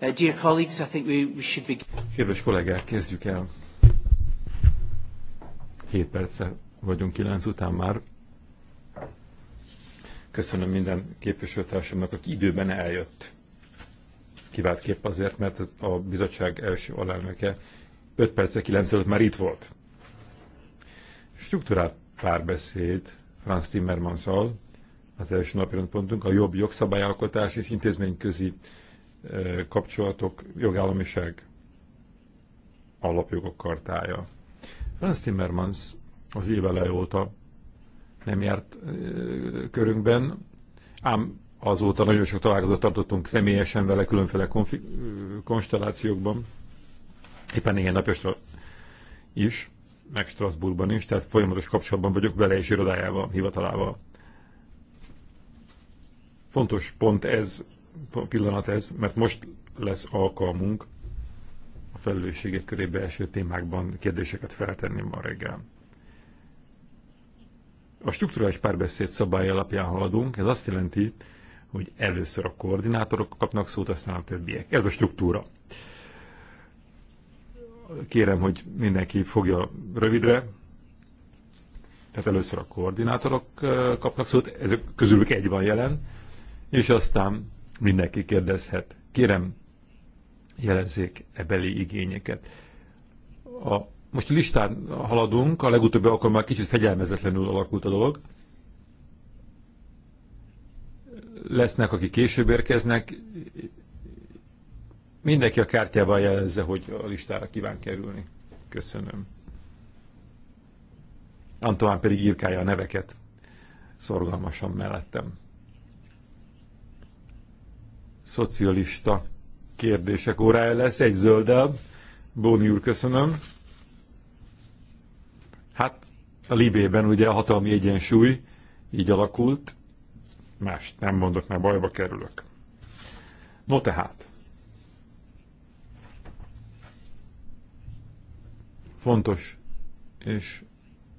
Uh, Kedves kollégák, kezdjük el. 7 perce vagyunk 9 után már. Köszönöm minden képviselőtársamnak, aki időben eljött. Kivált kép azért, mert a bizottság első alelnöke 5 perce 9 előtt már itt volt. Struktúrált párbeszéd Franz Timmermanszal, az első pontunk a jobb jogszabályalkotás és intézményközi eh, kapcsolatok, jogállamiság alapjogok kartája. Franz Timmermans az évele óta nem járt eh, körünkben, ám azóta nagyon sok találkozót tartottunk személyesen vele különféle konstellációkban, éppen néhány napja is, meg Strasbourgban is, tehát folyamatos kapcsolatban vagyok vele és irodájával, hivatalával. Fontos pont ez, pillanat ez, mert most lesz alkalmunk a felelősségek körébe eső témákban kérdéseket feltenni ma reggel. A strukturális párbeszéd szabály alapján haladunk, ez azt jelenti, hogy először a koordinátorok kapnak szót, aztán a többiek. Ez a struktúra. Kérem, hogy mindenki fogja rövidre. Tehát először a koordinátorok eh, kapnak szót, ezek közülük egy van jelen, és aztán mindenki kérdezhet. Kérem, jelezzék ebeli igényeket. A, most listán haladunk, a legutóbbi alkalommal kicsit fegyelmezetlenül alakult a dolog. Lesznek, akik később érkeznek, mindenki a kártyával jelezze, hogy a listára kíván kerülni. Köszönöm. antoán pedig írkálja a neveket szorgalmasan mellettem szocialista kérdések órája lesz, egy zöldebb. Bóni úr, köszönöm. Hát a Libében ugye a hatalmi egyensúly így alakult, más nem mondok, mert bajba kerülök. No tehát, fontos és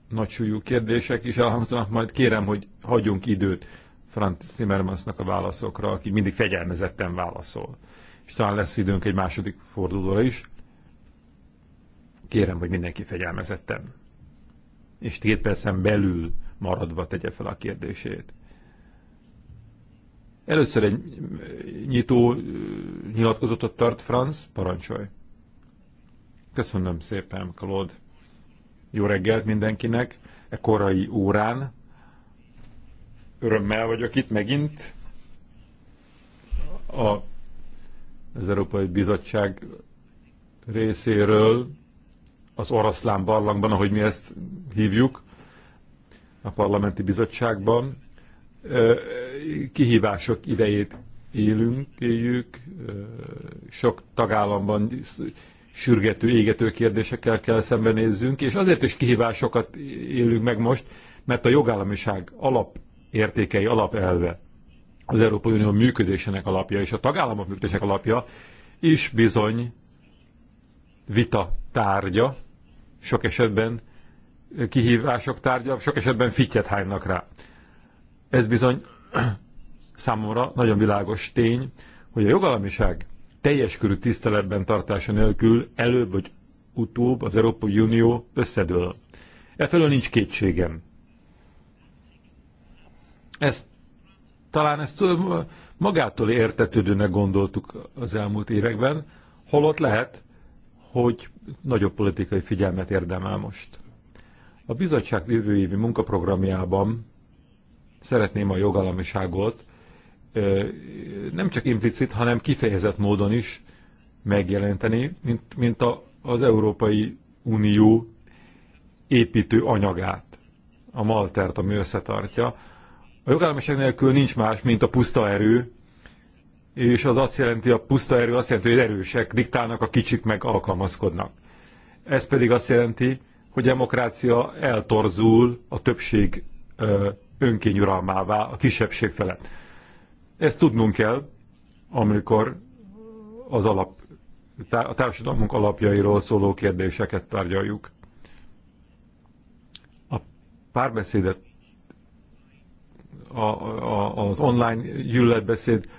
nagy súlyú kérdések is elhangzanak, majd kérem, hogy hagyjunk időt Franz Zimmermansnak a válaszokra, aki mindig fegyelmezetten válaszol. És talán lesz időnk egy második fordulóra is. Kérem, hogy mindenki fegyelmezetten. És két percen belül maradva tegye fel a kérdését. Először egy nyitó nyilatkozatot tart Franz, parancsolj. Köszönöm szépen, Claude. Jó reggelt mindenkinek, e korai órán. Örömmel vagyok itt megint. A, az Európai Bizottság részéről az oroszlán barlangban, ahogy mi ezt hívjuk, a parlamenti bizottságban. Kihívások idejét élünk, éljük, sok tagállamban sürgető, égető kérdésekkel kell szembenézzünk, és azért is kihívásokat élünk meg most, mert a jogállamiság alap értékei alapelve, az Európai Unió működésének alapja és a tagállamok működésének alapja is bizony vita tárgya, sok esetben kihívások tárgya, sok esetben fityet hánynak rá. Ez bizony számomra nagyon világos tény, hogy a jogalamiság teljes körű tiszteletben tartása nélkül előbb vagy utóbb az Európai Unió összedől. Efelől nincs kétségem. Ezt talán ezt magától értetődőnek gondoltuk az elmúlt években, holott lehet, hogy nagyobb politikai figyelmet érdemel most. A bizottság jövő évi munkaprogramjában szeretném a jogalamiságot nem csak implicit, hanem kifejezett módon is megjelenteni, mint, mint a, az Európai Unió építő anyagát, a maltert, ami összetartja a jogállamiság nélkül nincs más, mint a puszta erő, és az azt jelenti, a puszta erő azt jelenti, hogy erősek diktálnak, a kicsik meg alkalmazkodnak. Ez pedig azt jelenti, hogy a demokrácia eltorzul a többség önkényuralmává a kisebbség felett. Ezt tudnunk kell, amikor az alap, a társadalmunk alapjairól szóló kérdéseket tárgyaljuk. A párbeszédet a, a, az online gyűlöletbeszéd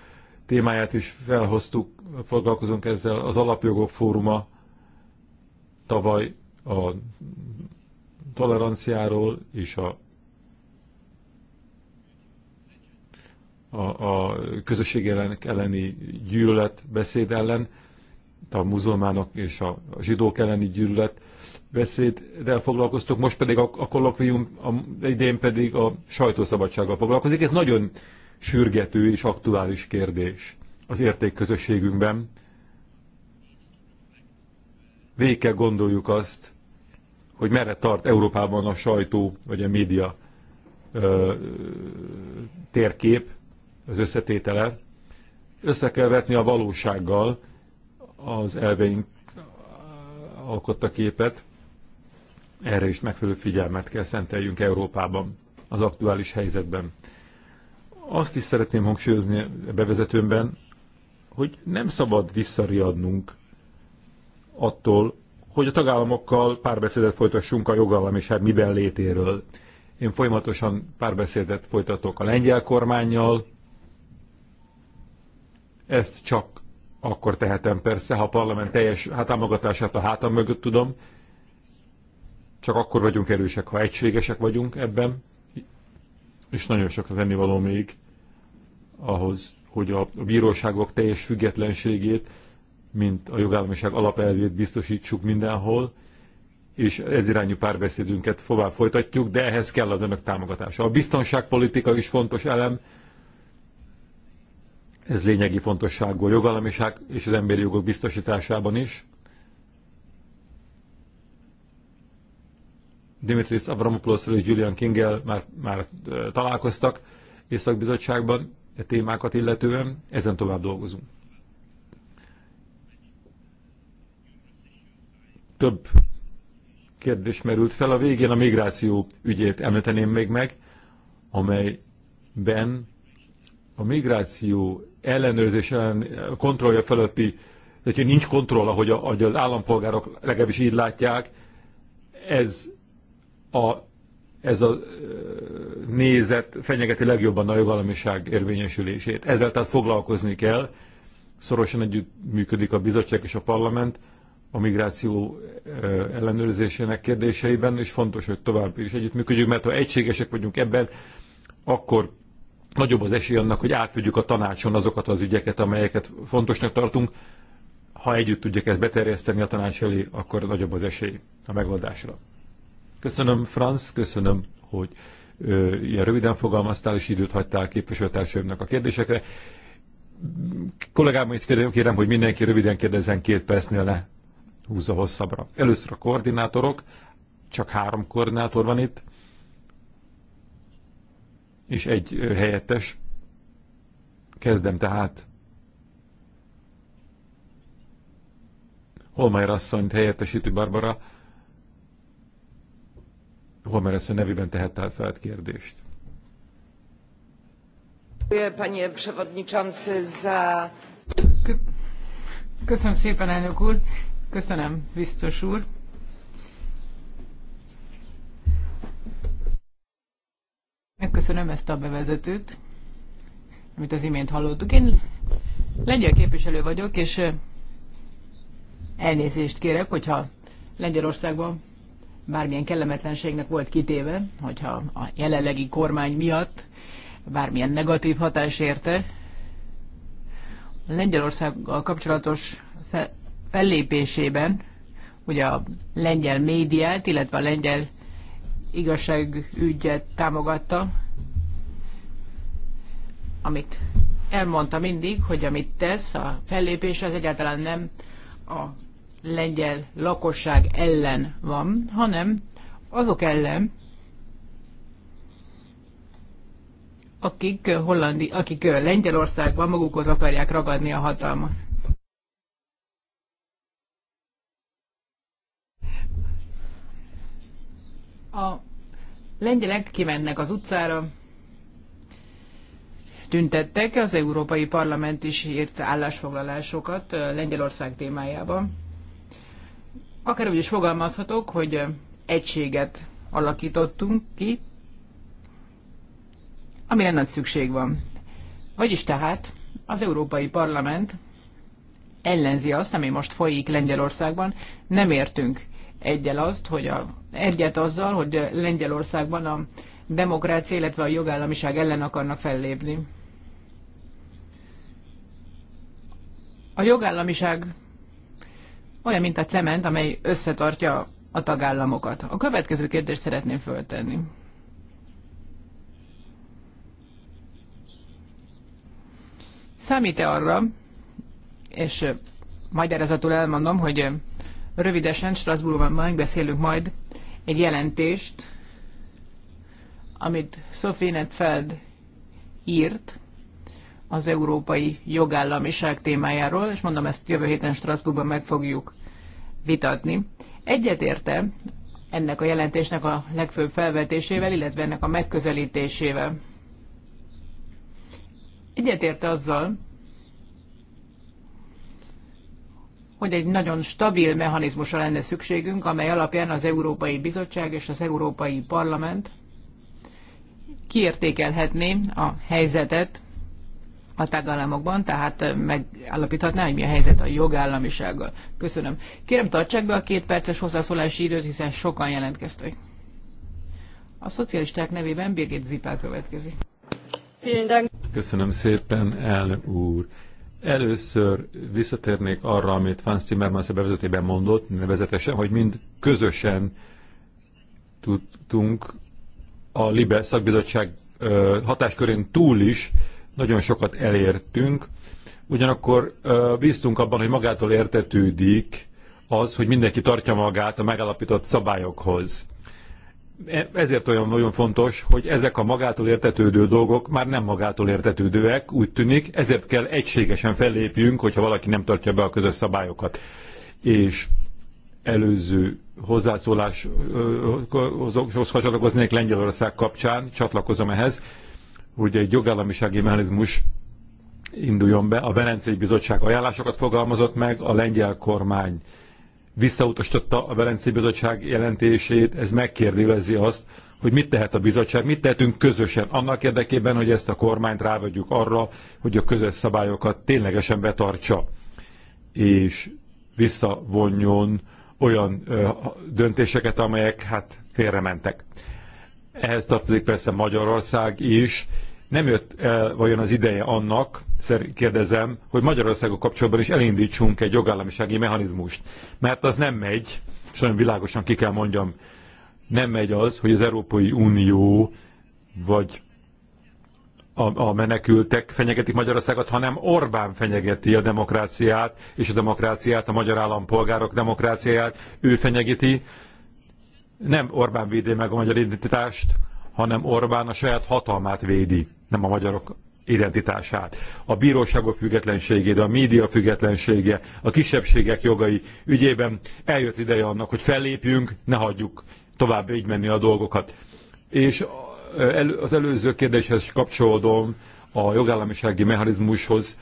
témáját is felhoztuk, foglalkozunk ezzel. Az Alapjogok Fóruma tavaly a toleranciáról és a, a, a közösség elleni gyűlöletbeszéd ellen, a muzulmánok és a, a zsidók elleni gyűlölet beszéddel foglalkoztok, most pedig a, a kollokvium, a, idén pedig a sajtószabadsággal foglalkozik. Ez nagyon sürgető és aktuális kérdés az értékközösségünkben. Végig kell gondoljuk azt, hogy merre tart Európában a sajtó vagy a média ö, térkép, az összetétele. Össze kell vetni a valósággal az elveink alkotta képet, erre is megfelelő figyelmet kell szenteljünk Európában, az aktuális helyzetben. Azt is szeretném hangsúlyozni a bevezetőmben, hogy nem szabad visszariadnunk attól, hogy a tagállamokkal párbeszédet folytassunk a jogállamiság hát miben létéről. Én folyamatosan párbeszédet folytatok a lengyel kormányjal, ezt csak akkor tehetem persze, ha a parlament teljes hát támogatását a hátam mögött tudom, csak akkor vagyunk erősek, ha egységesek vagyunk ebben, és nagyon sok tennivaló még ahhoz, hogy a, a bíróságok teljes függetlenségét, mint a jogállamiság alapelvét biztosítsuk mindenhol, és ez irányú párbeszédünket tovább folytatjuk, de ehhez kell az önök támogatása. A biztonságpolitika is fontos elem, ez lényegi fontosságú a jogállamiság és az emberi jogok biztosításában is. Dimitris avramopoulos és Julian Kingel már, már találkoztak Északbizottságban a e témákat illetően, ezen tovább dolgozunk. Több kérdés merült fel. A végén a migráció ügyét említeném még meg, amelyben a migráció ellenőrzés ellen, kontrollja feletti, tehát hogy nincs kontroll, a, ahogy az állampolgárok legalábbis így látják, ez a, ez a nézet fenyegeti legjobban a jogállamiság érvényesülését. Ezzel tehát foglalkozni kell. Szorosan együtt működik a bizottság és a parlament a migráció ellenőrzésének kérdéseiben, és fontos, hogy tovább is együttműködjünk, mert ha egységesek vagyunk ebben, akkor nagyobb az esély annak, hogy átvegyük a tanácson azokat az ügyeket, amelyeket fontosnak tartunk. Ha együtt tudjuk ezt beterjeszteni a tanács elé, akkor nagyobb az esély a megoldásra. Köszönöm, Franz, köszönöm, hogy ö, ilyen röviden fogalmaztál, és időt hagytál képviselőtársaimnak a kérdésekre. Kollégám, kérem, kérem, hogy mindenki röviden kérdezzen két percnél le húzza hosszabbra. Először a koordinátorok, csak három koordinátor van itt, és egy helyettes. Kezdem tehát. Holmeyer asszonyt helyettesítő Barbara Homer ezt a nevében tehet fel kérdést. Köszönöm szépen, elnök úr. Köszönöm, biztos úr. Megköszönöm ezt a bevezetőt, amit az imént hallottuk. Én lengyel képviselő vagyok, és elnézést kérek, hogyha Lengyelországban bármilyen kellemetlenségnek volt kitéve, hogyha a jelenlegi kormány miatt bármilyen negatív hatás érte. A Lengyelországgal kapcsolatos fe, fellépésében ugye a lengyel médiát, illetve a lengyel igazságügyet támogatta, amit elmondta mindig, hogy amit tesz, a fellépés az egyáltalán nem a lengyel lakosság ellen van, hanem azok ellen, akik, eh, hollandi, akik eh, Lengyelországban magukhoz akarják ragadni a hatalmat. A lengyelek kimennek az utcára, tüntettek, az Európai Parlament is írt állásfoglalásokat eh, Lengyelország témájában. Akár, úgy is fogalmazhatok, hogy egységet alakítottunk ki, amire nagy szükség van. Vagyis tehát az Európai Parlament ellenzi azt, ami most folyik Lengyelországban. Nem értünk egyel azt, hogy a, egyet azzal, hogy Lengyelországban a demokrácia, illetve a jogállamiság ellen akarnak fellépni. A jogállamiság olyan, mint a cement, amely összetartja a tagállamokat. A következő kérdést szeretném föltenni. Számít-e arra, és magyarázatul elmondom, hogy rövidesen Strasbourgban megbeszélünk majd egy jelentést, amit Sophie Netfeld írt az európai jogállamiság témájáról, és mondom, ezt jövő héten Strasbourgban meg fogjuk vitatni. Egyetérte ennek a jelentésnek a legfőbb felvetésével, illetve ennek a megközelítésével. Egyetérte azzal, hogy egy nagyon stabil mechanizmusra lenne szükségünk, amely alapján az Európai Bizottság és az Európai Parlament kiértékelhetné a helyzetet a tagállamokban, tehát megállapíthatná, hogy mi a helyzet a jogállamisággal. Köszönöm. Kérem, tartsák be a két perces hozzászólási időt, hiszen sokan jelentkeztek. A szocialisták nevében Birgit Zipel következik. Köszönöm szépen, elnök úr. Először visszatérnék arra, amit Franz Timmermans a bevezetében mondott, nevezetesen, hogy mind közösen tudtunk a LIBE szakbizottság hatáskörén túl is nagyon sokat elértünk, ugyanakkor bíztunk abban, hogy magától értetődik az, hogy mindenki tartja magát a megállapított szabályokhoz. E, ezért olyan nagyon fontos, hogy ezek a magától értetődő dolgok már nem magától értetődőek, úgy tűnik, ezért kell egységesen fellépjünk, hogyha valaki nem tartja be a közös szabályokat. És előző hozzászóláshoz hasonlókoznék Lengyelország kapcsán, csatlakozom ehhez hogy egy jogállamisági mechanizmus induljon be. A Velencei Bizottság ajánlásokat fogalmazott meg, a lengyel kormány visszautasította a Velencei Bizottság jelentését, ez megkérdőlezi azt, hogy mit tehet a bizottság, mit tehetünk közösen annak érdekében, hogy ezt a kormányt rávegyük arra, hogy a közös szabályokat ténylegesen betartsa, és visszavonjon olyan ö, döntéseket, amelyek hát félrementek. Ehhez tartozik persze Magyarország is, nem jött el vajon az ideje annak, kérdezem, hogy Magyarországok kapcsolatban is elindítsunk egy jogállamisági mechanizmust. Mert az nem megy, és nagyon világosan ki kell mondjam, nem megy az, hogy az Európai Unió vagy a, a menekültek fenyegetik Magyarországot, hanem Orbán fenyegeti a demokráciát, és a demokráciát, a magyar állampolgárok demokráciáját ő fenyegeti. Nem Orbán védi meg a magyar identitást, hanem Orbán a saját hatalmát védi nem a magyarok identitását, a bíróságok függetlenségét, a média függetlensége, a kisebbségek jogai ügyében eljött ideje annak, hogy fellépjünk, ne hagyjuk tovább így menni a dolgokat. És az előző kérdéshez kapcsolódom, a jogállamisági mechanizmushoz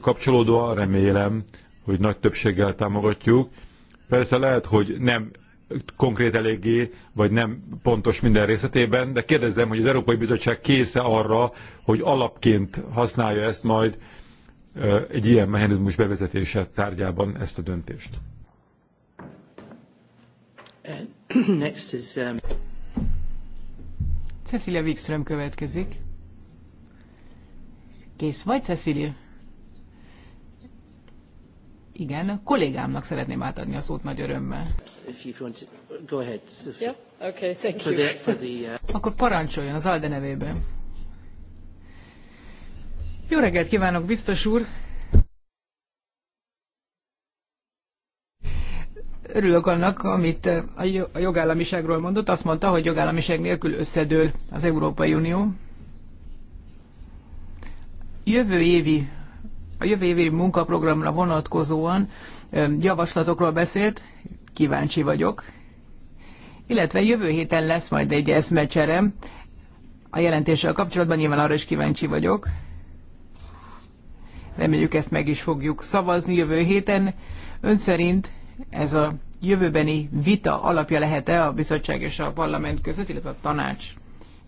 kapcsolódóan remélem, hogy nagy többséggel támogatjuk. Persze lehet, hogy nem konkrét eléggé, vagy nem pontos minden részletében, de kérdezem, hogy az Európai Bizottság késze arra, hogy alapként használja ezt majd egy ilyen mechanizmus bevezetése tárgyában ezt a döntést. Uh, next is, um... Cecilia Wikström következik. Kész vagy, Cecilia? Igen, kollégámnak szeretném átadni a szót nagy örömmel. Uh, Akkor parancsoljon az Alde nevében. Jó reggelt kívánok, biztos úr! Örülök annak, amit uh, a jogállamiságról mondott. Azt mondta, hogy jogállamiság nélkül összedől az Európai Unió. Jövő évi a jövő évi munkaprogramra vonatkozóan javaslatokról beszélt, kíváncsi vagyok, illetve jövő héten lesz majd egy eszmecsere a jelentéssel kapcsolatban, nyilván arra is kíváncsi vagyok. Reméljük ezt meg is fogjuk szavazni jövő héten. Ön szerint ez a jövőbeni vita alapja lehet-e a bizottság és a parlament között, illetve a tanács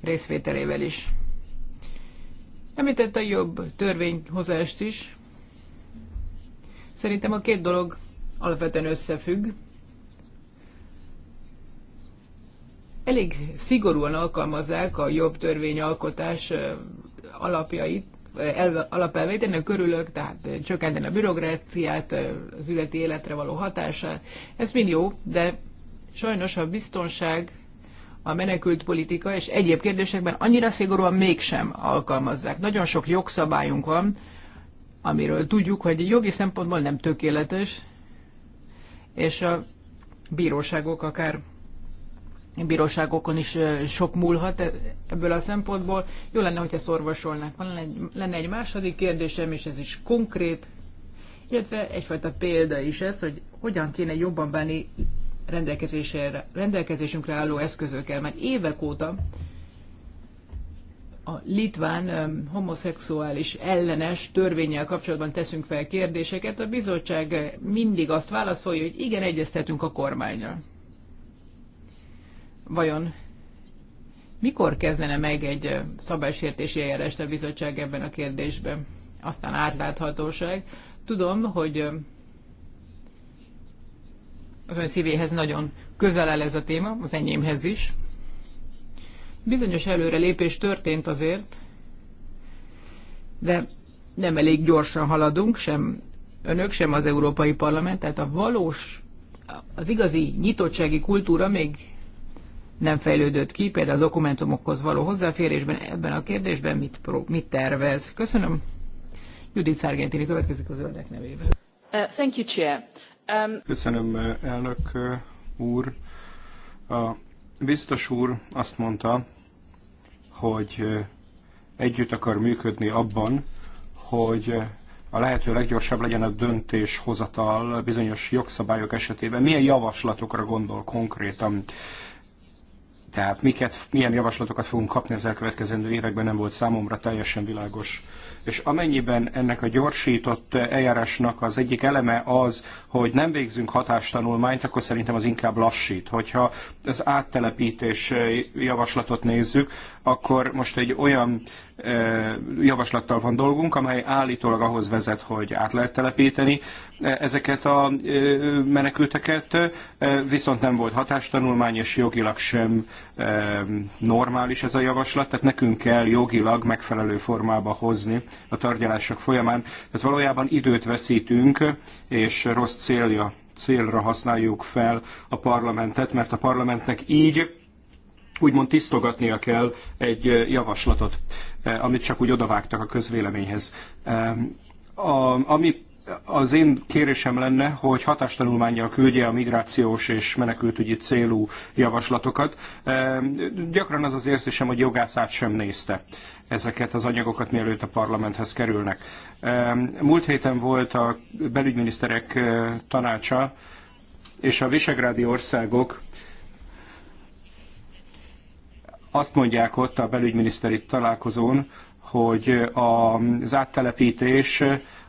részvételével is? Említett a jobb törvényhozást is. Szerintem a két dolog alapvetően összefügg. Elég szigorúan alkalmazzák a jobb törvényalkotás alapjait, alapelveit, ennek körülök, tehát csökkenten a bürokráciát, az ületi életre való hatását. Ez mind jó, de sajnos a biztonság, a menekült politika és egyéb kérdésekben annyira szigorúan mégsem alkalmazzák. Nagyon sok jogszabályunk van, amiről tudjuk, hogy jogi szempontból nem tökéletes, és a bíróságok akár bíróságokon is sok múlhat e- ebből a szempontból. Jó lenne, hogyha ezt orvosolnák. Van egy, lenne egy második kérdésem, és ez is konkrét, illetve egyfajta példa is ez, hogy hogyan kéne jobban bánni rendelkezésünkre álló eszközökkel. Már évek óta a litván homoszexuális ellenes törvényel kapcsolatban teszünk fel kérdéseket, a bizottság mindig azt válaszolja, hogy igen, egyeztetünk a kormányjal. Vajon mikor kezdene meg egy szabálysértési eljárást a bizottság ebben a kérdésben? Aztán átláthatóság. Tudom, hogy az ön szívéhez nagyon közel áll ez a téma, az enyémhez is. Bizonyos előrelépés történt azért, de nem elég gyorsan haladunk, sem önök, sem az Európai Parlament, tehát a valós, az igazi nyitottsági kultúra még nem fejlődött ki, például a dokumentumokhoz való hozzáférésben, ebben a kérdésben mit, mit tervez. Köszönöm. Judit Szárgentini következik az öldek nevében. Uh, thank you, Chair. Um... Köszönöm, uh, elnök uh, úr. A biztos úr azt mondta, hogy együtt akar működni abban, hogy a lehető leggyorsabb legyen a döntéshozatal bizonyos jogszabályok esetében. Milyen javaslatokra gondol konkrétan? Tehát miket, milyen javaslatokat fogunk kapni az elkövetkezendő években nem volt számomra teljesen világos és amennyiben ennek a gyorsított eljárásnak az egyik eleme az, hogy nem végzünk hatástanulmányt, akkor szerintem az inkább lassít. Hogyha az áttelepítés eh, javaslatot nézzük, akkor most egy olyan eh, javaslattal van dolgunk, amely állítólag ahhoz vezet, hogy át lehet telepíteni eh, ezeket a menekülteket, viszont nem volt hatástanulmány, és jogilag sem normális ez a javaslat, tehát nekünk kell jogilag megfelelő formába hozni a tárgyalások folyamán. Tehát valójában időt veszítünk, és rossz célja, célra használjuk fel a parlamentet, mert a parlamentnek így úgymond tisztogatnia kell egy javaslatot, eh, amit csak úgy odavágtak a közvéleményhez. Eh, a, ami az én kérésem lenne, hogy hatástanulmányjal küldje a migrációs és menekültügyi célú javaslatokat. Gyakran az az érzésem, hogy jogászát sem nézte ezeket az anyagokat, mielőtt a parlamenthez kerülnek. Múlt héten volt a belügyminiszterek tanácsa, és a visegrádi országok azt mondják ott a belügyminiszteri találkozón, hogy az áttelepítés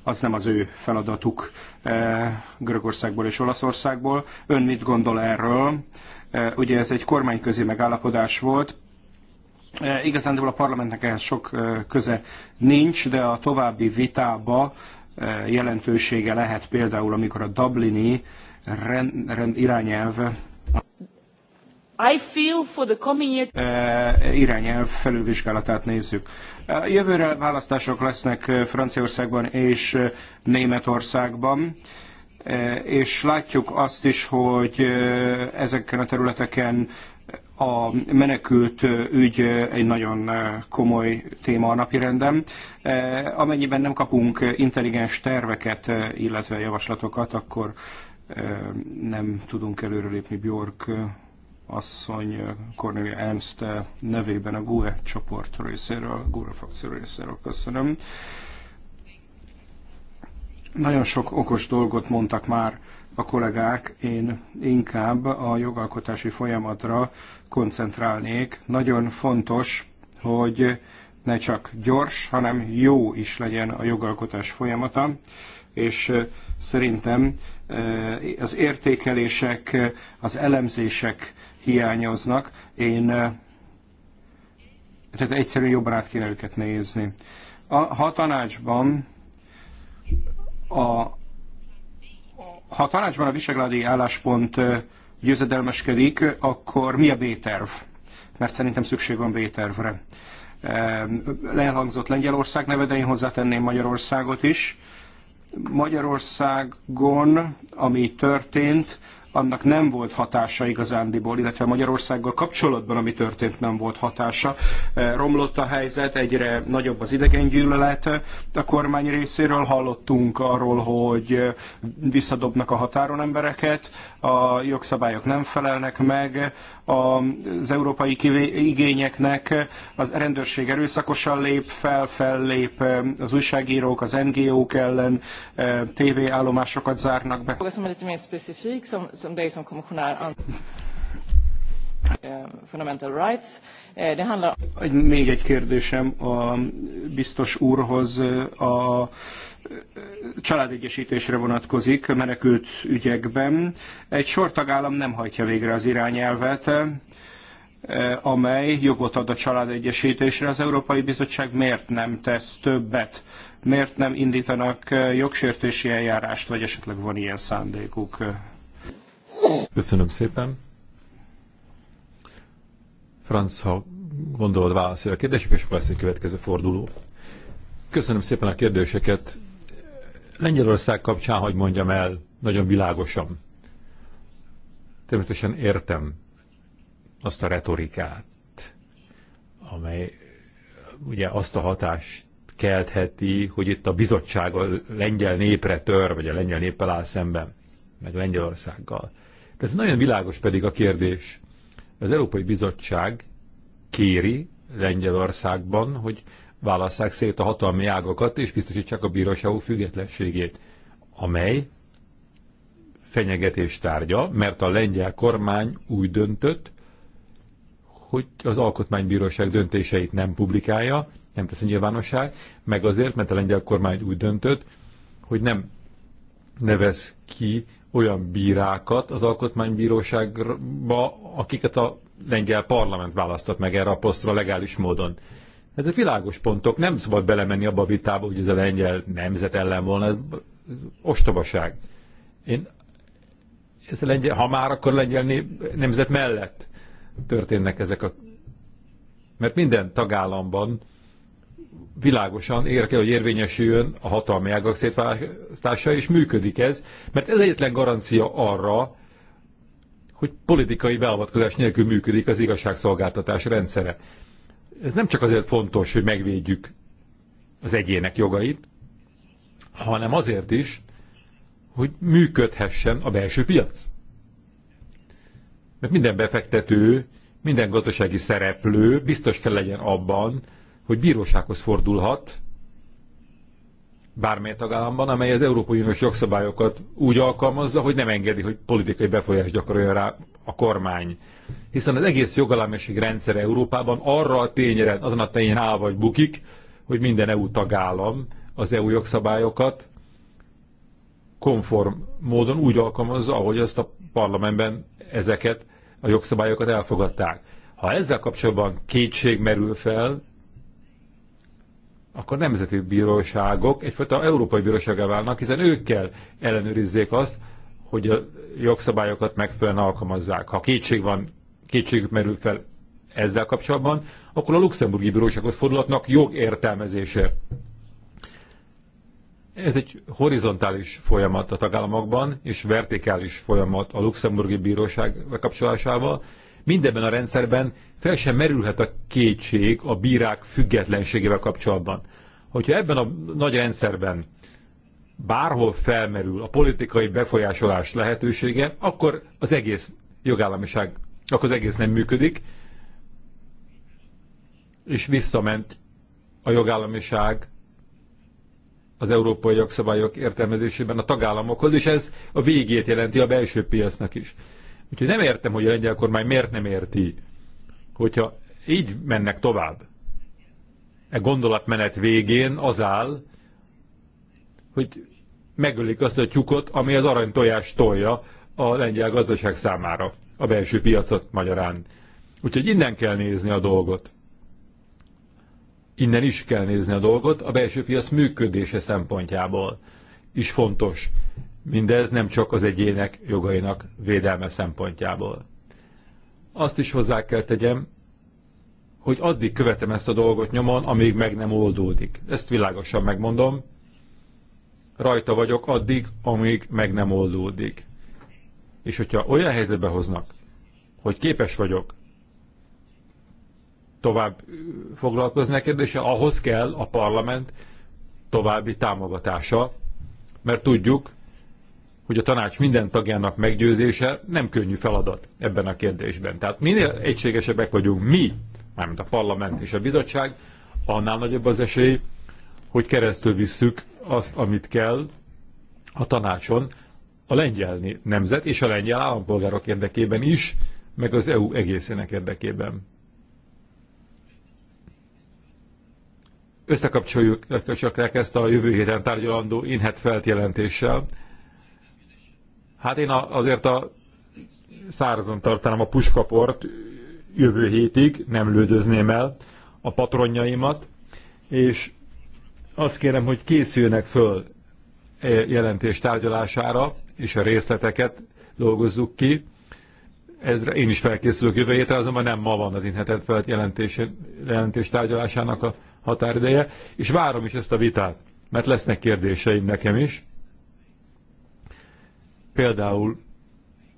az nem az ő feladatuk eh, Görögországból és Olaszországból. Ön mit gondol erről? Eh, ugye ez egy kormányközi megállapodás volt, eh, Igazán a parlamentnek ehhez sok köze nincs, de a további vitába jelentősége lehet például, amikor a Dublini rend, rend irányelv I feel for the coming year... E, irányelv felülvizsgálatát nézzük. E, jövőre választások lesznek e, Franciaországban és Németországban és látjuk azt is, hogy ezeken a területeken a menekült ügy egy nagyon komoly téma a napirenden. Amennyiben nem kapunk intelligens terveket, illetve javaslatokat, akkor nem tudunk előrelépni, Björk asszony Cornelia Ernst nevében a GUE csoport részéről, GUE frakció részéről köszönöm. Nagyon sok okos dolgot mondtak már a kollégák, én inkább a jogalkotási folyamatra koncentrálnék. Nagyon fontos, hogy ne csak gyors, hanem jó is legyen a jogalkotás folyamata és szerintem az értékelések, az elemzések hiányoznak. Én tehát egyszerűen jobban át kéne őket nézni. A, ha a tanácsban a, ha a tanácsban a visegrádi álláspont győzedelmeskedik, akkor mi a B-terv? Mert szerintem szükség van B-tervre. Elhangzott Lengyelország neve, de én hozzátenném Magyarországot is. Magyarországon, ami történt, annak nem volt hatása igazándiból, illetve Magyarországgal kapcsolatban, ami történt, nem volt hatása. Eh, romlott a helyzet, egyre nagyobb az idegengyűlölet. A kormány részéről hallottunk arról, hogy eh, visszadobnak a határon embereket, a jogszabályok nem felelnek meg az európai igényeknek, az rendőrség erőszakosan lép fel, fellép az újságírók, az NGO-k ellen, eh, tévéállomásokat zárnak be. Uh, fundamental rights. De uh, handla... Még egy kérdésem a biztos úrhoz uh, a családegyesítésre vonatkozik menekült ügyekben. Egy sor tagállam nem hajtja végre az irányelvet amely jogot ad a családegyesítésre. Az Európai Bizottság miért nem tesz többet? Miért nem indítanak jogsértési eljárást, vagy esetleg van ilyen szándékuk? Köszönöm szépen. Franz, ha gondolod, válaszolja a és akkor lesz egy következő forduló. Köszönöm szépen a kérdéseket. Lengyelország kapcsán, hogy mondjam el, nagyon világosan. Természetesen értem azt a retorikát, amely ugye azt a hatást keltheti, hogy itt a bizottság a lengyel népre tör, vagy a lengyel néppel áll szemben, meg Lengyelországgal. De ez nagyon világos pedig a kérdés. Az Európai Bizottság kéri Lengyelországban, hogy válasszák szét a hatalmi ágakat, és biztosítsák a bíróságok függetlenségét, amely fenyegetés tárgya, mert a lengyel kormány úgy döntött, hogy az alkotmánybíróság döntéseit nem publikálja, nem tesz nyilvánosság, meg azért, mert a lengyel kormány úgy döntött, hogy nem nevez ki olyan bírákat az alkotmánybíróságba, akiket a lengyel parlament választott meg erre a posztra legális módon. Ezek világos pontok, nem szabad belemenni abba a vitába, hogy ez a lengyel nemzet ellen volna, ez, ez ostobaság. Én ez a lengyel, ha már, akkor lengyel nemzet mellett történnek ezek a... Mert minden tagállamban világosan ér kell, hogy érvényesüljön a hatalmi ágak szétválasztása, és működik ez, mert ez egyetlen garancia arra, hogy politikai beavatkozás nélkül működik az igazságszolgáltatás rendszere. Ez nem csak azért fontos, hogy megvédjük az egyének jogait, hanem azért is, hogy működhessen a belső piac. Mert minden befektető, minden gazdasági szereplő biztos kell legyen abban, hogy bírósághoz fordulhat bármely tagállamban, amely az Európai Uniós jogszabályokat úgy alkalmazza, hogy nem engedi, hogy politikai befolyás gyakorolja rá a kormány. Hiszen az egész jogalámesség rendszer Európában arra a tényre, azon a tényen áll vagy bukik, hogy minden EU tagállam az EU jogszabályokat konform módon úgy alkalmazza, ahogy azt a parlamentben ezeket a jogszabályokat elfogadták. Ha ezzel kapcsolatban kétség merül fel, akkor nemzeti bíróságok egyfajta európai bíróságá válnak, hiszen ők kell ellenőrizzék azt, hogy a jogszabályokat megfelelően alkalmazzák. Ha kétség van, kétségük merül fel ezzel kapcsolatban, akkor a luxemburgi bírósághoz fordulatnak jogértelmezése. Ez egy horizontális folyamat a tagállamokban, és vertikális folyamat a luxemburgi bíróság kapcsolásával, mindebben a rendszerben fel sem merülhet a kétség a bírák függetlenségével kapcsolatban. Hogyha ebben a nagy rendszerben bárhol felmerül a politikai befolyásolás lehetősége, akkor az egész jogállamiság, akkor az egész nem működik, és visszament a jogállamiság az európai jogszabályok értelmezésében a tagállamokhoz, és ez a végét jelenti a belső piacnak is. Úgyhogy nem értem, hogy a lengyel kormány miért nem érti, hogyha így mennek tovább. E gondolatmenet végén az áll, hogy megölik azt a tyukot, ami az aranytojás tolja a lengyel gazdaság számára, a belső piacot magyarán. Úgyhogy innen kell nézni a dolgot. Innen is kell nézni a dolgot, a belső piac működése szempontjából is fontos Mindez nem csak az egyének jogainak védelme szempontjából. Azt is hozzá kell tegyem, hogy addig követem ezt a dolgot nyomon, amíg meg nem oldódik. Ezt világosan megmondom. Rajta vagyok addig, amíg meg nem oldódik. És hogyha olyan helyzetbe hoznak, hogy képes vagyok tovább foglalkozni a kérdése, ahhoz kell a parlament további támogatása, mert tudjuk, hogy a tanács minden tagjának meggyőzése nem könnyű feladat ebben a kérdésben. Tehát minél egységesebbek vagyunk mi, mármint a parlament és a bizottság, annál nagyobb az esély, hogy keresztül visszük azt, amit kell a tanácson a lengyel nemzet és a lengyel állampolgárok érdekében is, meg az EU egészének érdekében. Összekapcsoljuk csak ezt a jövő héten tárgyalandó inhet feltjelentéssel. jelentéssel, Hát én azért a szárazon tartanám a puskaport jövő hétig, nem lődözném el a patronjaimat, és azt kérem, hogy készüljenek föl e jelentés tárgyalására, és a részleteket dolgozzuk ki. Ezre én is felkészülök jövő hétre, azonban nem ma van az inhetett felt jelentés, jelentés tárgyalásának a határideje, és várom is ezt a vitát, mert lesznek kérdéseim nekem is, Például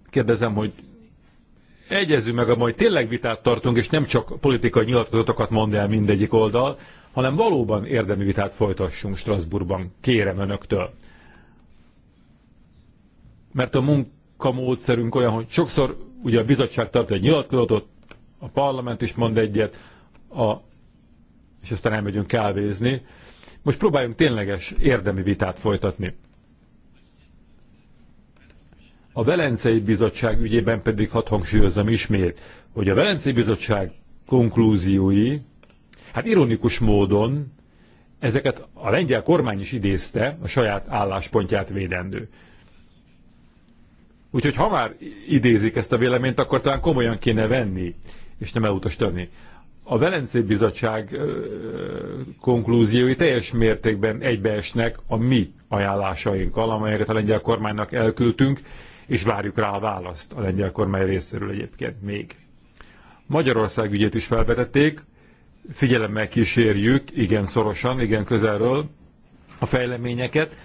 kérdezem, hogy egyezünk meg, hogy tényleg vitát tartunk, és nem csak politikai nyilatkozatokat mond el mindegyik oldal, hanem valóban érdemi vitát folytassunk Strasbourgban. Kérem önöktől. Mert a munkamódszerünk olyan, hogy sokszor ugye a bizottság tart egy nyilatkozatot, a parlament is mond egyet, a, és aztán elmegyünk kávézni. Most próbáljunk tényleges érdemi vitát folytatni. A Velencei Bizottság ügyében pedig hadd hangsúlyozom ismét, hogy a Velencei Bizottság konklúziói, hát ironikus módon ezeket a lengyel kormány is idézte a saját álláspontját védendő. Úgyhogy ha már idézik ezt a véleményt, akkor talán komolyan kéne venni, és nem elutasítani. A Velencei Bizottság konklúziói teljes mértékben egybeesnek a mi ajánlásainkkal, amelyeket a lengyel kormánynak elküldtünk, és várjuk rá a választ a lengyel kormány részéről egyébként még. Magyarország ügyét is felvetették, figyelemmel kísérjük, igen szorosan, igen közelről a fejleményeket,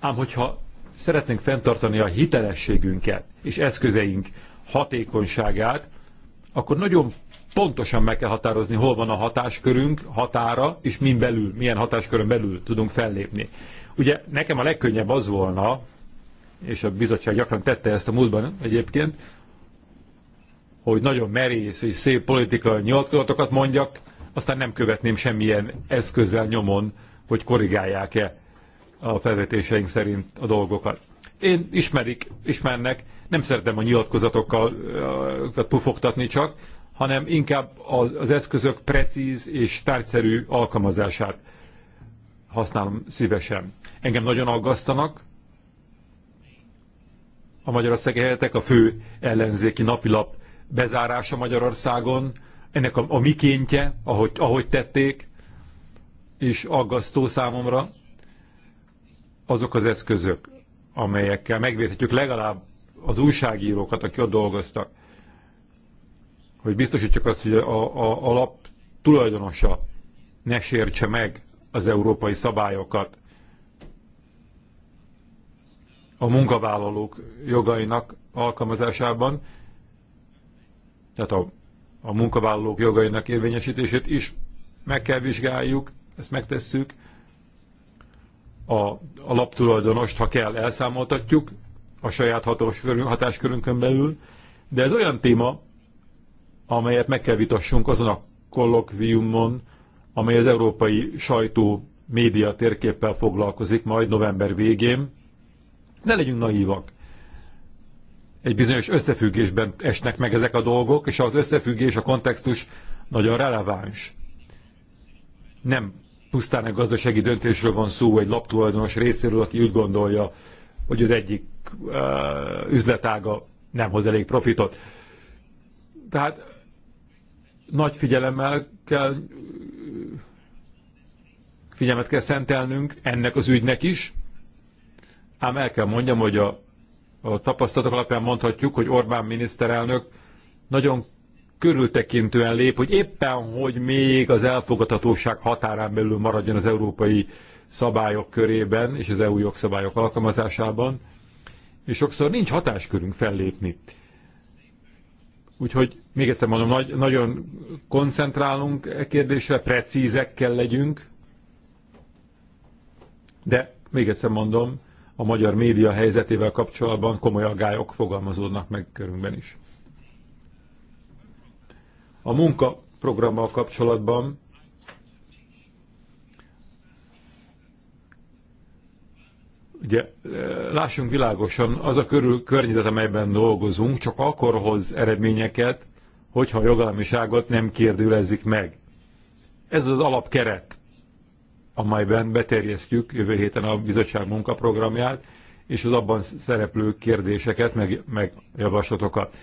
ám hogyha szeretnénk fenntartani a hitelességünket és eszközeink hatékonyságát, akkor nagyon pontosan meg kell határozni, hol van a hatáskörünk, határa, és min belül, milyen hatáskörön belül tudunk fellépni. Ugye nekem a legkönnyebb az volna, és a bizottság gyakran tette ezt a múltban egyébként, hogy nagyon merész és szép politikai nyilatkozatokat mondjak, aztán nem követném semmilyen eszközzel nyomon, hogy korrigálják-e a felvetéseink szerint a dolgokat. Én ismerik, ismernek, nem szeretem a nyilatkozatokkal pufogtatni csak, hanem inkább az, az eszközök precíz és tárgyszerű alkalmazását használom szívesen. Engem nagyon aggasztanak a magyarországi helyetek, a fő ellenzéki napilap bezárása Magyarországon, ennek a, a mikéntje, ahogy, ahogy tették, és aggasztó számomra azok az eszközök, amelyekkel megvédhetjük legalább az újságírókat, akik ott dolgoztak, hogy biztosítsuk azt, hogy a, a, a lap tulajdonosa ne sértse meg az európai szabályokat, a munkavállalók jogainak alkalmazásában, tehát a, a munkavállalók jogainak érvényesítését is meg kell vizsgáljuk, ezt megtesszük. A, a laptulajdonost, ha kell, elszámoltatjuk a saját hatós, hatáskörünkön belül, de ez olyan téma, amelyet meg kell vitassunk azon a kollokviumon, amely az európai sajtó média térképpel foglalkozik majd november végén, ne legyünk naívak. Egy bizonyos összefüggésben esnek meg ezek a dolgok, és az összefüggés, a kontextus nagyon releváns. Nem pusztán egy gazdasági döntésről van szó, egy laptulajdonos részéről, aki úgy gondolja, hogy az egyik uh, üzletága nem hoz elég profitot. Tehát nagy figyelemmel kell figyelmet kell szentelnünk ennek az ügynek is, Ám el kell mondjam, hogy a, a tapasztalatok alapján mondhatjuk, hogy Orbán miniszterelnök nagyon körültekintően lép, hogy éppen, hogy még az elfogadhatóság határán belül maradjon az európai szabályok körében és az EU jogszabályok alkalmazásában, és sokszor nincs hatáskörünk fellépni. Úgyhogy még egyszer mondom, nagy, nagyon koncentrálunk e kérdésre, precízek kell legyünk, de még egyszer mondom, a magyar média helyzetével kapcsolatban komoly aggályok fogalmazódnak meg körünkben is. A munkaprogrammal kapcsolatban ugye e, lássunk világosan, az a körül, környezet, amelyben dolgozunk, csak akkor hoz eredményeket, hogyha a jogalmiságot nem kérdőlezzük meg. Ez az alapkeret amelyben beterjesztjük jövő héten a bizottság munkaprogramját, és az abban szereplő kérdéseket, meg, meg javaslatokat.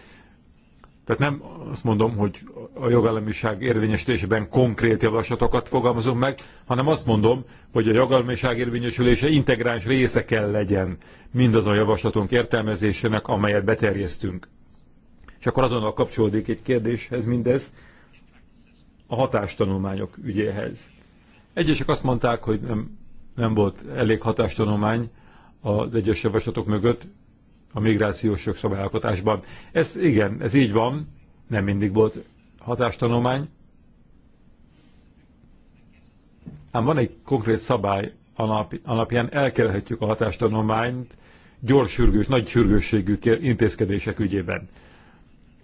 Tehát nem azt mondom, hogy a jogállamiság érvényesülésében konkrét javaslatokat fogalmazom meg, hanem azt mondom, hogy a jogállamiság érvényesülése integráns része kell legyen mindaz a javaslatunk értelmezésének, amelyet beterjesztünk. És akkor azonnal kapcsolódik egy kérdéshez mindez, a hatástanulmányok ügyéhez. Egyesek azt mondták, hogy nem, nem volt elég hatástanulmány az egyes javaslatok mögött a migrációs jogszabályalkotásban. Ez igen, ez így van, nem mindig volt hatástanulmány. Ám van egy konkrét szabály alapján elkerülhetjük a hatástanulmányt gyors, sürgős, nagy sürgősségű intézkedések ügyében.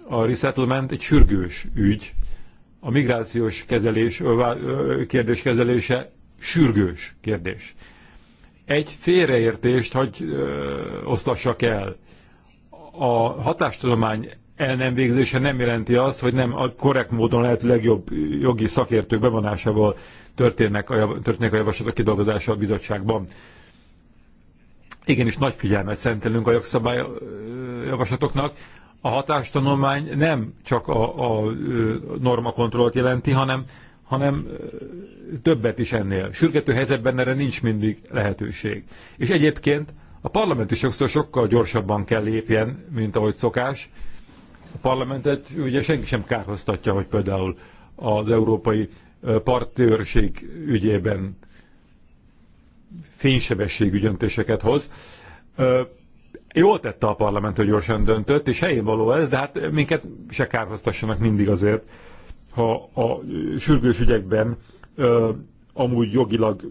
A resettlement egy sürgős ügy, a migrációs kezelés, kérdés kezelése sürgős kérdés. Egy félreértést hogy osztassak el. A hatástudomány el nem végzése nem jelenti azt, hogy nem a korrekt módon lehet legjobb jogi szakértők bevonásával történnek a, történnek a javaslatok kidolgozása a bizottságban. Igenis nagy figyelmet szentelünk a jogszabály javaslatoknak, a hatástanulmány nem csak a, a normakontrollt jelenti, hanem, hanem többet is ennél. Sürgető helyzetben erre nincs mindig lehetőség. És egyébként a parlament is sokszor sokkal gyorsabban kell lépjen, mint ahogy szokás. A parlamentet ugye senki sem kárhoztatja, hogy például az európai partőrség ügyében fénysebességű döntéseket hoz. Jól tette a parlament, hogy gyorsan döntött, és helyén való ez, de hát minket se kárhoztassanak mindig azért, ha a sürgős ügyekben ö, amúgy jogilag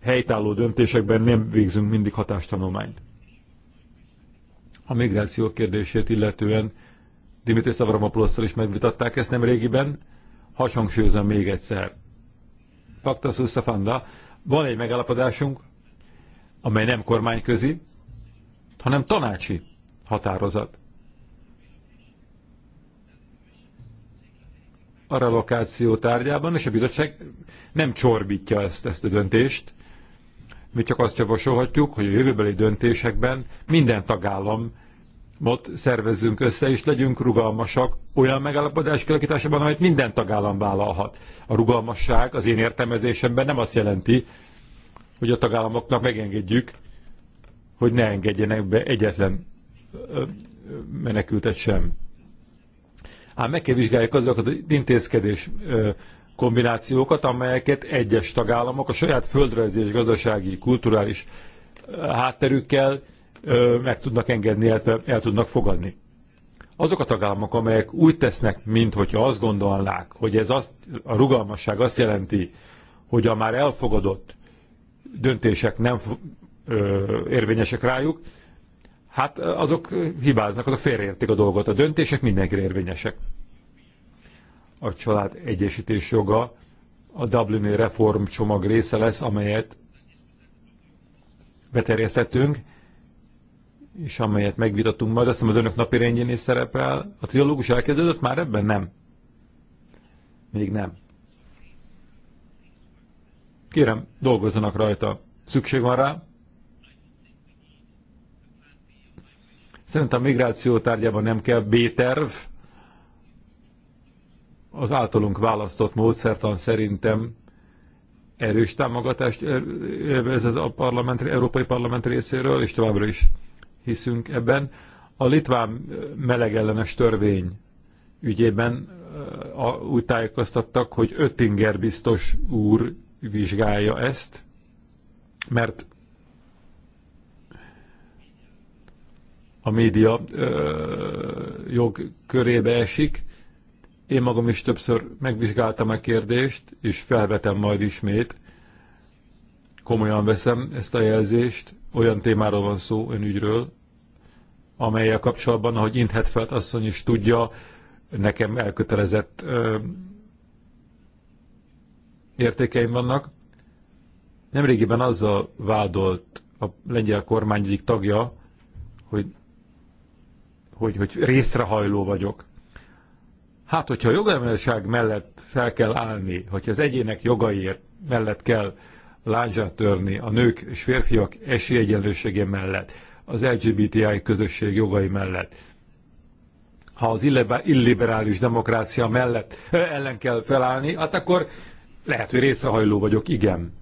helytálló döntésekben nem végzünk mindig hatástanulmányt. A migráció kérdését illetően Dimitris Avramopulosszal is megvitatták ezt nem régiben. hasonlóan még egyszer. Paktasz összefanda, Van egy megállapodásunk, amely nem kormányközi, hanem tanácsi határozat. A relokáció tárgyában, és a bizottság nem csorbítja ezt, ezt a döntést. Mi csak azt javasolhatjuk, hogy a jövőbeli döntésekben minden tagállam ott szervezzünk össze, és legyünk rugalmasak olyan megállapodás kialakításában, amit minden tagállam vállalhat. A rugalmasság az én értelmezésemben nem azt jelenti, hogy a tagállamoknak megengedjük, hogy ne engedjenek be egyetlen menekültet sem. Ám meg kell vizsgáljuk azokat az intézkedés kombinációkat, amelyeket egyes tagállamok a saját földrajzi és gazdasági, kulturális hátterükkel meg tudnak engedni, illetve el tudnak fogadni. Azok a tagállamok, amelyek úgy tesznek, mint hogyha azt gondolnák, hogy ez azt, a rugalmasság azt jelenti, hogy a már elfogadott döntések nem ö, érvényesek rájuk, hát azok hibáznak, azok félreértik a dolgot. A döntések mindenkire érvényesek. A család egyesítés joga a Dublini reform csomag része lesz, amelyet beterjesztettünk, és amelyet megvitatunk majd, azt hiszem az önök napi rendjén is szerepel. A trilógus elkezdődött már ebben? Nem. Még nem. Kérem, dolgozzanak rajta. Szükség van rá, Szerintem a migráció tárgyában nem kell B-terv. Az általunk választott módszertan szerintem erős támogatást ez az a parlament, Európai Parlament részéről, és továbbra is hiszünk ebben. A litván melegellenes törvény ügyében a, úgy tájékoztattak, hogy Öttinger biztos úr vizsgálja ezt, mert a média ö, jog körébe esik. Én magam is többször megvizsgáltam a kérdést, és felvetem majd ismét. Komolyan veszem ezt a jelzést, olyan témáról van szó, önügyről, amelyel kapcsolatban, ahogy Inthetfeld asszony is tudja, nekem elkötelezett ö, értékeim vannak. Nemrégiben azzal vádolt a lengyel kormány egyik tagja, hogy hogy, hogy részrehajló vagyok. Hát, hogyha a jogelleneség mellett fel kell állni, hogyha az egyének jogaiért mellett kell lányzsát törni a nők és férfiak esélyegyenlősége mellett, az LGBTI közösség jogai mellett, ha az illiberális demokrácia mellett ellen kell felállni, hát akkor lehet, hogy részrehajló vagyok, igen.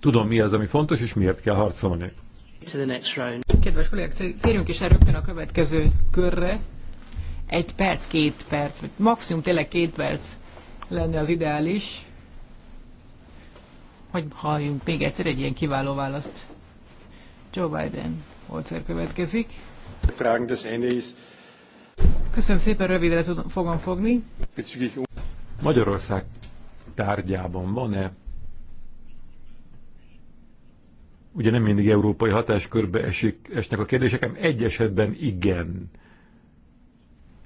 Tudom, mi az, ami fontos, és miért kell harcolni. To the next round. Kedves kollégák, térjünk is el rögtön a következő körre. Egy perc, két perc, vagy maximum tényleg két perc lenne az ideális, hogy halljunk még egyszer egy ilyen kiváló választ. Joe Biden holszer következik. Köszönöm szépen, rövidre tudom, fogom fogni. Magyarország tárgyában van-e ugye nem mindig európai hatáskörbe esik, esnek a kérdések, hanem egy esetben igen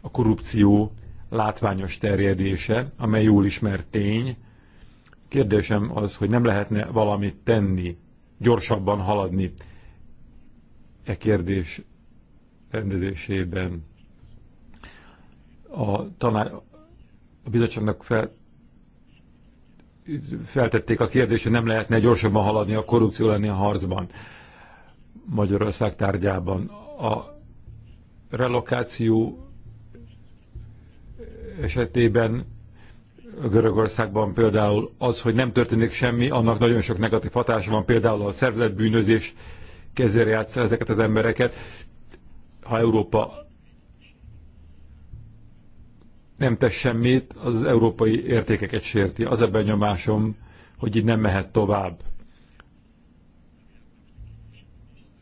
a korrupció látványos terjedése, amely jól ismert tény. Kérdésem az, hogy nem lehetne valamit tenni, gyorsabban haladni e kérdés rendezésében. A, tanács, a bizottságnak fel, feltették a kérdést, hogy nem lehetne gyorsabban haladni a korrupció lenni a harcban Magyarország tárgyában. A relokáció esetében Görögországban például az, hogy nem történik semmi, annak nagyon sok negatív hatása van, például a szervezetbűnözés kezére játsza ezeket az embereket. Ha Európa nem tesz semmit, az európai értékeket sérti. Az ebben nyomásom, hogy így nem mehet tovább.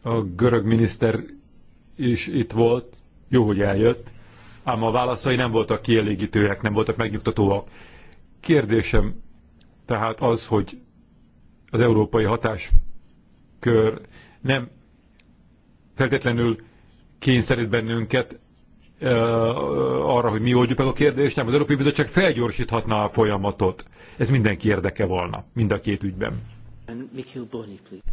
A görög miniszter is itt volt, jó, hogy eljött, ám a válaszai nem voltak kielégítőek, nem voltak megnyugtatóak. Kérdésem tehát az, hogy az európai hatáskör nem feltétlenül kényszerít bennünket arra, hogy mi oldjuk meg a kérdést, nem az Európai Bizottság felgyorsíthatná a folyamatot. Ez mindenki érdeke volna, mind a két ügyben.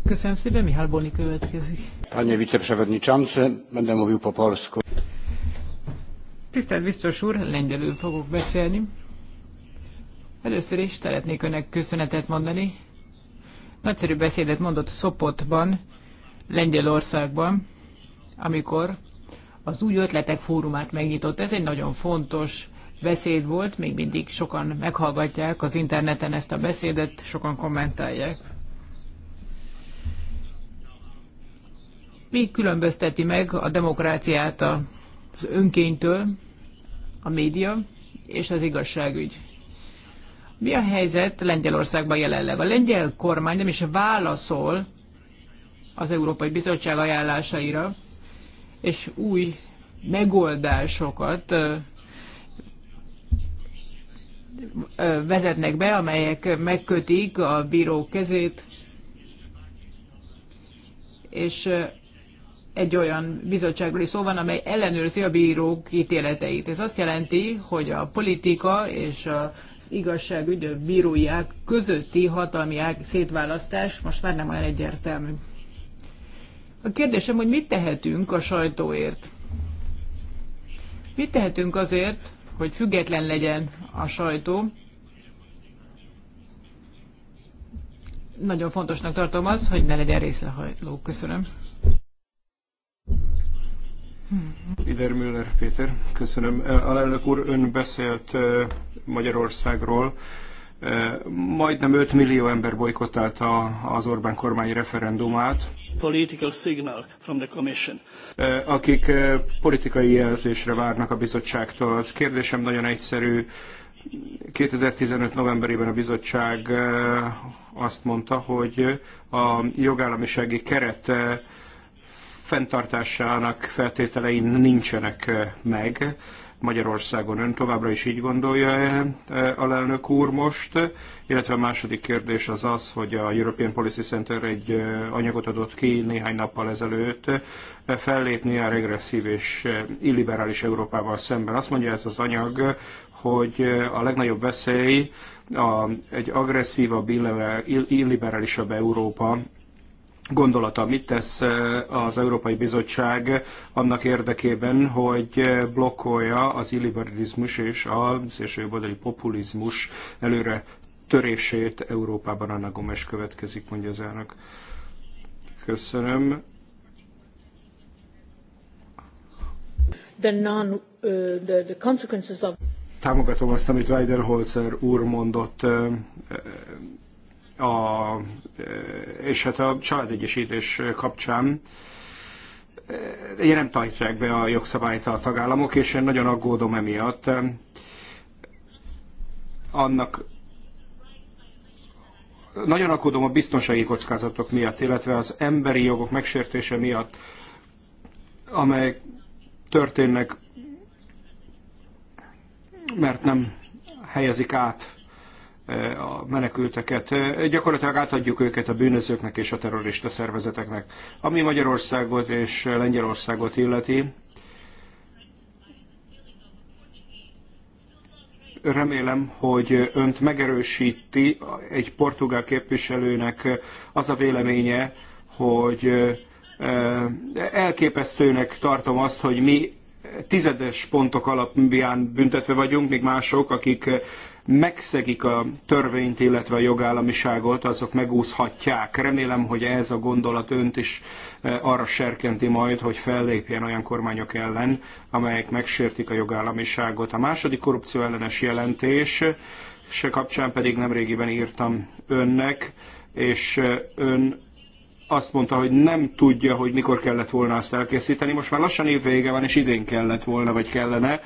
Köszönöm szépen, Mihály Boni következik. Panie wiceprzewodniczący, będę mówił po polsku. Tisztelt biztos úr, lengyelül fogok beszélni. Először is szeretnék önnek köszönetet mondani. Nagyszerű beszédet mondott Szopotban, Lengyelországban, amikor az új ötletek fórumát megnyitott. Ez egy nagyon fontos beszéd volt, még mindig sokan meghallgatják az interneten ezt a beszédet, sokan kommentálják. Mi különbözteti meg a demokráciát az önkénytől, a média és az igazságügy? Mi a helyzet Lengyelországban jelenleg? A lengyel kormány nem is válaszol az Európai Bizottság ajánlásaira, és új megoldásokat vezetnek be, amelyek megkötik a bíró kezét, és egy olyan bizottságról is szó van, amely ellenőrzi a bírók ítéleteit. Ez azt jelenti, hogy a politika és az igazságügy bíróiák közötti hatalmi szétválasztás most már nem olyan egyértelmű. A kérdésem, hogy mit tehetünk a sajtóért? Mit tehetünk azért, hogy független legyen a sajtó? Nagyon fontosnak tartom azt, hogy ne legyen részlehajló. Köszönöm. Ider Müller Péter, köszönöm. Alelnök úr, ön beszélt Magyarországról, Majdnem 5 millió ember bolykottálta az Orbán kormány referendumát. Political signal from the commission. Akik politikai jelzésre várnak a bizottságtól. Az kérdésem nagyon egyszerű. 2015. novemberében a bizottság azt mondta, hogy a jogállamisági keret fenntartásának feltételein nincsenek meg. Magyarországon. Ön továbbra is így gondolja-e, e, alelnök úr most? Illetve a második kérdés az az, hogy a European Policy Center egy e, anyagot adott ki néhány nappal ezelőtt e, fellépni a regresszív és illiberális Európával szemben. Azt mondja ez az anyag, hogy a legnagyobb veszély a, egy agresszívabb, illiberálisabb Európa gondolata. Mit tesz az Európai Bizottság annak érdekében, hogy blokkolja az illiberalizmus és a szélsőjobboldali populizmus előre törését Európában? Anna Gomes következik, mondja az elnök. Köszönöm. The non, uh, the, the consequences of... Támogatom azt, amit Weiderholzer úr mondott a, eh, és hát a családegyesítés kapcsán eh, nem tartják be a jogszabályt a tagállamok, és én nagyon aggódom emiatt. Eh, annak nagyon aggódom a biztonsági kockázatok miatt, illetve az emberi jogok megsértése miatt, amely történnek, mert nem helyezik át a menekülteket. Gyakorlatilag átadjuk őket a bűnözőknek és a terrorista szervezeteknek. Ami Magyarországot és Lengyelországot illeti, remélem, hogy önt megerősíti egy portugál képviselőnek az a véleménye, hogy eh, elképesztőnek tartom azt, hogy mi tizedes pontok alapján büntetve vagyunk, még mások, akik megszegik a törvényt, illetve a jogállamiságot, azok megúszhatják. Remélem, hogy ez a gondolat önt is e, arra serkenti majd, hogy fellépjen olyan kormányok ellen, amelyek megsértik a jogállamiságot. A második korrupció ellenes jelentés se kapcsán pedig nemrégiben írtam önnek, és e, ön azt mondta, hogy nem tudja, hogy mikor kellett volna azt elkészíteni. Most már lassan vége van, és idén kellett volna, vagy kellene.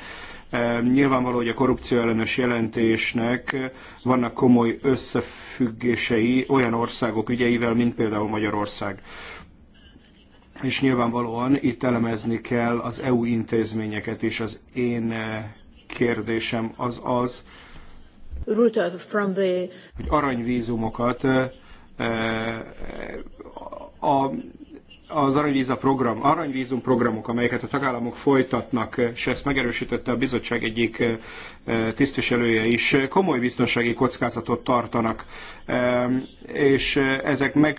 Nyilvánvaló, hogy a korrupció ellenes jelentésnek vannak komoly összefüggései olyan országok ügyeivel, mint például Magyarország. És nyilvánvalóan itt elemezni kell az EU intézményeket is. Az én eh, kérdésem az az, hogy aranyvízumokat eh, eh, a az aranyvíza program, aranyvízum programok, amelyeket a tagállamok folytatnak, és ezt megerősítette a bizottság egyik tisztviselője is, komoly biztonsági kockázatot tartanak, és ezek meg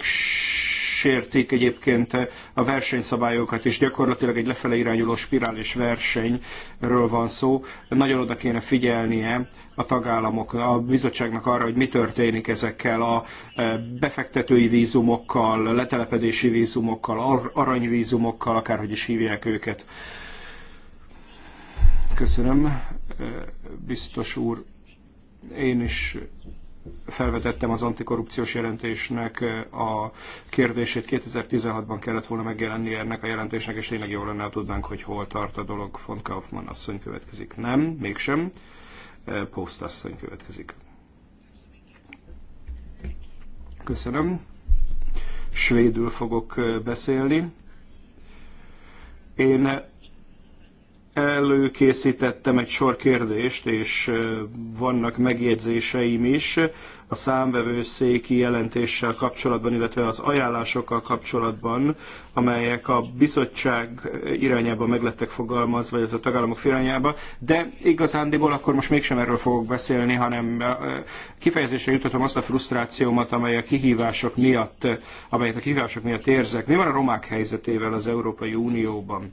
sértik egyébként a versenyszabályokat, és gyakorlatilag egy lefele irányuló spirális versenyről van szó. Nagyon oda kéne figyelnie a tagállamok, a bizottságnak arra, hogy mi történik ezekkel a e, befektetői vízumokkal, letelepedési vízumokkal, aranyvízumokkal, akárhogy is hívják őket. Köszönöm, e, biztos úr. Én is felvetettem az antikorrupciós jelentésnek eh, a kérdését. 2016-ban kellett volna megjelenni ennek a jelentésnek, és tényleg jól lenne, tudnánk, hogy hol tart a dolog. Von Kaufmann asszony következik. Nem, mégsem. Eh, Post asszony következik. Köszönöm. Svédül fogok eh, beszélni. Én előkészítettem egy sor kérdést, és vannak megjegyzéseim is a számvevőszéki jelentéssel kapcsolatban, illetve az ajánlásokkal kapcsolatban, amelyek a bizottság irányába meglettek fogalmazva, illetve a tagállamok irányába, de igazándiból akkor most mégsem erről fogok beszélni, hanem kifejezésre jutottam azt a frusztrációmat, amely a kihívások miatt, amelyet a kihívások miatt érzek. Mi van a romák helyzetével az Európai Unióban?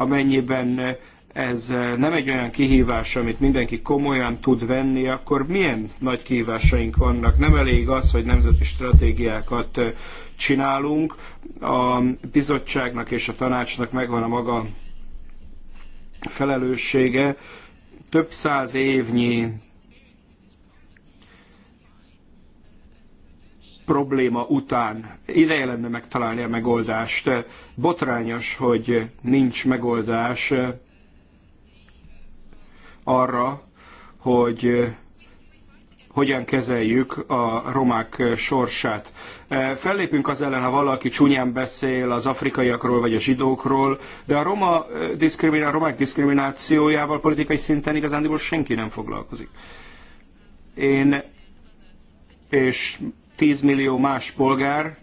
amennyiben ez eh, nem egy olyan kihívás, amit mindenki komolyan tud venni, akkor milyen nagy kihívásaink vannak? Nem elég az, hogy nemzeti stratégiákat eh, csinálunk, a bizottságnak és a tanácsnak megvan a maga felelőssége, több száz évnyi probléma után ideje lenne megtalálni a megoldást. Botrányos, hogy nincs megoldás arra, hogy hogyan kezeljük a romák sorsát. Fellépünk az ellen, ha valaki csúnyán beszél az afrikaiakról vagy a zsidókról, de a roma a romák diszkriminációjával politikai szinten igazándiból senki nem foglalkozik. Én és 10 millió más polgár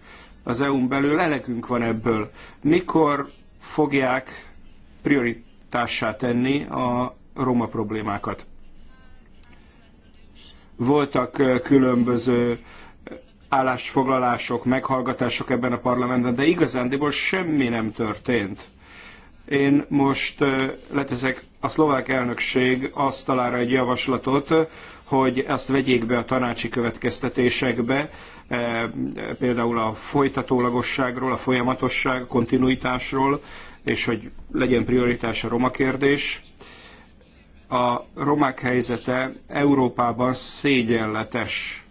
az EU-n belül elegünk van ebből. Mikor fogják prioritássá tenni a roma problémákat. Voltak különböző állásfoglalások, meghallgatások ebben a parlamentben, de igazándiból semmi nem történt. Én most leteszek a szlovák elnökség asztalára egy javaslatot, hogy ezt vegyék be a tanácsi következtetésekbe, például a folytatólagosságról, a folyamatosság, kontinuitásról, és hogy legyen prioritás a roma kérdés a romák helyzete Európában szégyenletes.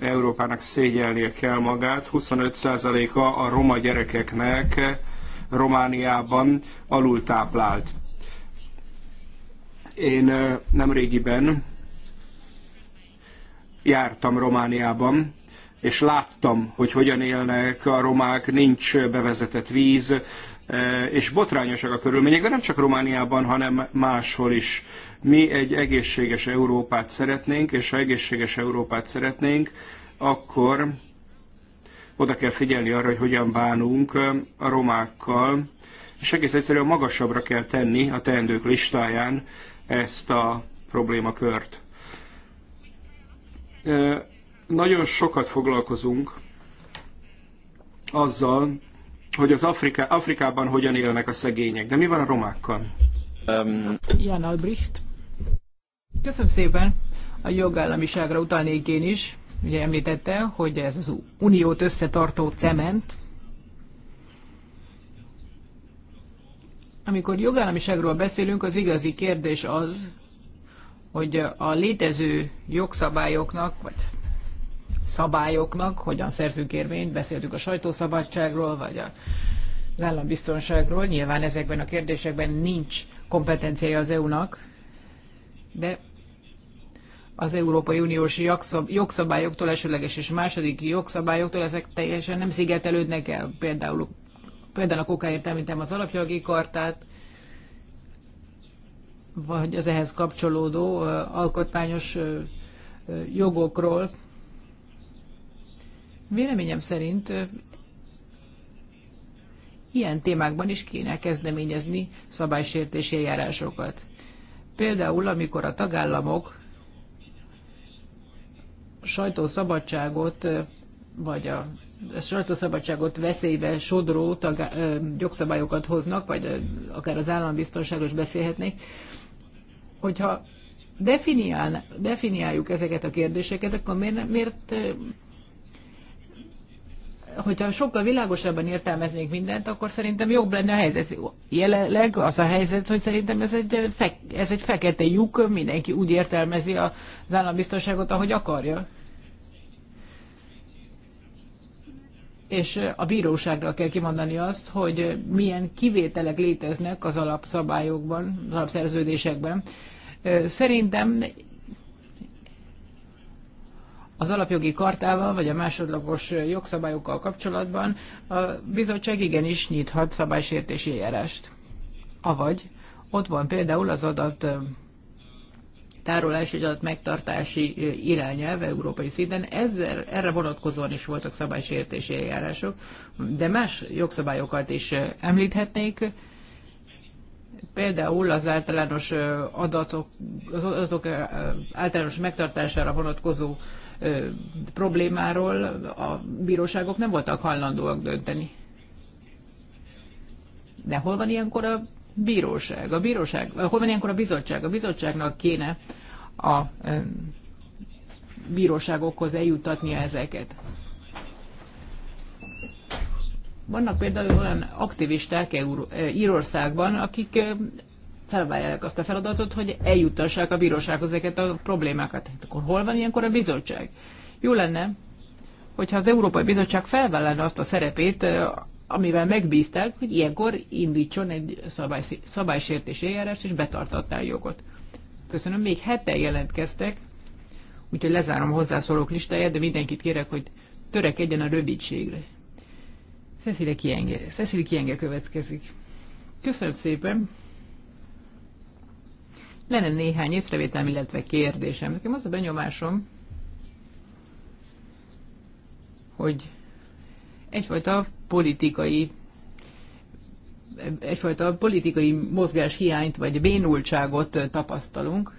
Európának szégyelnie kell magát. 25%-a a roma gyerekeknek Romániában alultáplált. Én nemrégiben jártam Romániában, és láttam, hogy hogyan élnek a romák, nincs bevezetett víz, E, és botrányosak a körülmények, de nem csak Romániában, hanem máshol is. Mi egy egészséges Európát szeretnénk, és ha egészséges Európát szeretnénk, akkor oda kell figyelni arra, hogy hogyan bánunk a romákkal, és egész egyszerűen magasabbra kell tenni a teendők listáján ezt a problémakört. E, nagyon sokat foglalkozunk azzal, hogy az Afrika, Afrikában hogyan élnek a szegények. De mi van a romákkal? Um... Jan Albrecht. Köszönöm szépen. A jogállamiságra utalnék én is. Ugye említette, hogy ez az uniót összetartó cement. Amikor jogállamiságról beszélünk, az igazi kérdés az, hogy a létező jogszabályoknak, vagy szabályoknak, hogyan szerzünk érvényt, beszéltünk a sajtószabadságról, vagy a az állambiztonságról. Nyilván ezekben a kérdésekben nincs kompetenciája az EU-nak, de az Európai Uniós jogszabályoktól, elsőleges és második jogszabályoktól ezek teljesen nem szigetelődnek el. Például, például a kokáért említem az alapjogi kartát, vagy az ehhez kapcsolódó alkotmányos jogokról Véleményem szerint ilyen témákban is kéne kezdeményezni szabálysértési eljárásokat. Például, amikor a tagállamok sajtószabadságot vagy a sajtószabadságot veszélybe sodró tagá, jogszabályokat hoznak, vagy akár az állambiztonságos beszélhetnék, hogyha definiáljuk ezeket a kérdéseket, akkor miért, miért hogyha sokkal világosabban értelmeznék mindent, akkor szerintem jobb lenne a helyzet. Jelenleg az a helyzet, hogy szerintem ez egy, ez egy fekete lyuk, mindenki úgy értelmezi az állambiztonságot, ahogy akarja. És a bíróságra kell kimondani azt, hogy milyen kivételek léteznek az alapszabályokban, az alapszerződésekben. Szerintem az alapjogi kartával, vagy a másodlagos jogszabályokkal kapcsolatban a bizottság igenis nyithat szabálysértési eljárást. Avagy ott van például az adat tárolási adat megtartási irányelv európai szinten, ezzel, erre vonatkozóan is voltak szabálysértési eljárások, de más jogszabályokat is említhetnék, például az általános adatok, az adatok általános megtartására vonatkozó problémáról a bíróságok nem voltak hajlandóak dönteni. De hol van ilyenkor a bíróság? A bíróság, hol van ilyenkor a bizottság? A bizottságnak kéne a bíróságokhoz eljutatnia ezeket. Vannak például olyan aktivisták Írországban, akik felvállalják azt a feladatot, hogy eljutassák a bírósághoz ezeket a problémákat. Hát akkor hol van ilyenkor a bizottság? Jó lenne, hogyha az Európai Bizottság felvállalna azt a szerepét, amivel megbízták, hogy ilyenkor indítson egy szabály, szabálysértési eljárást és betartatná a jogot. Köszönöm, még hete jelentkeztek, úgyhogy lezárom a hozzászólók listáját, de mindenkit kérek, hogy törekedjen a rövidségre. Cecilia Kienge, Cecilia Kienge következik. Köszönöm szépen! Lenne néhány észrevétel, illetve kérdésem. Nekem az a benyomásom, hogy egyfajta politikai egyfajta politikai mozgás hiányt vagy bénultságot tapasztalunk.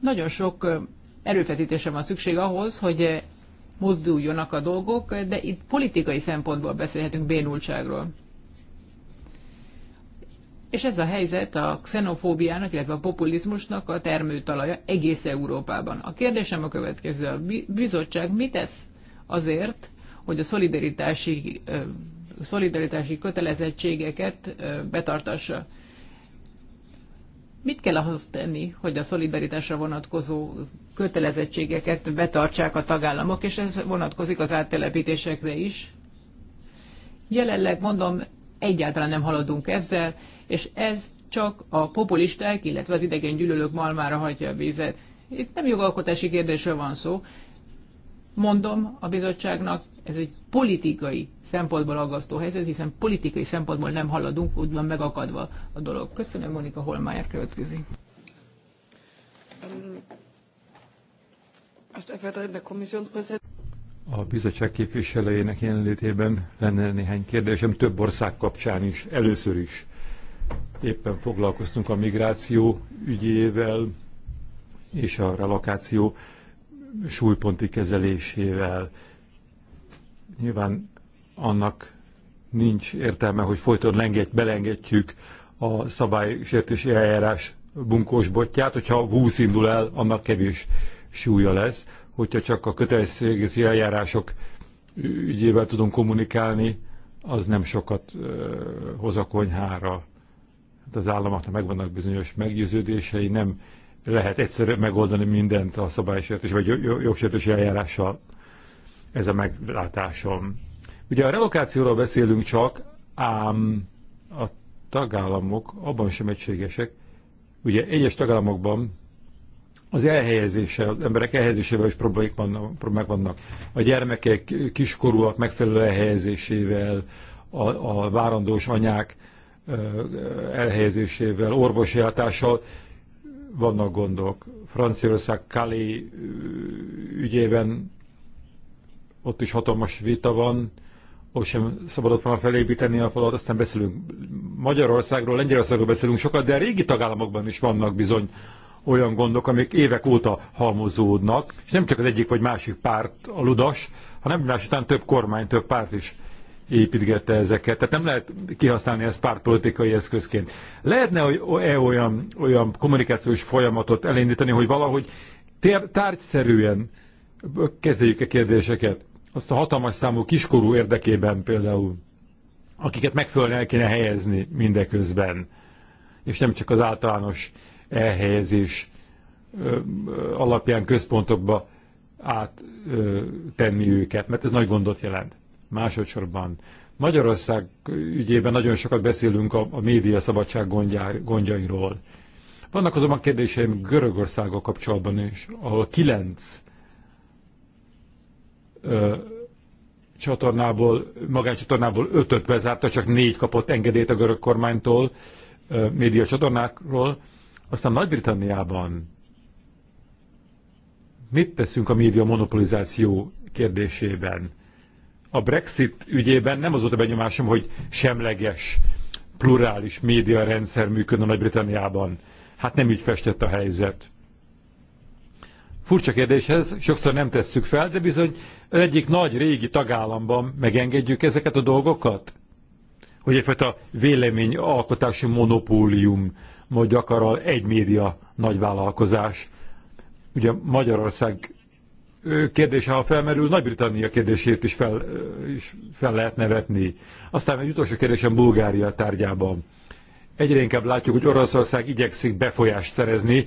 Nagyon sok erőfeszítésre van szükség ahhoz, hogy mozduljonak a dolgok, de itt politikai szempontból beszélhetünk bénultságról és ez a helyzet a xenofóbiának, illetve a populizmusnak a termőtalaja egész Európában. A kérdésem a következő. A bizottság mit tesz azért, hogy a szolidaritási, szolidaritási kötelezettségeket betartassa? Mit kell ahhoz tenni, hogy a szolidaritásra vonatkozó kötelezettségeket betartsák a tagállamok, és ez vonatkozik az áttelepítésekre is? Jelenleg mondom, egyáltalán nem haladunk ezzel, és ez csak a populisták, illetve az idegen gyűlölők malmára hagyja a vizet. Itt nem jogalkotási kérdésről van szó. Mondom a bizottságnak, ez egy politikai szempontból aggasztó helyzet, hiszen politikai szempontból nem haladunk, úgy van megakadva a dolog. Köszönöm, Monika Holmájer következik. A bizottság képviselőjének jelenlétében lenne néhány kérdésem több ország kapcsán is, először is Éppen foglalkoztunk a migráció ügyével és a relokáció súlyponti kezelésével. Nyilván annak nincs értelme, hogy folyton lenget, belengetjük a szabálysértési eljárás bunkós botját, hogyha 20 indul el, annak kevés súlya lesz. Hogyha csak a kötelességési eljárások ügyével tudunk kommunikálni, az nem sokat hoz a konyhára. Hát az államoknak megvannak bizonyos meggyőződései, nem lehet egyszerű megoldani mindent a szabálysértés vagy jogsértési eljárással. Ez a meglátásom. Ugye a relokációról beszélünk csak, ám a tagállamok abban sem egységesek. Ugye egyes tagállamokban az elhelyezéssel, az emberek elhelyezésével is problémák vannak, problémák vannak. A gyermekek kiskorúak megfelelő elhelyezésével, a, a várandós anyák elhelyezésével, orvosi hatással vannak gondok. Franciaország Kali ügyében ott is hatalmas vita van, ott sem szabadott volna felépíteni a falat, aztán beszélünk Magyarországról, Lengyelországról beszélünk sokat, de a régi tagállamokban is vannak bizony olyan gondok, amik évek óta halmozódnak, és nem csak az egyik vagy másik párt a ludas, hanem más után több kormány, több párt is építgette ezeket. Tehát nem lehet kihasználni ezt pártpolitikai eszközként. Lehetne hogy -e olyan, olyan kommunikációs folyamatot elindítani, hogy valahogy tárgyszerűen kezeljük a kérdéseket. Azt a hatalmas számú kiskorú érdekében például, akiket megfelelően el kéne helyezni mindeközben, és nem csak az általános elhelyezés alapján központokba áttenni őket, mert ez nagy gondot jelent. Másodszorban Magyarország ügyében nagyon sokat beszélünk a, a média szabadság gondjár, gondjairól. Vannak azonban kérdéseim Görögországgal kapcsolatban is, ahol kilenc ö, csatornából, magáncsatornából ötöt bezárta, csak négy kapott engedélyt a görög kormánytól, ö, média csatornákról. Aztán Nagy-Britanniában mit teszünk a média monopolizáció kérdésében? a Brexit ügyében nem az volt a benyomásom, hogy semleges, plurális médiarendszer működne Nagy-Britanniában. Hát nem így festett a helyzet. Furcsa kérdéshez, sokszor nem tesszük fel, de bizony az egyik nagy régi tagállamban megengedjük ezeket a dolgokat? Hogy egyfajta véleményalkotási monopólium majd gyakorol egy média nagyvállalkozás. Ugye Magyarország kérdése, ha felmerül, Nagy-Britannia kérdését is fel, is fel lehet nevetni. Aztán egy utolsó kérdésem Bulgária tárgyában. Egyre inkább látjuk, hogy Oroszország igyekszik befolyást szerezni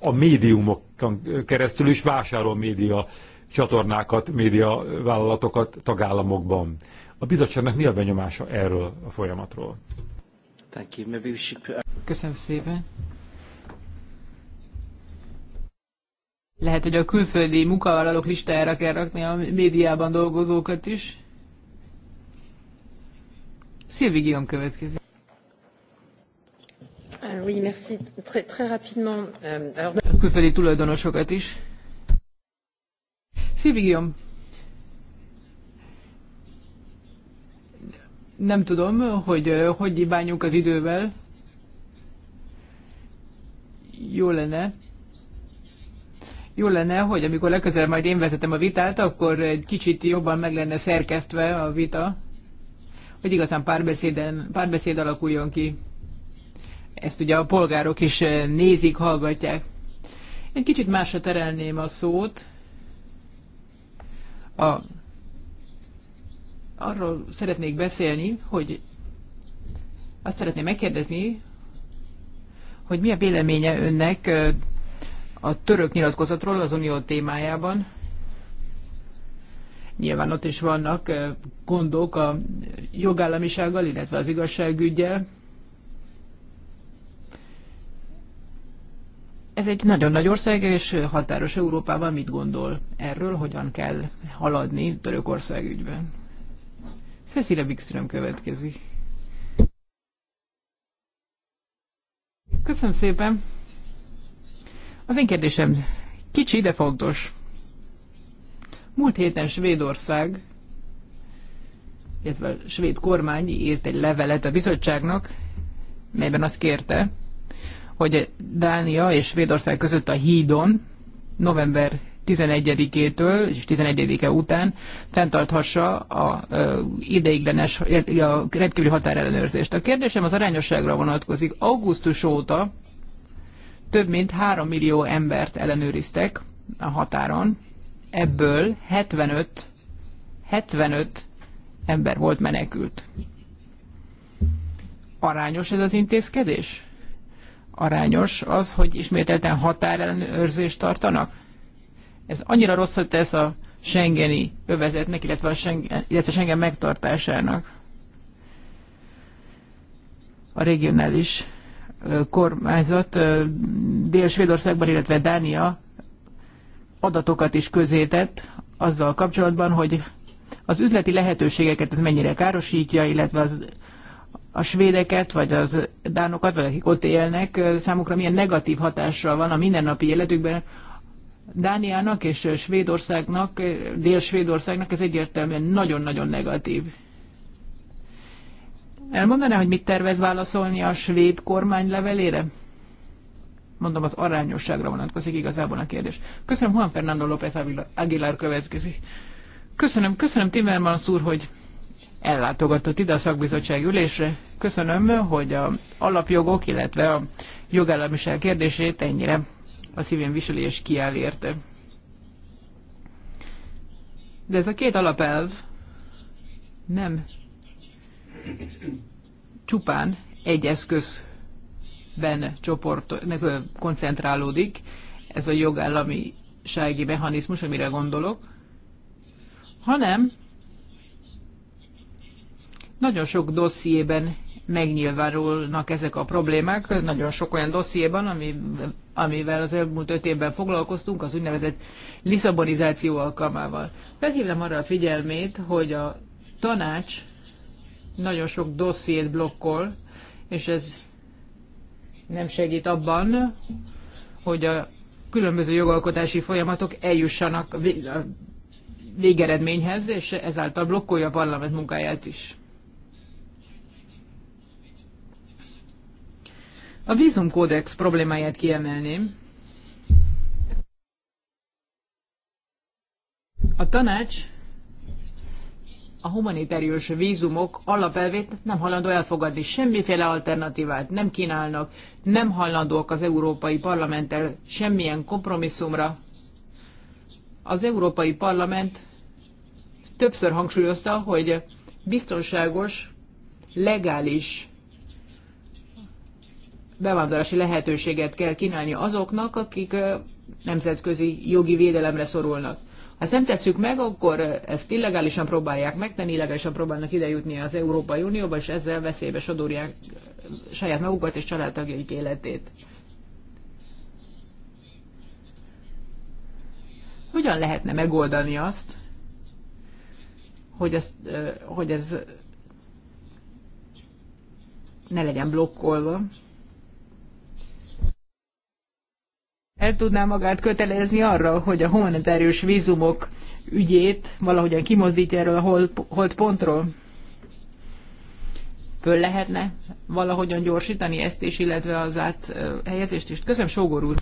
a médiumokon keresztül is vásárol média csatornákat, média vállalatokat tagállamokban. A bizottságnak mi a benyomása erről a folyamatról? Köszönöm szépen. Lehet, hogy a külföldi munkavállalók listájára kell rakni a médiában dolgozókat is. Sylvie Guillaume következik. Ah oui, merci. Très, très rapidement. Euh, alors... A külföldi tulajdonosokat is. Sylvie Guillaume. Nem tudom, hogy hogy bánjunk az idővel. Jó lenne, jó lenne, hogy amikor legközelebb majd én vezetem a vitát, akkor egy kicsit jobban meg lenne szerkesztve a vita, hogy igazán párbeszéden, párbeszéd alakuljon ki. Ezt ugye a polgárok is eh, nézik, hallgatják. Én kicsit másra terelném a szót. A, arról szeretnék beszélni, hogy azt szeretném megkérdezni, hogy mi a véleménye önnek eh, a török nyilatkozatról az unió témájában. Nyilván ott is vannak gondok a jogállamisággal, illetve az igazságügyel. Ez egy nagyon nagy ország, és határos Európában mit gondol erről, hogyan kell haladni Törökország ügyben? Cecilia Wikström következik. Köszönöm szépen! Az én kérdésem kicsi, de fontos. Múlt héten Svédország, illetve a svéd kormány írt egy levelet a bizottságnak, melyben azt kérte, hogy Dánia és Svédország között a hídon november 11-től és 11-e után fenntarthassa a, a ideiglenes, a rendkívüli határellenőrzést. A kérdésem az arányosságra vonatkozik. Augusztus óta több mint 3 millió embert ellenőriztek a határon, ebből 75, 75 ember volt menekült. Arányos ez az intézkedés? Arányos az, hogy ismételten határellenőrzést tartanak? Ez annyira hogy tesz a Schengeni övezetnek, illetve a Schengen, illetve Schengen megtartásának. A regionális kormányzat Dél-Svédországban, illetve Dánia adatokat is közétett azzal kapcsolatban, hogy az üzleti lehetőségeket ez mennyire károsítja, illetve az, a svédeket, vagy az dánokat, vagy akik ott élnek, számukra milyen negatív hatással van a mindennapi életükben. Dániának és Svédországnak, Dél-Svédországnak ez egyértelműen nagyon-nagyon negatív Elmondaná, hogy mit tervez válaszolni a svéd kormány levelére? Mondom, az arányosságra vonatkozik igazából a kérdés. Köszönöm, Juan Fernando López Aguilar következik. Köszönöm, köszönöm Timmermans úr, hogy ellátogatott ide a szakbizottság ülésre. Köszönöm, hogy a alapjogok, illetve a jogállamiság kérdését ennyire a szívén viseli és kiáll érte. De ez a két alapelv nem csupán egy eszközben csoport, koncentrálódik, ez a jogállamisági mechanizmus, amire gondolok, hanem nagyon sok dossziében megnyilvánulnak ezek a problémák, nagyon sok olyan dossziéban, ami, amivel az elmúlt öt évben foglalkoztunk, az úgynevezett Lisszabonizáció alkalmával. Felhívnám arra a figyelmét, hogy a tanács nagyon sok dossziét blokkol, és ez nem segít abban, hogy a különböző jogalkotási folyamatok eljussanak a végeredményhez, és ezáltal blokkolja a parlament munkáját is. A vízumkódex problémáját kiemelném. A tanács a humanitárius vízumok alapelvét nem hajlandó elfogadni. Semmiféle alternatívát nem kínálnak, nem hajlandóak az Európai Parlamenttel semmilyen kompromisszumra. Az Európai Parlament többször hangsúlyozta, hogy biztonságos, legális bevándorlási lehetőséget kell kínálni azoknak, akik nemzetközi jogi védelemre szorulnak ezt nem tesszük meg, akkor ezt illegálisan próbálják megtenni, illegálisan próbálnak idejutni az Európai Unióba, és ezzel veszélybe sodorják saját magukat és családtagjaik életét. Hogyan lehetne megoldani azt, hogy ez, hogy ez ne legyen blokkolva? el tudná magát kötelezni arra, hogy a humanitárius vízumok ügyét valahogyan kimozdítja erről a hold pontról? Föl lehetne valahogyan gyorsítani ezt is, illetve az áthelyezést is? Köszönöm, Sógor úr!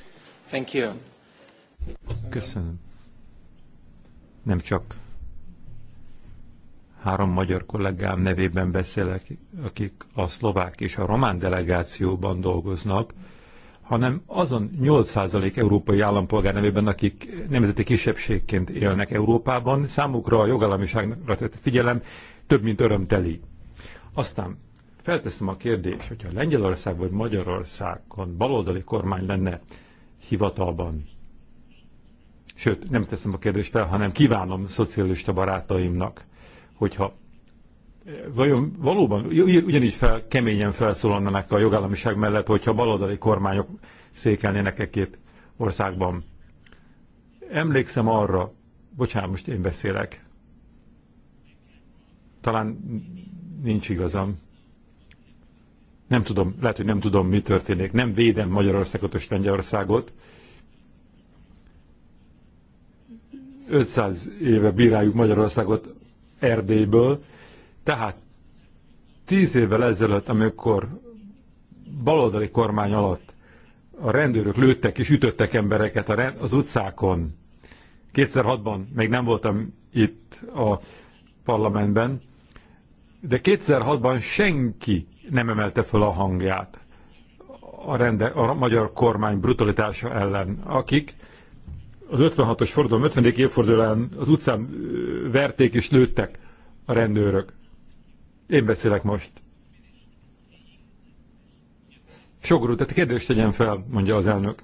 Thank you. Köszönöm. Nem csak három magyar kollégám nevében beszélek, akik a szlovák és a román delegációban dolgoznak, hanem azon 8% európai állampolgár nevében, akik nemzeti kisebbségként élnek Európában, számukra a jogállamiságra tett figyelem több, mint örömteli. Aztán felteszem a kérdést, hogyha Lengyelország vagy Magyarországon baloldali kormány lenne hivatalban, sőt, nem teszem a kérdést fel, hanem kívánom szocialista barátaimnak, hogyha vajon valóban ugyanígy fel, keményen felszólalnának a jogállamiság mellett, hogyha baloldali kormányok székelnének egy két országban. Emlékszem arra, bocsánat, most én beszélek, talán nincs igazam. Nem tudom, lehet, hogy nem tudom, mi történik. Nem védem Magyarországot és Lengyelországot. 500 éve bíráljuk Magyarországot Erdélyből, tehát tíz évvel ezelőtt, amikor baloldali kormány alatt a rendőrök lőttek és ütöttek embereket az utcákon, 2006-ban még nem voltam itt a parlamentben, de 2006-ban senki nem emelte fel a hangját a, rende, a magyar kormány brutalitása ellen, akik az 56-os fordulón, 50. évfordulón az utcán verték és lőttek a rendőrök. Én beszélek most. Sogorú, tehát kérdést tegyen fel, mondja az elnök.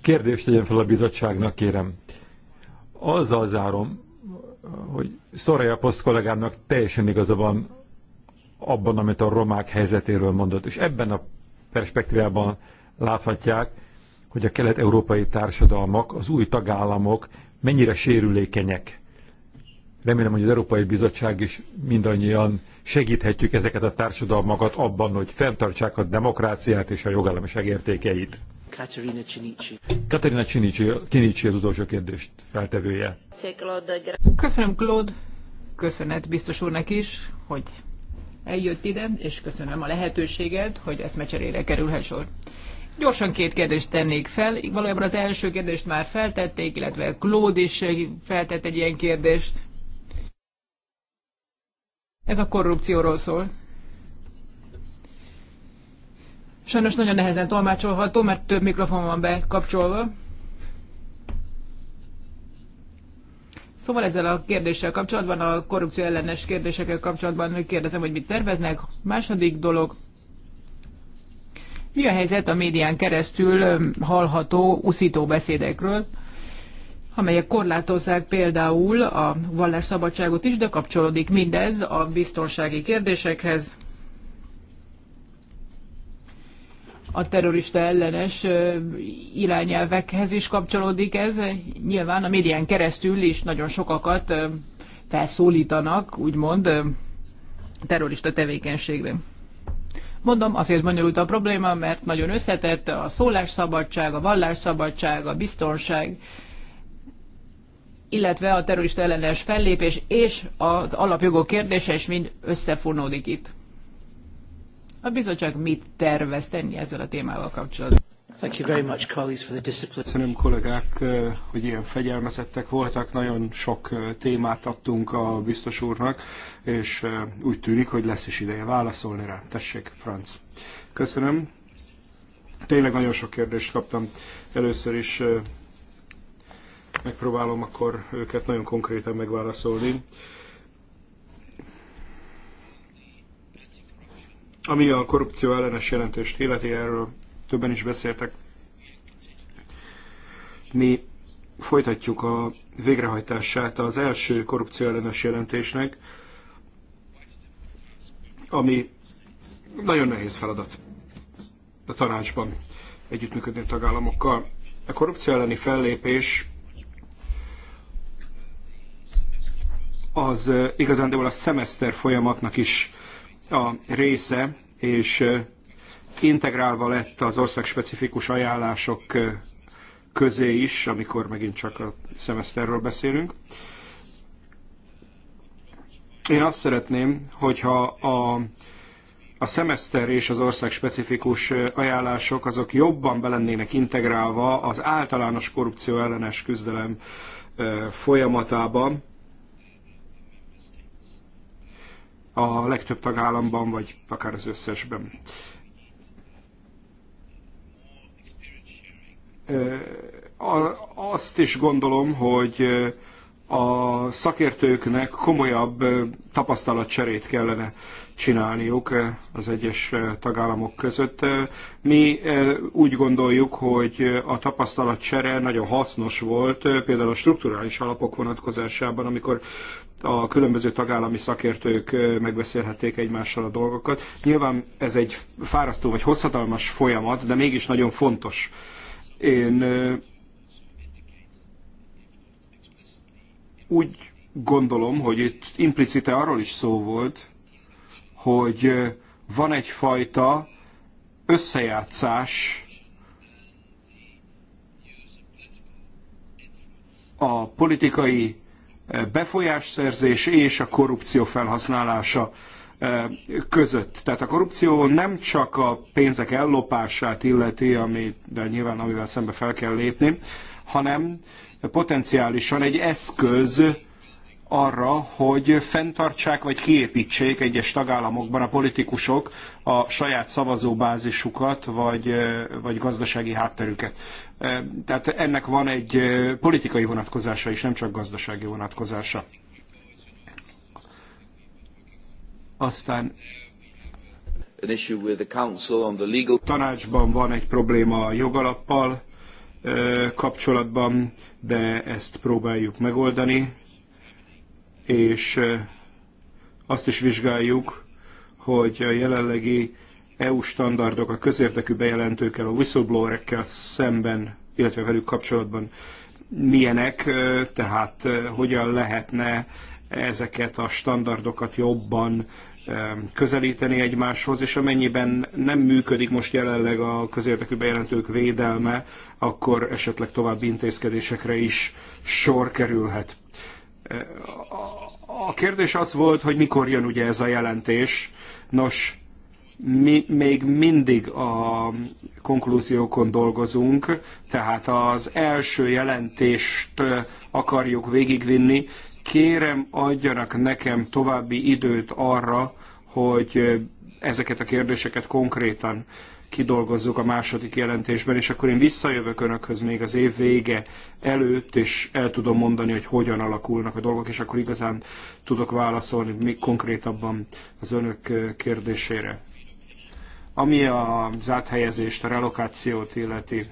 Kérdést tegyen fel a bizottságnak, kérem. Azzal zárom, hogy Szoraja Poszt kollégámnak teljesen igaza van abban, amit a romák helyzetéről mondott. És ebben a perspektívában láthatják, hogy a kelet-európai társadalmak, az új tagállamok mennyire sérülékenyek. Remélem, hogy az Európai Bizottság is mindannyian segíthetjük ezeket a társadalmakat abban, hogy fenntartsák a demokráciát és a jogállamiság értékeit. Katerina Csinicsi. Katerina Csinicsi, az utolsó kérdést feltevője. Köszönöm, Claude. Köszönet biztos úrnak is, hogy eljött ide, és köszönöm a lehetőséget, hogy mecserére kerülhet sor. Gyorsan két kérdést tennék fel. Valójában az első kérdést már feltették, illetve Claude is feltett egy ilyen kérdést. Ez a korrupcióról szól. Sajnos nagyon nehezen tolmácsolható, mert több mikrofon van bekapcsolva. Szóval ezzel a kérdéssel kapcsolatban, a korrupció ellenes kérdésekkel kapcsolatban kérdezem, hogy mit terveznek. Második dolog, mi a helyzet a médián keresztül hallható uszító beszédekről, amelyek korlátozzák például a vallásszabadságot is, de kapcsolódik mindez a biztonsági kérdésekhez, a terrorista ellenes irányelvekhez is kapcsolódik ez. Nyilván a médián keresztül is nagyon sokakat felszólítanak, úgymond, terrorista tevékenységre. Mondom, azért bonyolult a probléma, mert nagyon összetett a szólásszabadság, a vallásszabadság, a biztonság, illetve a terrorista ellenes fellépés és az alapjogok kérdése is mind összefonódik itt. A bizottság mit tervez tenni ezzel a témával kapcsolatban? Thank you very much, colleagues, for the discipline. Köszönöm kollégák, hogy ilyen fegyelmezettek voltak. Nagyon sok témát adtunk a biztos úrnak, és úgy tűnik, hogy lesz is ideje válaszolni rá. Tessék, Franz. Köszönöm. Tényleg nagyon sok kérdést kaptam. Először is megpróbálom akkor őket nagyon konkrétan megválaszolni. Ami a korrupció ellenes jelentést illeti, erről többen is beszéltek. Mi folytatjuk a végrehajtását az első korrupcióellenes jelentésnek, ami nagyon nehéz feladat a tanácsban együttműködni a tagállamokkal. A korrupció elleni fellépés az igazándiból a szemeszter folyamatnak is a része, és integrálva lett az országspecifikus ajánlások közé is, amikor megint csak a szemeszterről beszélünk. Én azt szeretném, hogyha a, a szemeszter és az ország specifikus ajánlások azok jobban belennének integrálva az általános korrupció ellenes küzdelem folyamatába. A legtöbb tagállamban, vagy akár az összesben. azt is gondolom, hogy a szakértőknek komolyabb tapasztalatcserét kellene csinálniuk az egyes tagállamok között. Mi úgy gondoljuk, hogy a tapasztalatcsere nagyon hasznos volt, például a strukturális alapok vonatkozásában, amikor a különböző tagállami szakértők megbeszélhették egymással a dolgokat. Nyilván ez egy fárasztó vagy hosszadalmas folyamat, de mégis nagyon fontos én úgy gondolom, hogy itt implicite arról is szó volt, hogy van egyfajta összejátszás a politikai befolyásszerzés és a korrupció felhasználása között. Tehát a korrupció nem csak a pénzek ellopását illeti, ami, nyilván amivel szembe fel kell lépni, hanem potenciálisan egy eszköz arra, hogy fenntartsák vagy kiépítsék egyes tagállamokban a politikusok a saját szavazóbázisukat vagy, vagy gazdasági hátterüket. Tehát ennek van egy politikai vonatkozása is, nem csak gazdasági vonatkozása. Aztán tanácsban van egy probléma a jogalappal kapcsolatban, de ezt próbáljuk megoldani, és azt is vizsgáljuk, hogy a jelenlegi EU standardok a közérdekű bejelentőkkel, a whistleblowerekkel szemben, illetve velük kapcsolatban milyenek, tehát hogyan lehetne ezeket a standardokat jobban közelíteni egymáshoz, és amennyiben nem működik most jelenleg a közérdekű bejelentők védelme, akkor esetleg további intézkedésekre is sor kerülhet. A kérdés az volt, hogy mikor jön ugye ez a jelentés. Nos, mi még mindig a konklúziókon dolgozunk, tehát az első jelentést eh, akarjuk végigvinni, Kérem, adjanak nekem további időt arra, hogy ezeket a kérdéseket konkrétan kidolgozzuk a második jelentésben, és akkor én visszajövök Önökhöz még az év vége előtt, és el tudom mondani, hogy hogyan alakulnak a dolgok, és akkor igazán tudok válaszolni még konkrétabban az Önök kérdésére. Ami az áthelyezést, a relokációt illeti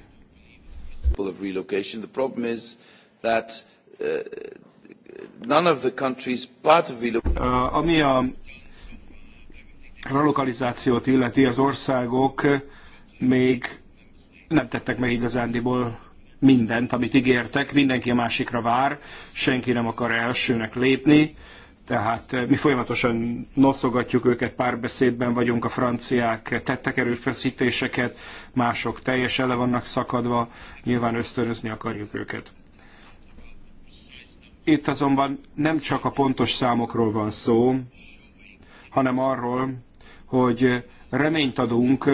none of the countries part of ami a relokalizációt illeti, az országok még nem tettek meg igazándiból mindent, amit ígértek, mindenki a másikra vár, senki nem akar elsőnek lépni, tehát eh, mi folyamatosan noszogatjuk őket, párbeszédben vagyunk, a franciák tettek erőfeszítéseket, mások teljesen le vannak szakadva, nyilván ösztönözni akarjuk őket. Itt azonban nem csak a pontos számokról van szó, hanem arról, hogy reményt adunk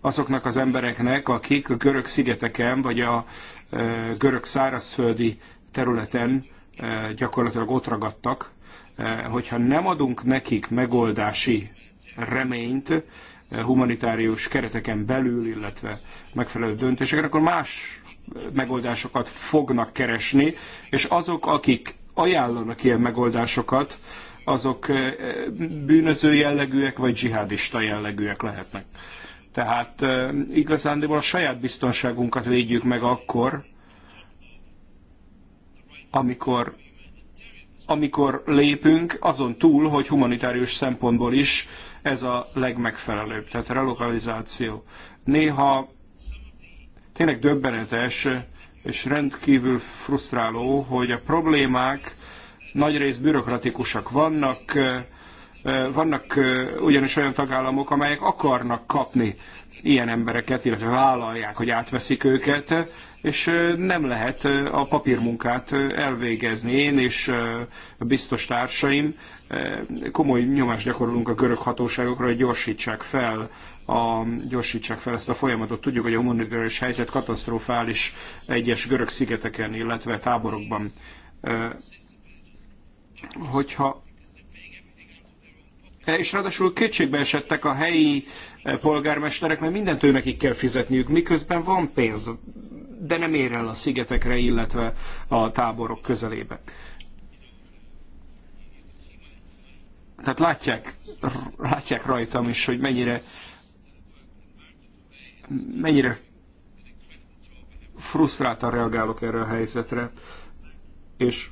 azoknak az embereknek, akik a görög szigeteken vagy a görög szárazföldi területen gyakorlatilag ott ragadtak, hogyha nem adunk nekik megoldási reményt humanitárius kereteken belül, illetve megfelelő döntésekre, akkor más megoldásokat fognak keresni, és azok, akik ajánlanak ilyen megoldásokat, azok eh, bűnöző jellegűek vagy dzsihádista jellegűek lehetnek. Tehát eh, igazándiból a saját biztonságunkat védjük meg akkor, amikor, amikor lépünk, azon túl, hogy humanitárius szempontból is ez a legmegfelelőbb, tehát relokalizáció. Néha Tényleg döbbenetes és rendkívül frusztráló, hogy a problémák nagyrészt bürokratikusak vannak, vannak ugyanis olyan tagállamok, amelyek akarnak kapni ilyen embereket, illetve vállalják, hogy átveszik őket, és nem lehet a papírmunkát elvégezni. Én és a biztos társaim komoly nyomást gyakorolunk a görög hatóságokra, hogy gyorsítsák fel a, gyorsítsák fel ezt a folyamatot. Tudjuk, hogy a humanitárius helyzet katasztrofális egyes görög szigeteken, illetve táborokban. Hogyha e, és ráadásul kétségbe esettek a helyi e, polgármesterek, mert mindent ő nekik kell fizetniük, miközben van pénz, de nem ér el a szigetekre, illetve a táborok közelébe. Tehát látják, látják rajtam is, hogy mennyire mennyire frusztráltan reagálok erre a helyzetre, és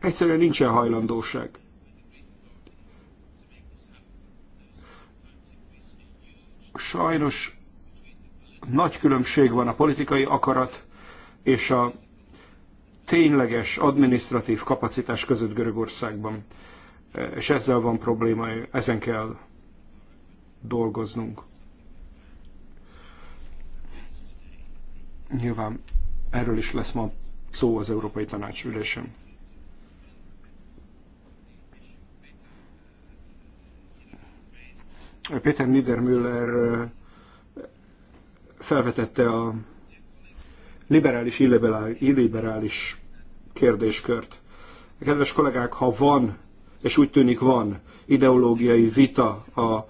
egyszerűen nincsen hajlandóság. Sajnos nagy különbség van a politikai akarat és a tényleges adminisztratív kapacitás között Görögországban. És ezzel van probléma, ezen kell dolgoznunk. Nyilván erről is lesz ma szó az Európai Tanács ülésen. Peter Niedermüller felvetette a liberális, illiberális kérdéskört. Kedves kollégák, ha van, és úgy tűnik van ideológiai vita a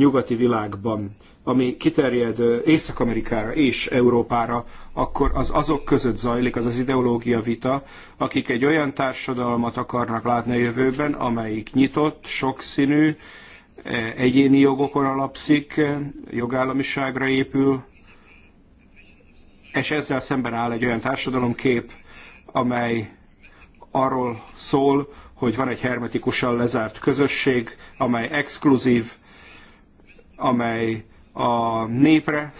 nyugati világban, ami kiterjed Észak-Amerikára és Európára, akkor az azok között zajlik az az ideológia vita, akik egy olyan társadalmat akarnak látni a jövőben, amelyik nyitott, sokszínű, e, egyéni jogokon alapszik, e, jogállamiságra épül, és ezzel szemben áll egy olyan társadalomkép, amely arról szól, hogy van egy hermetikusan lezárt közösség, amely exkluzív, amely a népre,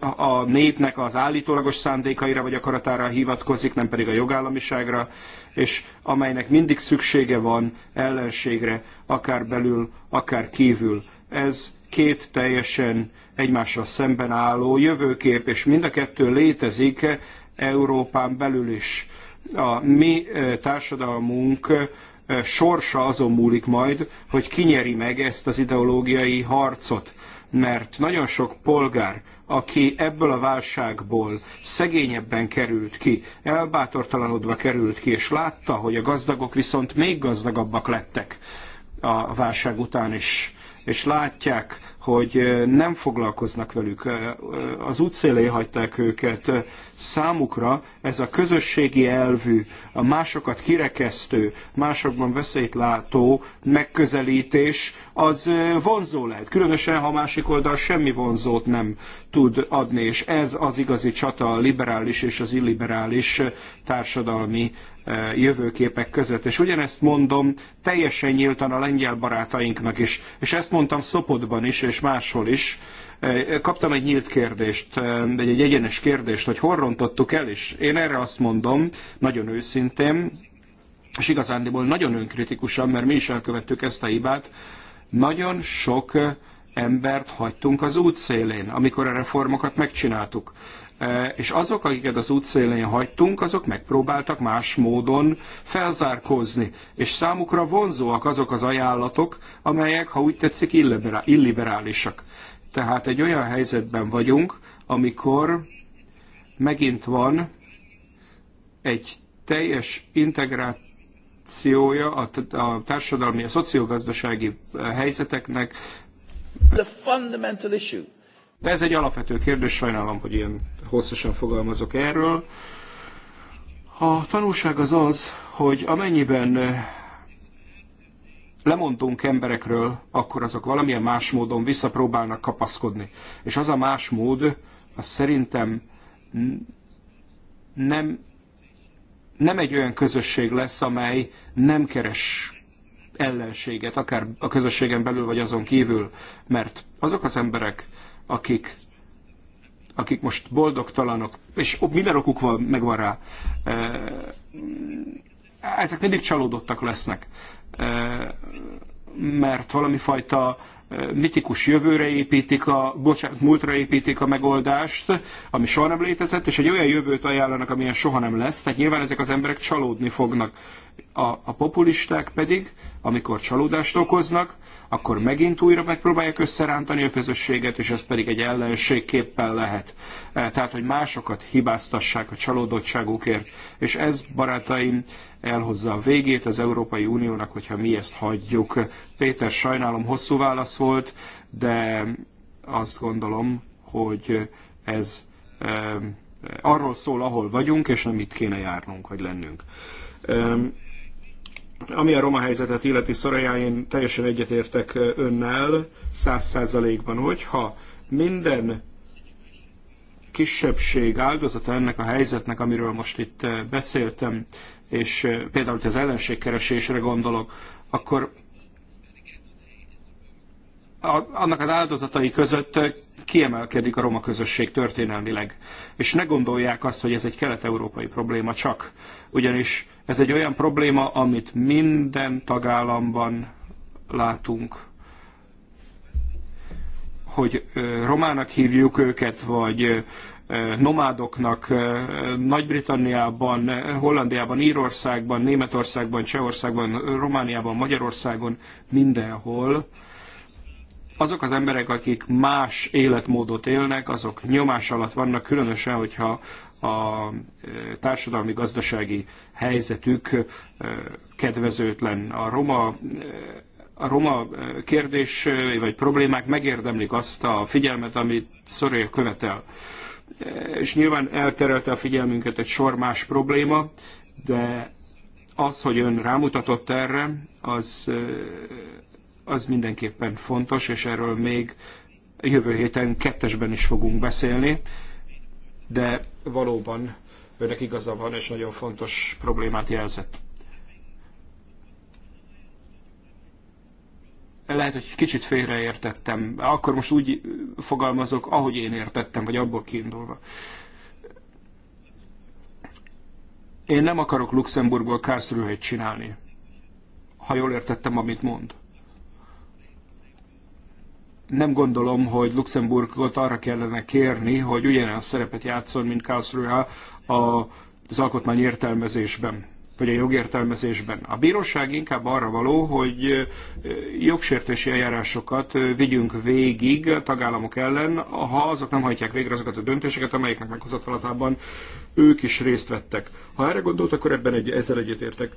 a népnek az állítólagos szándékaira vagy akaratára hivatkozik, nem pedig a jogállamiságra, és amelynek mindig szüksége van ellenségre, akár belül, akár kívül. Ez két teljesen egymással szemben álló jövőkép, és mind a kettő létezik Európán belül is. A mi e, társadalmunk e, sorsa azon múlik majd, hogy kinyeri meg ezt az ideológiai harcot mert nagyon sok polgár, aki ebből a válságból szegényebben került ki, elbátortalanodva került ki, és látta, hogy a gazdagok viszont még gazdagabbak lettek a válság után is, és látják, hogy nem foglalkoznak velük, az útszélé hagyták őket. Számukra ez a közösségi elvű, a másokat kirekesztő, másokban veszélyt látó megközelítés, az vonzó lehet. Különösen, ha a másik oldal semmi vonzót nem tud adni, és ez az igazi csata a liberális és az illiberális társadalmi jövőképek között. És ugyanezt mondom teljesen nyíltan a lengyel barátainknak is. És ezt mondtam Szopotban is, és és máshol is. Kaptam egy nyílt kérdést, egy, egy egyenes kérdést, hogy hol rontottuk el, és én erre azt mondom, nagyon őszintén, és igazándiból nagyon önkritikusan, mert mi is elkövettük ezt a hibát, nagyon sok embert hagytunk az útszélén, amikor a reformokat megcsináltuk. E, és azok, akiket az útszélén hagytunk, azok megpróbáltak más módon felzárkózni, és számukra vonzóak azok az ajánlatok, amelyek, ha úgy tetszik, illiberálisak. Tehát egy olyan helyzetben vagyunk, amikor megint van egy teljes integrációja a, a társadalmi, a szociogazdasági helyzeteknek. The fundamental issue de ez egy alapvető kérdés, sajnálom, hogy ilyen hosszasan fogalmazok erről. A tanulság az az, hogy amennyiben eh, lemondunk emberekről, akkor azok valamilyen más módon visszapróbálnak kapaszkodni. És az a más mód, az szerintem nem, nem egy olyan közösség lesz, amely nem keres ellenséget, akár a közösségen belül vagy azon kívül, mert azok az emberek, akik, akik most boldogtalanok, és minden okuk van, megvan rá, ezek mindig csalódottak lesznek, mert valami fajta mitikus jövőre építik a, bocsánat, múltra építik a megoldást, ami soha nem létezett, és egy olyan jövőt ajánlanak, amilyen soha nem lesz. Tehát nyilván ezek az emberek csalódni fognak. A, a populisták pedig, amikor csalódást okoznak, akkor megint újra megpróbálják összerántani a közösséget, és ez pedig egy ellenségképpen lehet. E, tehát, hogy másokat hibáztassák a csalódottságukért, és ez, barátaim, elhozza a végét az Európai Uniónak, hogyha mi ezt hagyjuk. Péter, sajnálom, hosszú válasz volt, de azt gondolom, hogy ez arról szól, ahol vagyunk, és nem itt kéne járnunk, vagy lennünk. Ami a roma helyzetet illeti szorajá, én teljesen egyetértek önnel, száz százalékban, hogyha minden kisebbség áldozata ennek a helyzetnek, amiről most itt beszéltem, és például, hogy az ellenségkeresésre gondolok, akkor annak az áldozatai között kiemelkedik a roma közösség történelmileg. És ne gondolják azt, hogy ez egy kelet-európai probléma csak, ugyanis ez egy olyan probléma, amit minden tagállamban látunk hogy romának hívjuk őket, vagy nomádoknak Nagy-Britanniában, Hollandiában, Írországban, Németországban, Csehországban, Romániában, Magyarországon, mindenhol azok az emberek, akik más életmódot élnek, azok nyomás alatt vannak, különösen, hogyha a e, társadalmi-gazdasági helyzetük e, kedvezőtlen. A roma e, a roma kérdés vagy problémák megérdemlik azt a figyelmet, amit Szorja követel. És nyilván elterelte a figyelmünket egy sor más probléma, de az, hogy ön rámutatott erre, az az mindenképpen fontos, és erről még jövő héten kettesben is fogunk beszélni, de valóban önnek igaza van, és nagyon fontos problémát jelzett. Lehet, hogy kicsit félreértettem, akkor most úgy fogalmazok, ahogy én értettem, vagy abból kiindulva. Én nem akarok Luxemburgból Karlsruhe-t csinálni, ha jól értettem, amit mond nem gondolom, hogy Luxemburgot arra kellene kérni, hogy ugyanolyan szerepet játszon, mint Karlsruhe az alkotmány értelmezésben vagy a jogértelmezésben. A bíróság inkább arra való, hogy jogsértési eljárásokat vigyünk végig a tagállamok ellen, ha azok nem hajtják végre azokat a döntéseket, amelyeknek meghozatalában ők is részt vettek. Ha erre gondolt, akkor ebben egy, ezzel egyetértek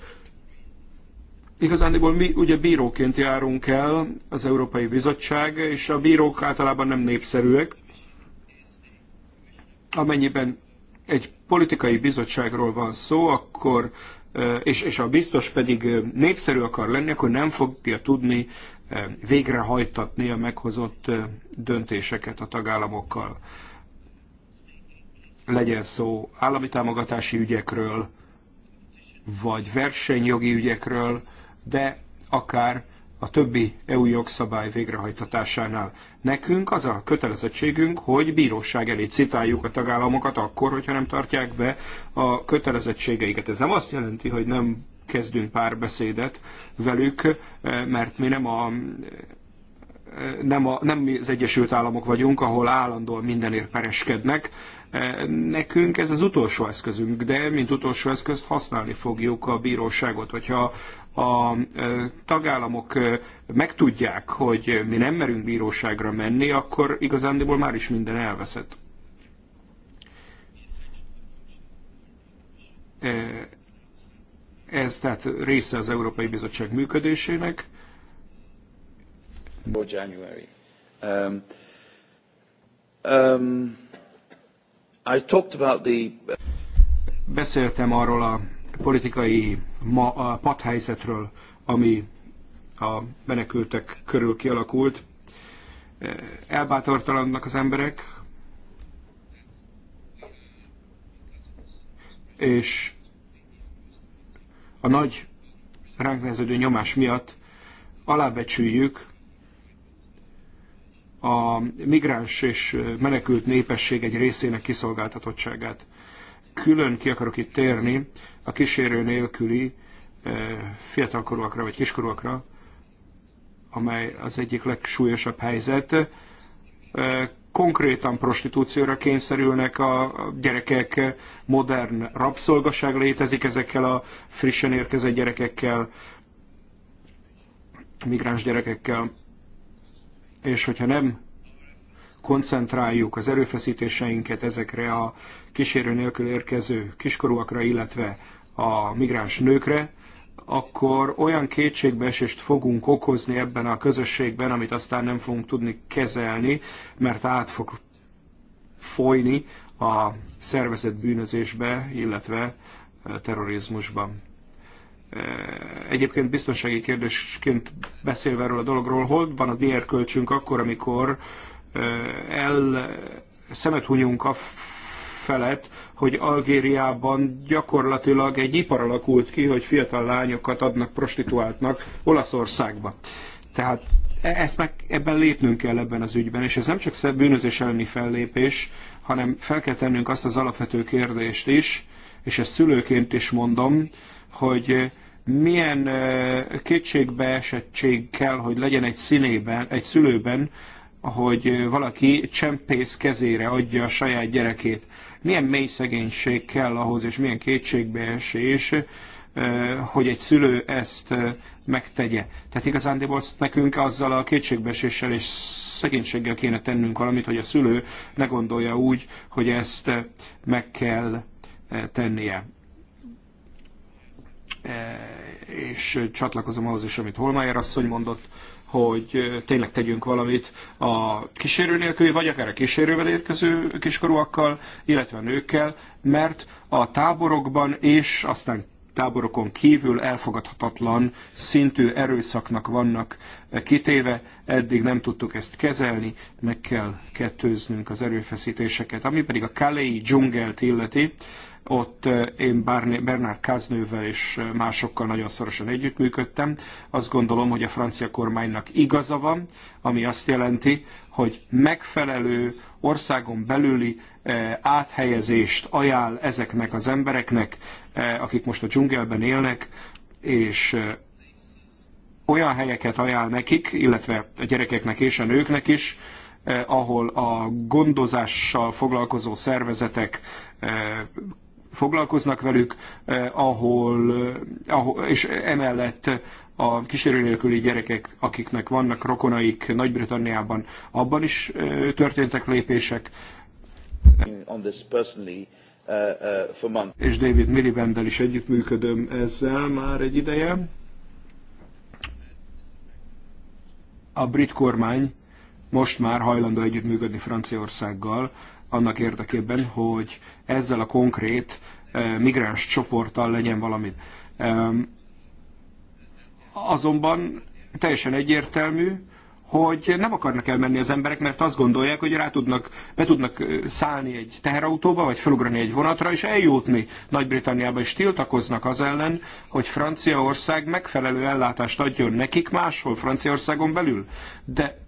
igazándiból mi ugye bíróként járunk el, az Európai Bizottság, és a bírók általában nem népszerűek. Amennyiben egy politikai bizottságról van szó, akkor és, és a biztos pedig népszerű akar lenni, akkor nem fogja tudni végrehajtatni a meghozott döntéseket a tagállamokkal. Legyen szó állami támogatási ügyekről, vagy versenyjogi ügyekről, de akár a többi EU jogszabály végrehajtatásánál. Nekünk az a kötelezettségünk, hogy bíróság elé citáljuk a tagállamokat akkor, hogyha nem tartják be a kötelezettségeiket. Ez nem azt jelenti, hogy nem kezdünk párbeszédet velük, eh, mert mi nem a eh, nem, a, nem az Egyesült Államok vagyunk, ahol állandóan mindenért pereskednek. Eh, nekünk ez az utolsó eszközünk, de mint utolsó eszközt használni fogjuk a bíróságot. Hogyha a tagállamok megtudják, hogy mi nem merünk bíróságra menni, akkor igazándiból már is minden elveszett. Ez tehát része az Európai Bizottság működésének. January. Um, um, I talked about the... Beszéltem arról a politikai ma a padhelyzetről, ami a menekültek körül kialakult. Elbátortalannak az emberek, és a nagy ránk nehezedő nyomás miatt alábecsüljük a migráns és menekült népesség egy részének kiszolgáltatottságát. Külön ki akarok itt térni a kísérő nélküli eh, fiatalkorúakra vagy kiskorúakra, amely az egyik legsúlyosabb helyzet. Eh, konkrétan prostitúcióra kényszerülnek a gyerekek, modern rabszolgaság létezik ezekkel a frissen érkezett gyerekekkel, migráns gyerekekkel. És hogyha nem koncentráljuk az erőfeszítéseinket ezekre a kísérő nélkül érkező kiskorúakra, illetve a migráns nőkre, akkor olyan kétségbeesést fogunk okozni ebben a közösségben, amit aztán nem fogunk tudni kezelni, mert át fog folyni a szervezet bűnözésbe, illetve e, terrorizmusban. E, egyébként biztonsági kérdésként beszélve erről a dologról, hol van a miért költsünk akkor, amikor e, el szemet hunyunk a felett, hogy Algériában gyakorlatilag egy ipar alakult ki, hogy fiatal lányokat adnak prostituáltnak Olaszországba. Tehát e- ezt meg, ebben lépnünk kell ebben az ügyben, és ez nem csak bűnözés elleni fellépés, hanem fel kell tennünk azt az alapvető kérdést is, és ezt szülőként is mondom, hogy milyen kétségbeesettség kell, hogy legyen egy színében, egy szülőben, hogy valaki csempész kezére adja a saját gyerekét. Milyen mély szegénység kell ahhoz, és milyen kétségbeesés, hogy egy szülő ezt megtegye. Tehát igazándiból azt nekünk azzal a kétségbeeséssel és szegénységgel kéne tennünk valamit, hogy a szülő ne gondolja úgy, hogy ezt meg kell tennie. És csatlakozom ahhoz is, amit Holmájer asszony mondott, hogy tényleg tegyünk valamit a kísérő nélküli, vagy akár a kísérővel érkező kiskorúakkal, illetve nőkkel, mert a táborokban és aztán táborokon kívül elfogadhatatlan szintű erőszaknak vannak kitéve. Eddig nem tudtuk ezt kezelni, meg kell kettőznünk az erőfeszítéseket. Ami pedig a Kalei dzsungelt illeti, ott én Bernard Káznővel és másokkal nagyon szorosan együttműködtem. Azt gondolom, hogy a francia kormánynak igaza van, ami azt jelenti, hogy megfelelő országon belüli áthelyezést ajánl ezeknek az embereknek, akik most a dzsungelben élnek, és olyan helyeket ajánl nekik, illetve a gyerekeknek és a nőknek is, ahol a gondozással foglalkozó szervezetek foglalkoznak velük, eh, ahol, eh, ahol és emellett a kísérő nélküli gyerekek, akiknek vannak rokonaik Nagy-Britanniában, abban is eh, történtek lépések. És David Millibenddel is együttműködöm ezzel már egy ideje. A brit kormány most már hajlandó együttműködni Franciaországgal annak érdekében, hogy ezzel a konkrét eh, migráns csoporttal legyen valamit. Azonban teljesen egyértelmű, hogy nem akarnak elmenni az emberek, mert azt gondolják, hogy rá tudnak, be tudnak eh, szállni egy teherautóba, vagy felugrani egy vonatra, és eljutni Nagy-Britanniába, és tiltakoznak az ellen, hogy Franciaország megfelelő ellátást adjon nekik máshol Franciaországon belül. De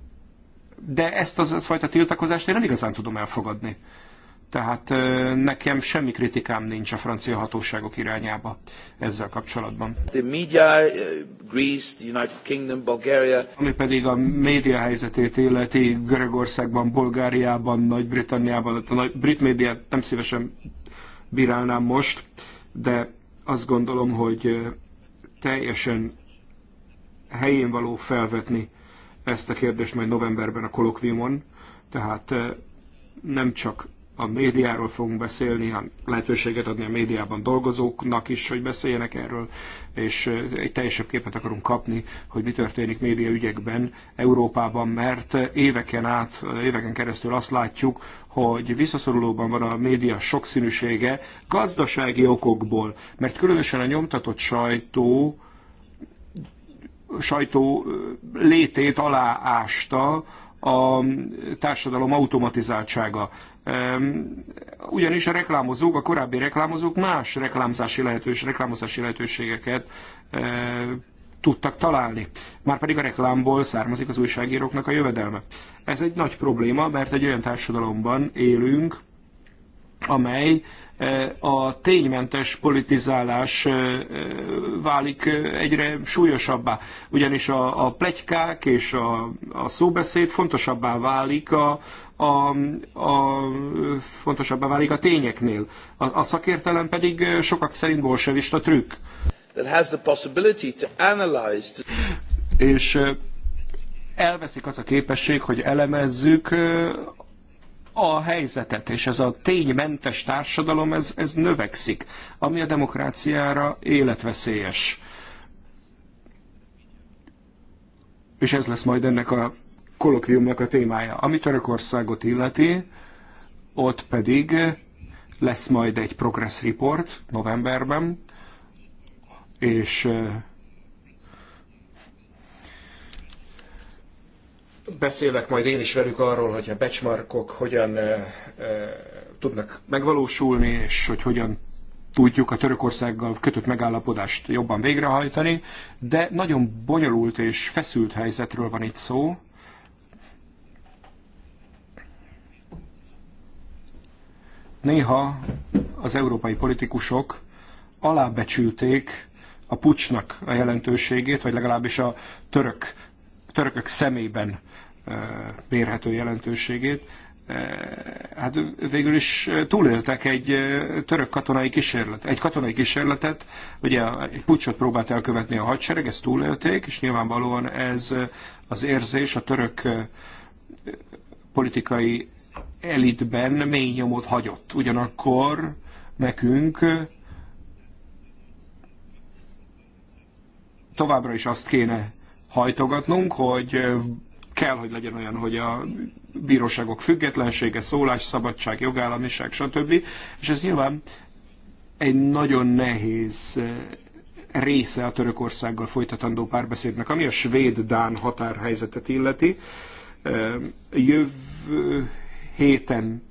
de ezt az fajta tiltakozást én nem igazán tudom elfogadni. Tehát nekem semmi kritikám nincs a francia hatóságok irányába ezzel kapcsolatban. The media, uh, Greece, the United Kingdom, Bulgaria. Ami pedig a média helyzetét illeti Görögországban, Bulgáriában, Nagy-Britanniában, a nagy brit médiát nem szívesen bírálnám most, de azt gondolom, hogy teljesen helyén való felvetni ezt a kérdést majd novemberben a kolokviumon, tehát eh, nem csak a médiáról fogunk beszélni, a lehetőséget adni a médiában dolgozóknak is, hogy beszéljenek erről, és eh, egy teljesebb képet akarunk kapni, hogy mi történik médiaügyekben Európában, mert eh, éveken át, éveken keresztül azt látjuk, hogy visszaszorulóban van a média sokszínűsége gazdasági okokból, mert különösen a nyomtatott sajtó sajtó létét aláásta a társadalom automatizáltsága. Ugyanis a reklámozók, a korábbi reklámozók más reklámzási, lehetős, reklámozási lehetőségeket tudtak találni. Márpedig a reklámból származik az újságíróknak a jövedelme. Ez egy nagy probléma, mert egy olyan társadalomban élünk, amely eh, a ténymentes politizálás eh, válik eh, egyre súlyosabbá. Ugyanis a, a plegykák és a, a szóbeszéd fontosabbá válik a, a, a, fontosabbá válik a tényeknél. A, a szakértelem pedig sokak szerint bolsevista trükk. That has the possibility to analyze the... És elveszik az a képesség, hogy elemezzük a helyzetet, és ez a ténymentes társadalom, ez, ez növekszik, ami a demokráciára életveszélyes. És ez lesz majd ennek a kolokviumnak a témája. Ami Törökországot illeti, ott pedig lesz majd egy progress report novemberben, és Beszélek majd én is velük arról, hogy a benchmarkok hogyan eh, eh, tudnak megvalósulni, és hogy hogyan tudjuk a Törökországgal kötött megállapodást jobban végrehajtani, de nagyon bonyolult és feszült helyzetről van itt szó. Néha az európai politikusok alábecsülték a pucsnak a jelentőségét, vagy legalábbis a török, törökök szemében mérhető jelentőségét, hát végül is túléltek egy török katonai kísérlet, egy katonai kísérletet, ugye egy pucsot próbált elkövetni a hadsereg, ezt túlélték, és nyilvánvalóan ez az érzés a török politikai elitben mély nyomot hagyott. Ugyanakkor nekünk továbbra is azt kéne hajtogatnunk, hogy kell, hogy legyen olyan, hogy a bíróságok függetlensége, szólásszabadság, jogállamiság, stb. És ez nyilván egy nagyon nehéz eh, része a Törökországgal folytatandó párbeszédnek, ami a svéd-dán határhelyzetet illeti. Eh, jövő héten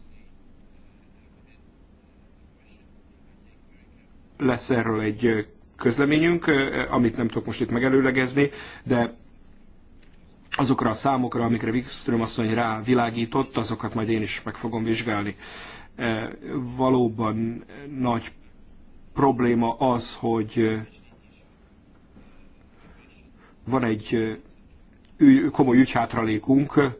lesz erről egy eh, közleményünk, amit nem tudok most itt megelőlegezni, de azokra a számokra, amikre Wikström asszony rá világított, azokat majd én is meg fogom vizsgálni. E, valóban nagy probléma az, hogy e, van egy e, komoly ügyhátralékunk,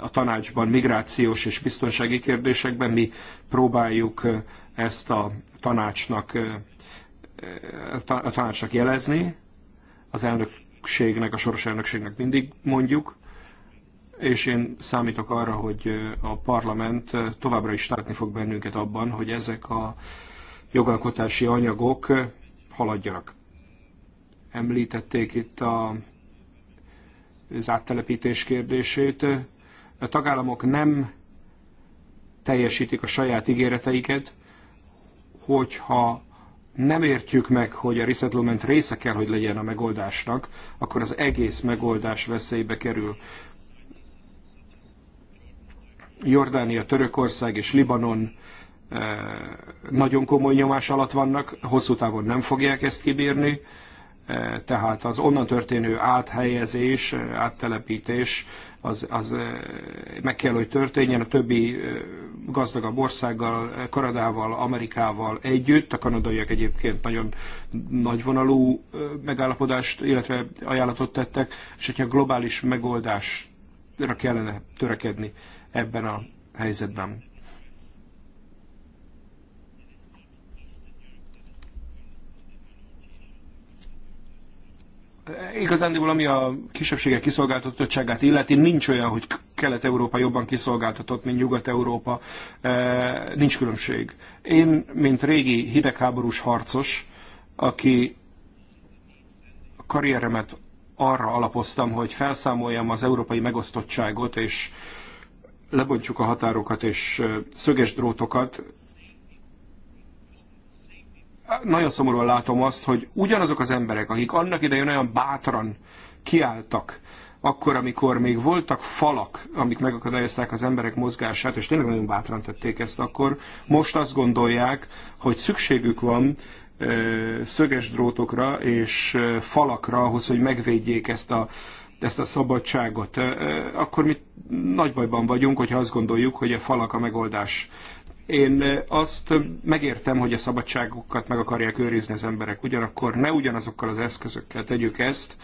a tanácsban migrációs és biztonsági kérdésekben. Mi próbáljuk ezt a tanácsnak, a tanácsnak jelezni. Az elnök elnökségnek, a soros elnökségnek mindig mondjuk, és én számítok arra, hogy a parlament továbbra is tartani fog bennünket abban, hogy ezek a jogalkotási anyagok haladjanak. Említették itt a, az áttelepítés kérdését. A tagállamok nem teljesítik a saját ígéreteiket, hogyha nem értjük meg, hogy a resettlement része kell, hogy legyen a megoldásnak, akkor az egész megoldás veszélybe kerül. Jordánia, Törökország és Libanon eh, nagyon komoly nyomás alatt vannak, hosszú távon nem fogják ezt kibírni, eh, tehát az onnan történő áthelyezés, eh, áttelepítés az, az meg kell, hogy történjen a többi gazdagabb országgal, Kanadával, Amerikával együtt. A kanadaiak egyébként nagyon nagyvonalú megállapodást, illetve ajánlatot tettek, és hogyha globális megoldásra kellene törekedni ebben a helyzetben. igazándiból ami a kisebbségek kiszolgáltatottságát illeti, nincs olyan, hogy Kelet-Európa jobban kiszolgáltatott, mint Nyugat-Európa, e, nincs különbség. Én, mint régi hidegháborús harcos, aki a karrieremet arra alapoztam, hogy felszámoljam az európai megosztottságot, és lebontsuk a határokat és e, szöges drótokat, nagyon szomorúan látom azt, hogy ugyanazok az emberek, akik annak idején olyan bátran kiálltak, akkor, amikor még voltak falak, amik megakadályozták az emberek mozgását, és tényleg nagyon bátran tették ezt akkor, most azt gondolják, hogy szükségük van szöges drótokra és falakra ahhoz, hogy megvédjék ezt a, ezt a szabadságot. Akkor mi nagy bajban vagyunk, hogyha azt gondoljuk, hogy a falak a megoldás. Én azt megértem, hogy a szabadságokat meg akarják őrizni az emberek, ugyanakkor ne ugyanazokkal az eszközökkel tegyük ezt,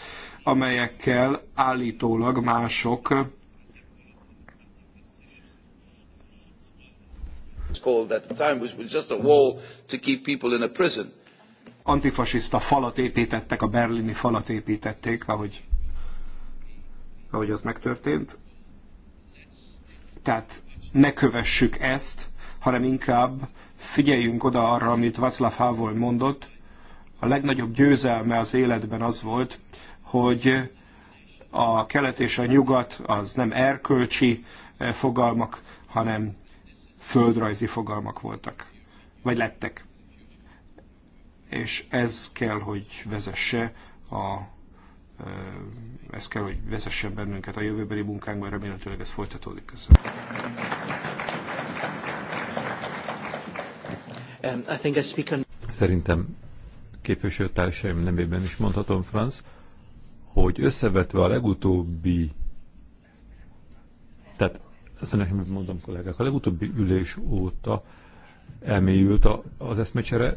amelyekkel állítólag mások a Antifasiszta falat építettek, a berlini falat építették, ahogy, ahogy az megtörtént. Tehát ne kövessük ezt, hanem inkább figyeljünk oda arra, amit Václav Havel mondott. A legnagyobb győzelme az életben az volt, hogy a kelet és a nyugat az nem erkölcsi eh, fogalmak, hanem földrajzi fogalmak voltak, vagy lettek. És ez kell, hogy vezesse a eh, ez kell, hogy vezessen bennünket a jövőbeli munkánkban, remélhetőleg ez folytatódik. Köszönöm. Um, I think I speak on... Szerintem képviselőtársaim nemében is mondhatom, Franz, hogy összevetve a legutóbbi, tehát ezt nekem mondom kollégák, a legutóbbi ülés óta elmélyült a, az eszmecsere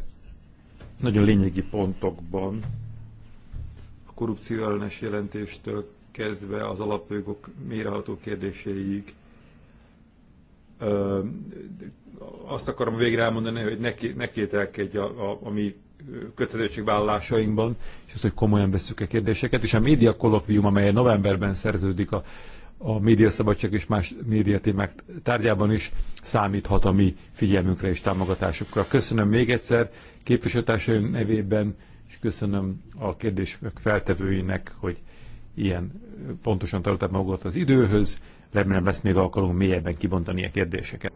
nagyon lényegi pontokban, a korrupció ellenes jelentéstől kezdve az alapjogok méreható kérdéséig, ö, azt akarom végre elmondani, hogy ne, kételkedj a, a, a mi kötelezettségvállalásainkban, és az, hogy komolyan veszük a kérdéseket, és a média kollokvium, amely novemberben szerződik a, a médiaszabadság és más médiatémák tárgyában is számíthat a mi figyelmünkre és támogatásukra. Köszönöm még egyszer képviselőtársaim nevében, és köszönöm a kérdések feltevőinek, hogy ilyen pontosan tartották magukat az időhöz. Remélem lesz még alkalom mélyebben kibontani a kérdéseket.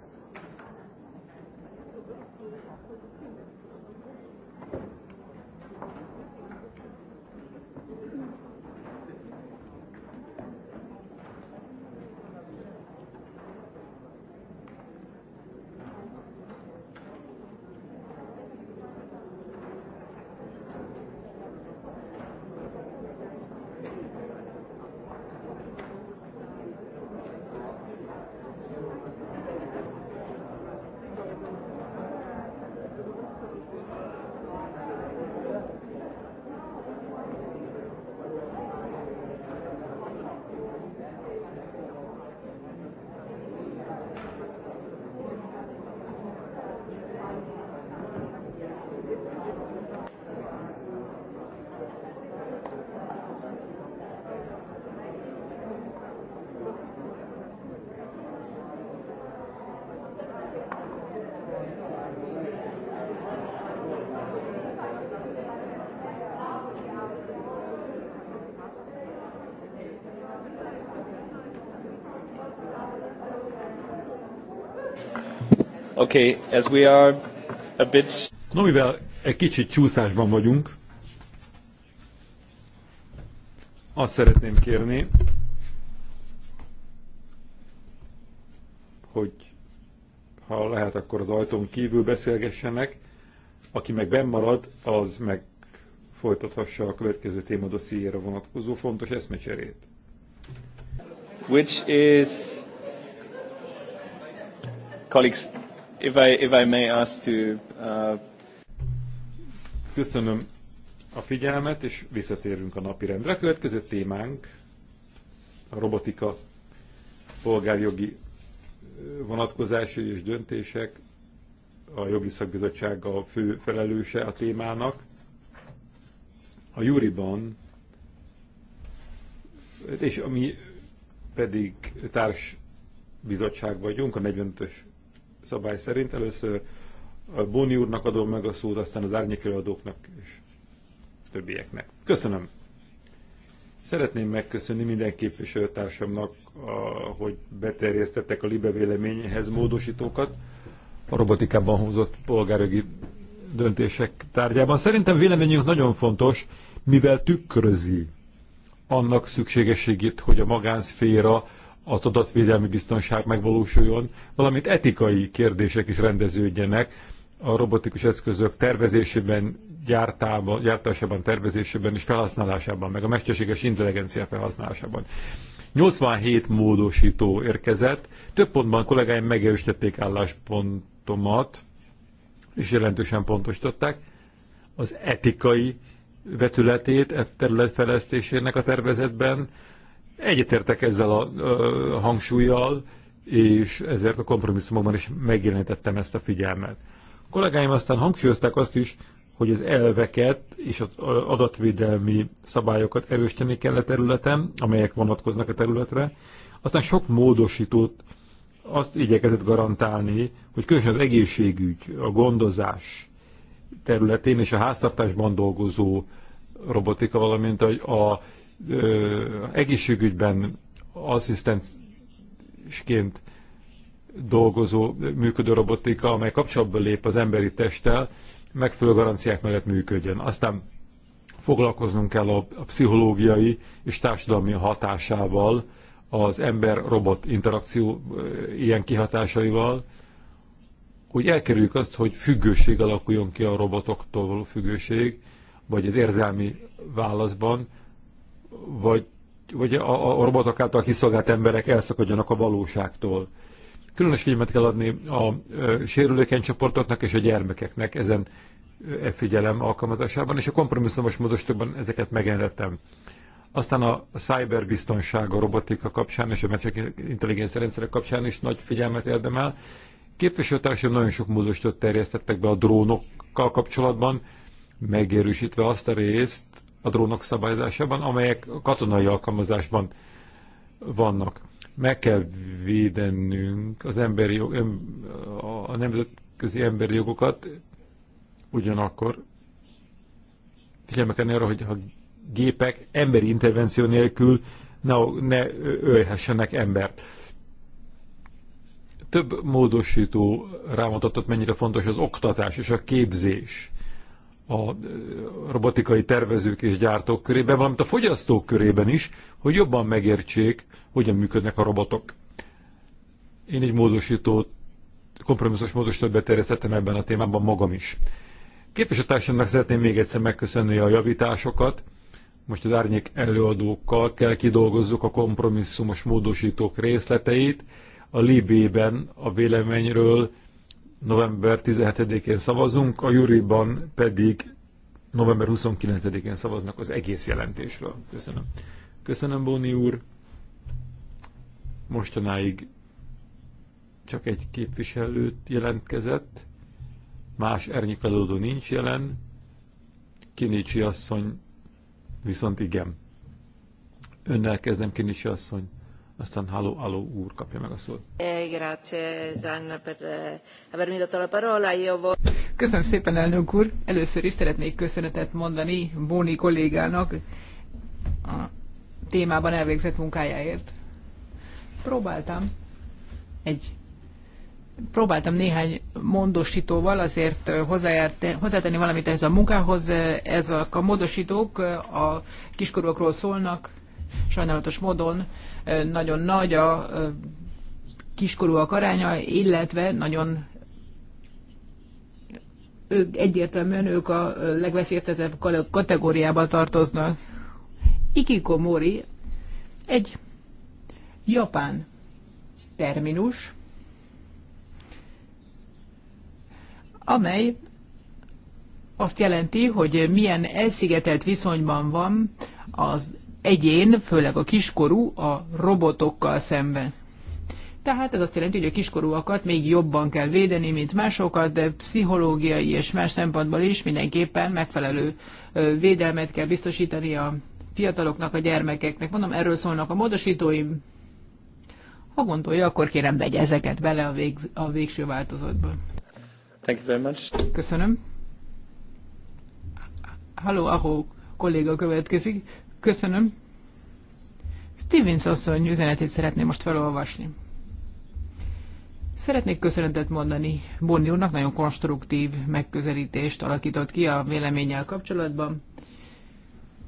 Okay, as we are a bit... No, mivel egy kicsit csúszásban vagyunk, azt szeretném kérni, hogy ha lehet, akkor az ajtón kívül beszélgessenek, aki meg bennmarad, az meg folytathassa a következő témadossziéra vonatkozó fontos eszmecserét. Which is... Colleagues, If I, if I may ask to, uh... Köszönöm a figyelmet, és visszatérünk a napi rendre. A következő témánk a robotika, polgárjogi vonatkozásai és döntések. A jogi szakbizottság a fő felelőse a témának. A Juriban, és ami pedig társ bizottság vagyunk, a 45-ös szabály szerint. Először a Bóni úrnak adom meg a szót, aztán az árnyékelőadóknak és többieknek. Köszönöm! Szeretném megköszönni minden képviselőtársamnak, a, hogy beterjesztettek a Libe véleményhez módosítókat a robotikában hozott polgárjogi döntések tárgyában. Szerintem véleményünk nagyon fontos, mivel tükrözi annak szükségességét, hogy a magánszféra az adatvédelmi biztonság megvalósuljon, valamint etikai kérdések is rendeződjenek a robotikus eszközök tervezésében, gyártában, gyártásában, tervezésében és felhasználásában, meg a mesterséges intelligencia felhasználásában. 87 módosító érkezett, több pontban kollégáim megerősítették álláspontomat, és jelentősen pontosították az etikai vetületét a e terület fejlesztésének a tervezetben, Egyetértek ezzel a ö, hangsúlyjal, és ezért a kompromisszumokban is megjelenítettem ezt a figyelmet. A kollégáim aztán hangsúlyozták azt is, hogy az elveket és az adatvédelmi szabályokat erősíteni kell a területen, amelyek vonatkoznak a területre. Aztán sok módosítót azt igyekezett garantálni, hogy különösen az egészségügy, a gondozás területén és a háztartásban dolgozó robotika, valamint a, a egészségügyben asszisztensként dolgozó működő robotika, amely kapcsolatba lép az emberi testtel, megfelelő garanciák mellett működjön. Aztán foglalkoznunk kell a, a pszichológiai és társadalmi hatásával, az ember-robot interakció ilyen kihatásaival, hogy elkerüljük azt, hogy függőség alakuljon ki a robotoktól való függőség, vagy az érzelmi válaszban, vagy, vagy a, a robotok által kiszolgált emberek elszakadjanak a valóságtól. Különös figyelmet kell adni a ö, sérülékeny csoportoknak és a gyermekeknek ezen e figyelem alkalmazásában, és a kompromisszumos módosítóban ezeket megengedtem. Aztán a cyberbiztonság a robotika kapcsán és a mesterséges intelligencia rendszerek kapcsán is nagy figyelmet érdemel. Képviselőtársaim nagyon sok módosítót terjesztettek be a drónokkal kapcsolatban, megerősítve azt a részt, a drónok szabályozásában, amelyek katonai alkalmazásban vannak. Meg kell védenünk az emberi jog, a nemzetközi emberi jogokat, ugyanakkor figyelme kell arra, hogy a gépek emberi intervenció nélkül ne, ne ölhessenek embert. Több módosító rámutatott, mennyire fontos az oktatás és a képzés a robotikai tervezők és gyártók körében, valamint a fogyasztók körében is, hogy jobban megértsék, hogyan működnek a robotok. Én egy módosító, kompromisszus módosítót beterjesztettem ebben a témában magam is. Képviselőtársamnak szeretném még egyszer megköszönni a javításokat. Most az árnyék előadókkal kell kidolgozzuk a kompromisszumos módosítók részleteit. A Libében a véleményről november 17-én szavazunk, a Juriban pedig november 29-én szavaznak az egész jelentésről. Köszönöm. Köszönöm, Bóni úr. Mostanáig csak egy képviselőt jelentkezett, más ernyikadódó nincs jelen, Kinicsi asszony viszont igen. Önnel kezdem, Kinicsi asszony. Aztán Halló Aló úr kapja meg a szót. Eh, eh, Köszönöm szépen, elnök úr. Először is szeretnék köszönetet mondani Bóni kollégának a témában elvégzett munkájáért. Próbáltam egy próbáltam néhány mondosítóval azért hozzátenni valamit ehhez a munkához. Ezek a módosítók a kiskorúakról szólnak, sajnálatos módon nagyon nagy a kiskorúak aránya, illetve nagyon ők egyértelműen ők a legveszélyeztetebb kategóriába tartoznak. Ikiko Mori egy japán terminus, amely azt jelenti, hogy milyen elszigetelt viszonyban van az egyén, főleg a kiskorú, a robotokkal szemben. Tehát ez azt jelenti, hogy a kiskorúakat még jobban kell védeni, mint másokat, de pszichológiai és más szempontból is mindenképpen megfelelő védelmet kell biztosítani a fiataloknak, a gyermekeknek. Mondom, erről szólnak a módosítóim. Ha gondolja, akkor kérem vegye ezeket bele a, végz, a végső változatba. Thank you very much. Köszönöm. Halló, ahó kolléga következik. Köszönöm. Stevens asszony üzenetét szeretném most felolvasni. Szeretnék köszönetet mondani Bonni úrnak, nagyon konstruktív megközelítést alakított ki a véleménnyel kapcsolatban.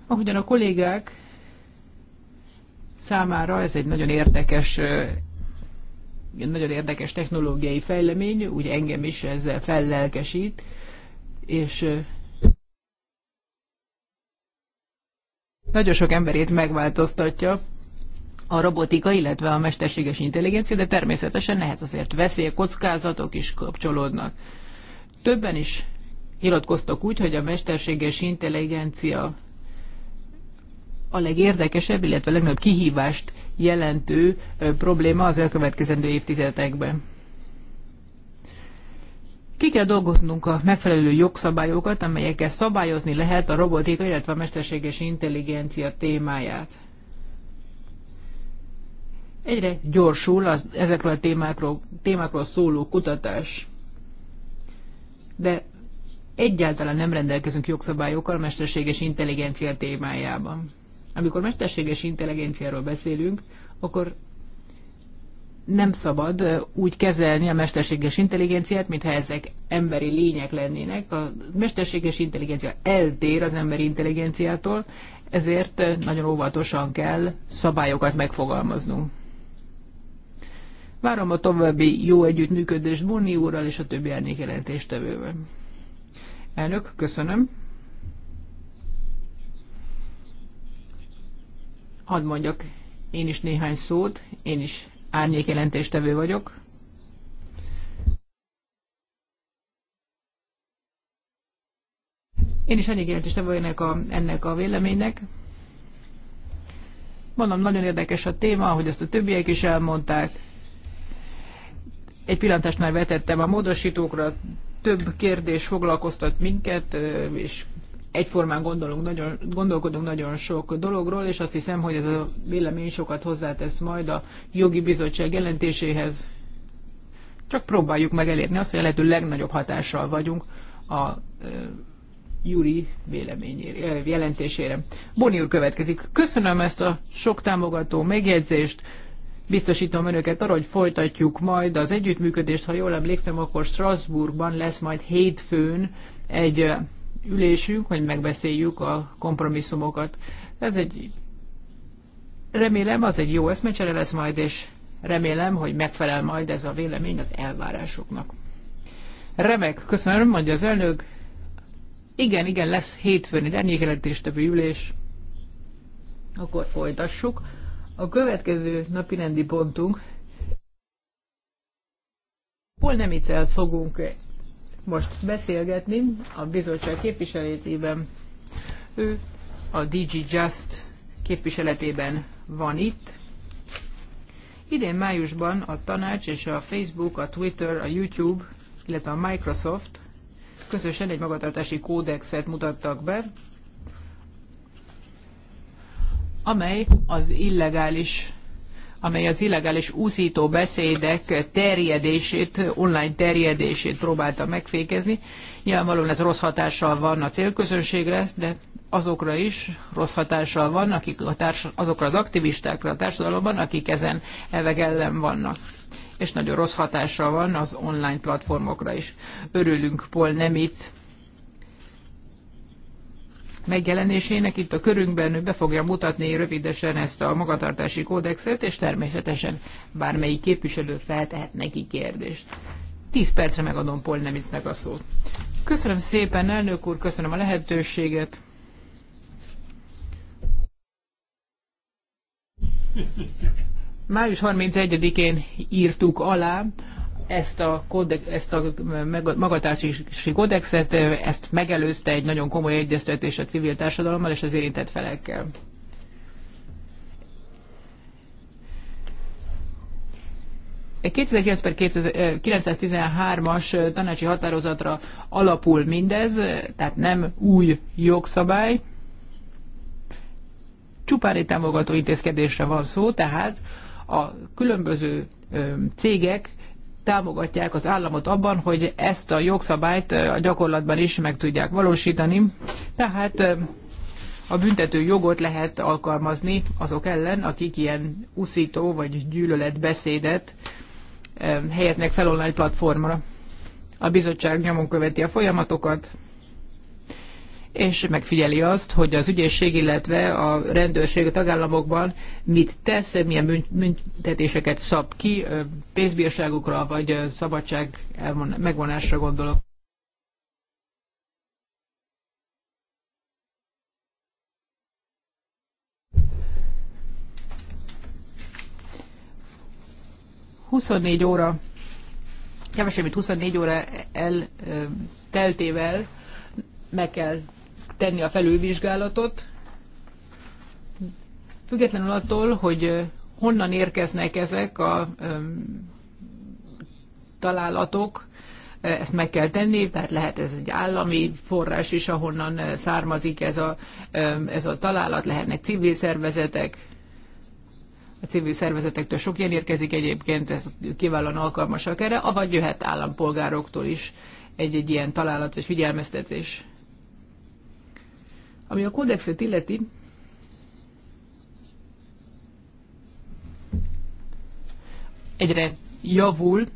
Ahogyan a kollégák számára ez egy nagyon érdekes nagyon érdekes technológiai fejlemény, úgy engem is ez fellelkesít, és nagyon sok emberét megváltoztatja a robotika, illetve a mesterséges intelligencia, de természetesen ehhez azért veszély, kockázatok is kapcsolódnak. Többen is nyilatkoztak úgy, hogy a mesterséges intelligencia a legérdekesebb, illetve a legnagyobb kihívást jelentő probléma az elkövetkezendő évtizedekben. Ki kell dolgoznunk a megfelelő jogszabályokat, amelyekkel szabályozni lehet a robotika, illetve a mesterséges intelligencia témáját. Egyre gyorsul az, ezekről a témákról, témákról szóló kutatás. De egyáltalán nem rendelkezünk jogszabályokkal a mesterséges intelligencia témájában. Amikor mesterséges intelligenciáról beszélünk, akkor nem szabad úgy kezelni a mesterséges intelligenciát, mintha ezek emberi lények lennének. A mesterséges intelligencia eltér az emberi intelligenciától, ezért nagyon óvatosan kell szabályokat megfogalmaznunk. Várom a további jó együttműködést Bonni úrral és a többi árnyékjelentéstevővel. Elnök, köszönöm. Hadd mondjak én is néhány szót, én is árnyékjelentéstevő vagyok. Én is árnyékjelentéstevő ennek a, ennek a véleménynek. Mondom, nagyon érdekes a téma, ahogy azt a többiek is elmondták. Egy pillantást már vetettem a módosítókra, több kérdés foglalkoztat minket, és egyformán gondolunk, nagyon, gondolkodunk nagyon sok dologról, és azt hiszem, hogy ez a vélemény sokat hozzátesz majd a jogi bizottság jelentéséhez. Csak próbáljuk meg elérni azt, hogy a lehető legnagyobb hatással vagyunk a Juri véleményére, jelentésére. Boni úr következik. Köszönöm ezt a sok támogató megjegyzést. Biztosítom önöket arra, hogy folytatjuk majd az együttműködést. Ha jól emlékszem, akkor Strasbourgban lesz majd hétfőn egy ülésünk, hogy megbeszéljük a kompromisszumokat. Ez egy, remélem, az egy jó eszmecsere lesz majd, és remélem, hogy megfelel majd ez a vélemény az elvárásoknak. Remek, köszönöm, mondja az elnök. Igen, igen, lesz hétfőn egy árnyékelentéstevő ülés. Akkor folytassuk. A következő napi rendi pontunk hol el fogunk most beszélgetni a bizottság képviseletében. Ő a DG Just képviseletében van itt. Idén májusban a tanács és a Facebook, a Twitter, a YouTube, illetve a Microsoft közösen egy magatartási kódexet mutattak be, amely az illegális amely az illegális úszító beszédek terjedését, online terjedését próbálta megfékezni. Nyilvánvalóan ez rossz hatással van a célközönségre, de azokra is rossz hatással van, akik a társ, azokra az aktivistákra a társadalomban, akik ezen elvek ellen vannak és nagyon rossz hatással van az online platformokra is. Örülünk Paul Nemitz megjelenésének. Itt a körünkben be fogja mutatni rövidesen ezt a magatartási kódexet, és természetesen bármelyik képviselő feltehet neki kérdést. Tíz percre megadom Paul Nemicnek a szót. Köszönöm szépen, elnök úr, köszönöm a lehetőséget. Május 31-én írtuk alá ezt a, kódex, ezt a magatartási kódexet, ezt megelőzte egy nagyon komoly egyeztetés a civil társadalommal és az érintett felekkel. Egy 2009 per as tanácsi határozatra alapul mindez, tehát nem új jogszabály. Csupán egy támogató intézkedésre van szó, tehát a különböző cégek támogatják az államot abban, hogy ezt a jogszabályt a gyakorlatban is meg tudják valósítani. Tehát a büntető jogot lehet alkalmazni azok ellen, akik ilyen uszító vagy gyűlöletbeszédet helyeznek fel online platformra. A bizottság nyomon követi a folyamatokat, és megfigyeli azt, hogy az ügyészség, illetve a rendőrség a tagállamokban mit tesz, milyen büntetéseket szab ki, pénzbírságokra vagy szabadság megvonásra gondolok. Huszonnégy óra, kevesebb mint 24 óra elteltével meg kell tenni a felülvizsgálatot, függetlenül attól, hogy honnan érkeznek ezek a találatok, ezt meg kell tenni, tehát lehet ez egy állami forrás is, ahonnan származik ez a, ez a találat, lehetnek civil szervezetek, a civil szervezetektől sok ilyen érkezik egyébként, ez kiválóan alkalmasak erre, avagy jöhet állampolgároktól is egy-egy ilyen találat vagy figyelmeztetés. Ami a kódexet illeti, egyre javul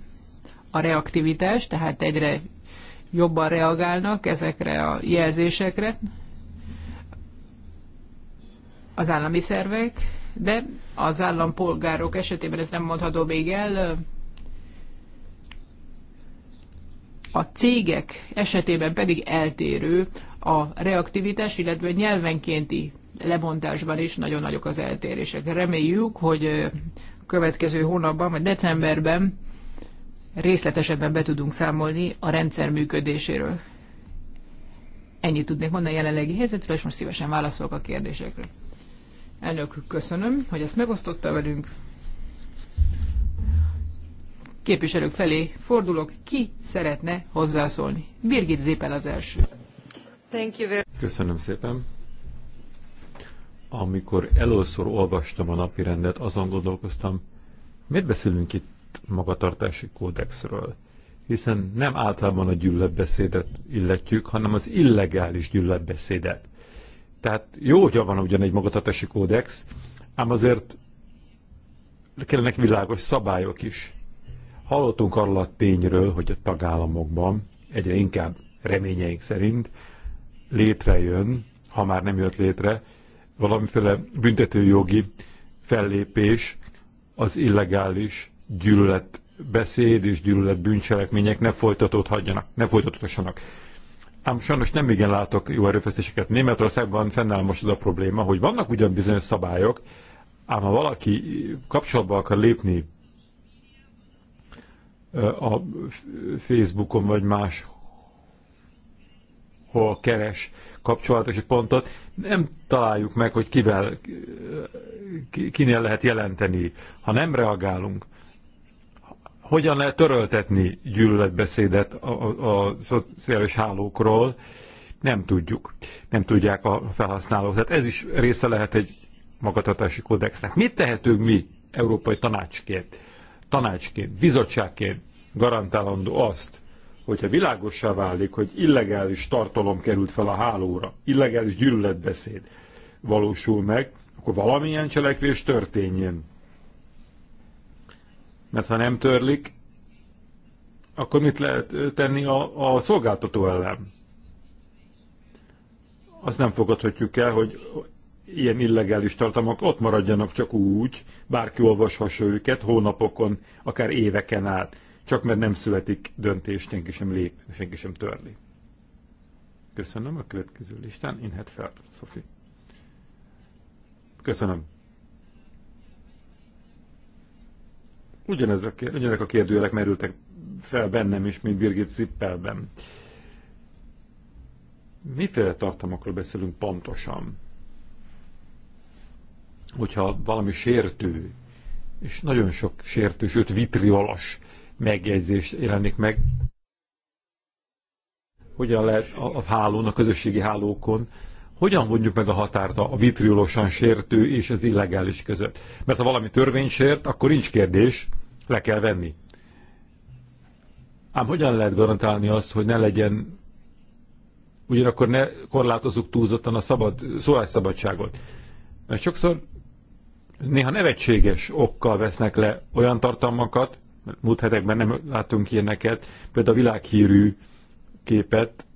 a reaktivitás, tehát egyre jobban reagálnak ezekre a jelzésekre az állami szervek, de az állampolgárok esetében ez nem mondható még el. A cégek esetében pedig eltérő a reaktivitás, illetve nyelvenkénti lebontásban is nagyon nagyok az eltérések. Reméljük, hogy következő hónapban, vagy decemberben részletesebben be tudunk számolni a rendszer működéséről. Ennyit tudnék mondani a jelenlegi helyzetről, és most szívesen válaszolok a kérdésekre. Elnök, köszönöm, hogy ezt megosztotta velünk. Képviselők felé fordulok, ki szeretne hozzászólni. Birgit Zépel az első. Köszönöm szépen. Amikor először olvastam a napi rendet, azon gondolkoztam, miért beszélünk itt magatartási kódexről? Hiszen nem általában a gyűlöletbeszédet illetjük, hanem az illegális gyűlöletbeszédet. Tehát jó, hogyha van ugyan egy magatartási kódex, ám azért kellenek világos szabályok is. Hallottunk arról a tényről, hogy a tagállamokban egyre inkább reményeink szerint létrejön, ha már nem jött létre, valamiféle büntetőjogi fellépés az illegális gyűlölet beszéd és gyűlölet bűncselekmények ne folytatódhatjanak, Ne folytatódhassanak. Ám sajnos nem igen látok jó erőfeszítéseket. Németországban fennáll most az a probléma, hogy vannak ugyan bizonyos szabályok, ám ha valaki kapcsolatba akar lépni a Facebookon vagy más hol keres kapcsolatos pontot, nem találjuk meg, hogy kivel, kinél lehet jelenteni, ha nem reagálunk. Hogyan lehet töröltetni gyűlöletbeszédet a, a, a szociális hálókról, nem tudjuk. Nem tudják a felhasználók. Tehát ez is része lehet egy magatartási kódexnek. Mit tehetünk mi Európai Tanácsként, tanácsként, bizottságként garantálandó azt, hogyha világossá válik, hogy illegális tartalom került fel a hálóra, illegális gyűlöletbeszéd valósul meg, akkor valamilyen cselekvés történjen. Mert ha nem törlik, akkor mit lehet tenni a, a szolgáltató ellen? Azt nem fogadhatjuk el, hogy ilyen illegális tartalmak ott maradjanak csak úgy, bárki olvashassa őket hónapokon, akár éveken át csak mert nem születik döntés, senki sem lép, senki sem törli. Köszönöm a következő listán, Inhet Felt, Szofi. Köszönöm. Ugyanezek, ugyanezek a kérdőjelek merültek fel bennem is, mint Birgit Zippelben. Miféle tartalmakról beszélünk pontosan? Hogyha valami sértő, és nagyon sok sértő, sőt vitriolas megjegyzés jelenik meg. Hogyan lehet a, a hálón, a közösségi hálókon, hogyan vonjuk meg a határt a vitriolosan sértő és az illegális között? Mert ha valami törvény sért, akkor nincs kérdés, le kell venni. Ám hogyan lehet garantálni azt, hogy ne legyen, ugyanakkor ne korlátozzuk túlzottan a szabad, szólásszabadságot? Mert sokszor néha nevetséges okkal vesznek le olyan tartalmakat, mert múlt hetekben nem láttunk ilyeneket, például a világhírű képet,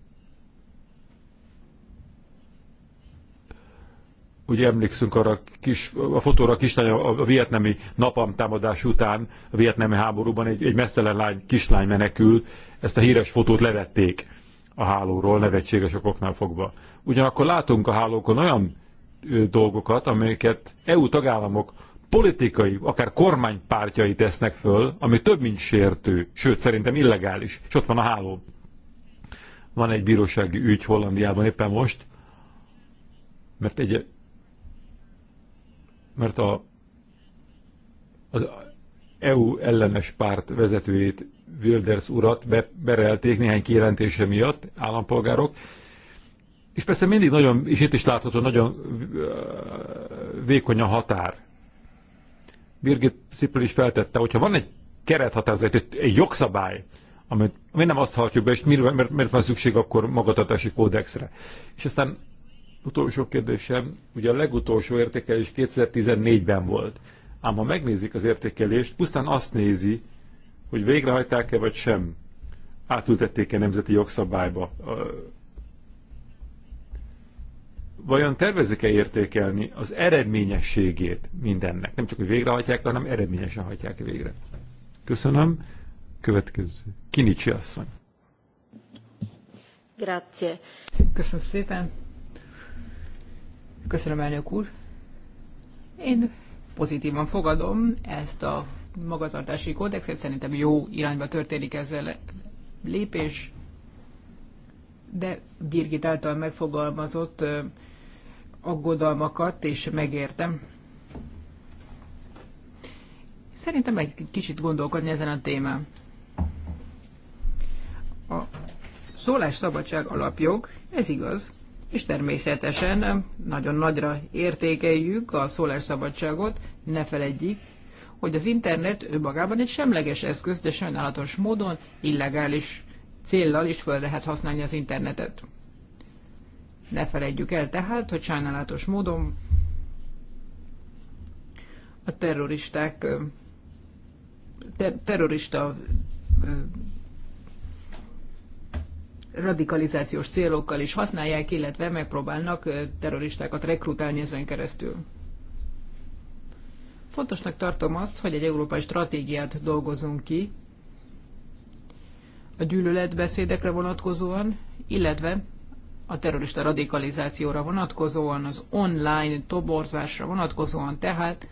ugye emlékszünk arra a, kis, a fotóra a kislány a, a vietnami napam támadás után, a vietnami háborúban egy, egy messzelen lány, kislány menekül, ezt a híres fotót levették a hálóról, nevetséges okoknál fogva. Ugyanakkor látunk a hálókon olyan ö, dolgokat, amelyeket EU tagállamok politikai, akár kormánypártjai tesznek föl, ami több, mint sértő, sőt szerintem illegális. És ott van a háló. Van egy bírósági ügy Hollandiában éppen most, mert egy mert a, az EU ellenes párt vezetőjét, Wilders urat be, berelték néhány kijelentése miatt állampolgárok, és persze mindig nagyon, és itt is látható, nagyon vékony a határ Birgit Szippel is feltette, hogyha van egy kerethatározat, egy jogszabály, amit mi nem azt hallhatjuk be, és miért, mert, mert van szükség akkor magatartási kódexre. És aztán utolsó kérdésem, ugye a legutolsó értékelés 2014-ben volt. Ám ha megnézik az értékelést, pusztán azt nézi, hogy végrehajták-e vagy sem, átültették-e nemzeti jogszabályba vajon tervezik-e értékelni az eredményességét mindennek? Nem csak, hogy végrehajtják, hanem eredményesen hajtják végre. Köszönöm. Következő. Kinicsi asszony. Grazie. Köszönöm szépen. Köszönöm, elnök úr. Én pozitívan fogadom ezt a magatartási kódexet. Szerintem jó irányba történik ezzel lépés, de Birgit által megfogalmazott aggodalmakat, és megértem. Szerintem egy kicsit gondolkodni ezen a témán. A szólásszabadság alapjog, ez igaz, és természetesen nagyon nagyra értékeljük a szólásszabadságot, ne feledjük, hogy az internet önmagában egy semleges eszköz, de sajnálatos módon illegális céllal is fel lehet használni az internetet. Ne felejtjük el tehát, hogy sajnálatos módon a terroristák ter- terrorista radikalizációs célokkal is használják, illetve megpróbálnak terroristákat rekrutálni ezen keresztül. Fontosnak tartom azt, hogy egy európai stratégiát dolgozunk ki a gyűlöletbeszédekre vonatkozóan, illetve a terrorista radikalizációra vonatkozóan, az online toborzásra vonatkozóan, tehát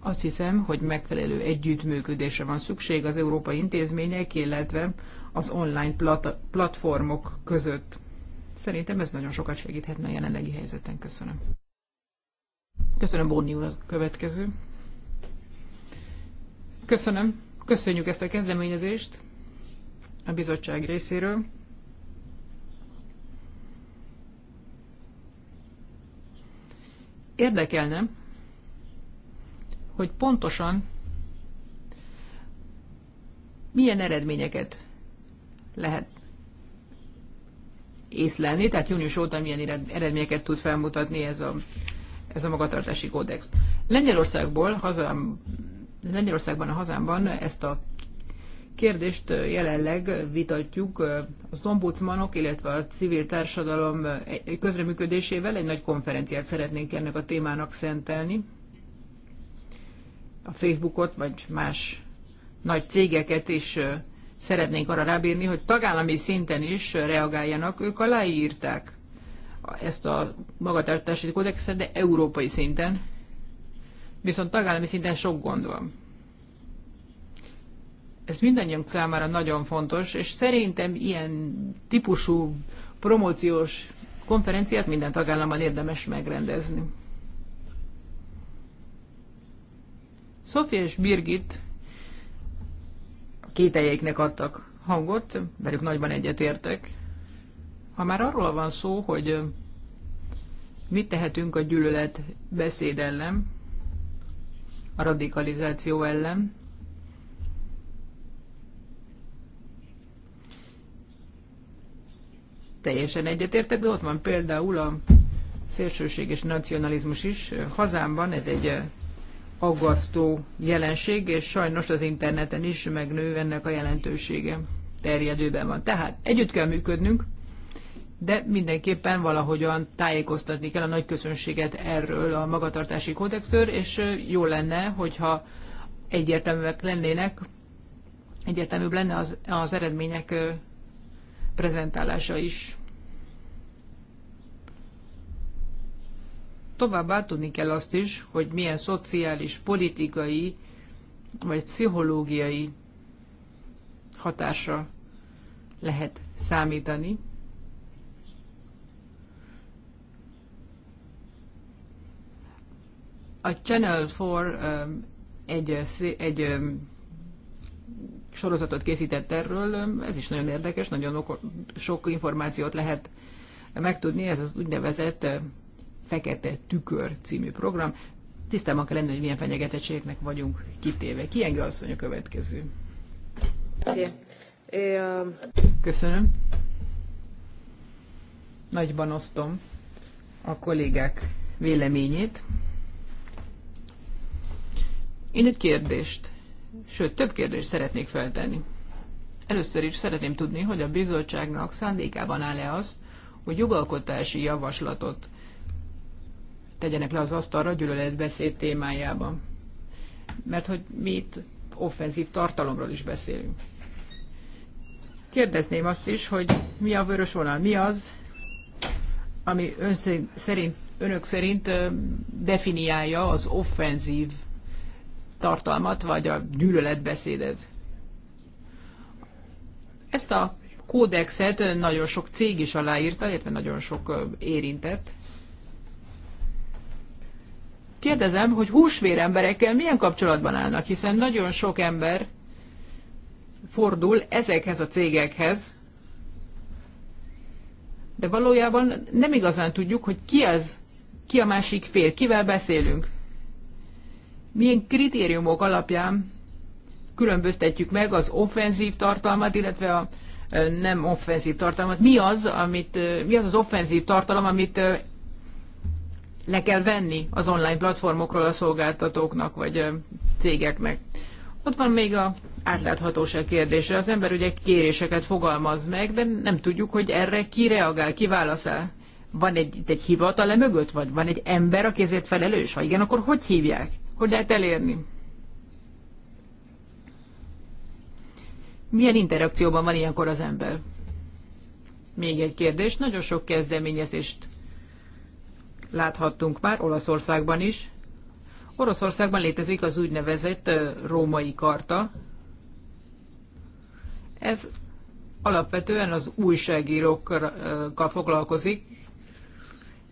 azt hiszem, hogy megfelelő együttműködésre van szükség az európai intézmények, illetve az online plat- platformok között. Szerintem ez nagyon sokat segíthetne a jelenlegi helyzeten. Köszönöm. Köszönöm, Bóni úr, a következő. Köszönöm. Köszönjük ezt a kezdeményezést a bizottság részéről. érdekelne, hogy pontosan milyen eredményeket lehet észlelni, tehát június óta milyen eredményeket tud felmutatni ez a, ez a magatartási kódex. Lengyelországból, hazám, Lengyelországban, a hazámban ezt a kérdést jelenleg vitatjuk az ombudsmanok, illetve a civil társadalom közreműködésével. Egy nagy konferenciát szeretnénk ennek a témának szentelni. A Facebookot vagy más nagy cégeket is szeretnénk arra rábírni, hogy tagállami szinten is reagáljanak. Ők aláírták ezt a magatartási kódexet, de európai szinten. Viszont tagállami szinten sok gond van ez mindannyiunk számára nagyon fontos, és szerintem ilyen típusú promóciós konferenciát minden tagállamban érdemes megrendezni. Sofia és Birgit kételjeiknek adtak hangot, velük nagyban egyetértek. Ha már arról van szó, hogy mit tehetünk a gyűlölet beszéd ellen, a radikalizáció ellen, teljesen egyetértek, de ott van például a szélsőség és nacionalizmus is. Hazámban ez egy aggasztó jelenség, és sajnos az interneten is megnő ennek a jelentősége. Terjedőben van. Tehát együtt kell működnünk, de mindenképpen valahogyan tájékoztatni kell a nagy közönséget erről a magatartási kódexről, és jó lenne, hogyha egyértelműek lennének, egyértelműbb lenne az, az eredmények prezentálása is. Továbbá tudni kell azt is, hogy milyen szociális, politikai vagy pszichológiai hatásra lehet számítani. A Channel 4 um, egy, egy um, sorozatot készített erről, ez is nagyon érdekes, nagyon sok információt lehet megtudni, ez az úgynevezett eh, Fekete Tükör című program. Tisztában kell lenni, hogy milyen fenyegetettségeknek vagyunk kitéve. Kienge asszony a következő. Szia. E, Köszönöm. Nagyban osztom a kollégák véleményét. Én egy kérdést sőt több kérdést szeretnék feltenni. Először is szeretném tudni, hogy a bizottságnak szándékában áll-e az, hogy jogalkotási javaslatot tegyenek le az asztalra gyűlöletbeszéd témájában. Mert hogy mi itt offenzív tartalomról is beszélünk. Kérdezném azt is, hogy mi a vörös vonal, mi az, ami ön szerint, önök szerint definiálja az offenzív tartalmat, vagy a gyűlöletbeszédet. Ezt a kódexet nagyon sok cég is aláírta, illetve nagyon sok érintett. Kérdezem, hogy húsvér emberekkel milyen kapcsolatban állnak, hiszen nagyon sok ember fordul ezekhez a cégekhez, de valójában nem igazán tudjuk, hogy ki az, ki a másik fél, kivel beszélünk milyen kritériumok alapján különböztetjük meg az offenzív tartalmat, illetve a nem offenzív tartalmat. Mi az, amit, mi az, az offenzív tartalom, amit le kell venni az online platformokról a szolgáltatóknak vagy cégeknek. Ott van még a átláthatóság kérdése. Az ember ugye kéréseket fogalmaz meg, de nem tudjuk, hogy erre ki reagál, ki válaszol. Van egy, egy hivatal e mögött, vagy van egy ember, aki ezért felelős? Ha igen, akkor hogy hívják? Hogy lehet elérni? Milyen interakcióban van ilyenkor az ember? Még egy kérdés. Nagyon sok kezdeményezést láthattunk már Olaszországban is. Oroszországban létezik az úgynevezett római karta. Ez alapvetően az újságírókkal foglalkozik,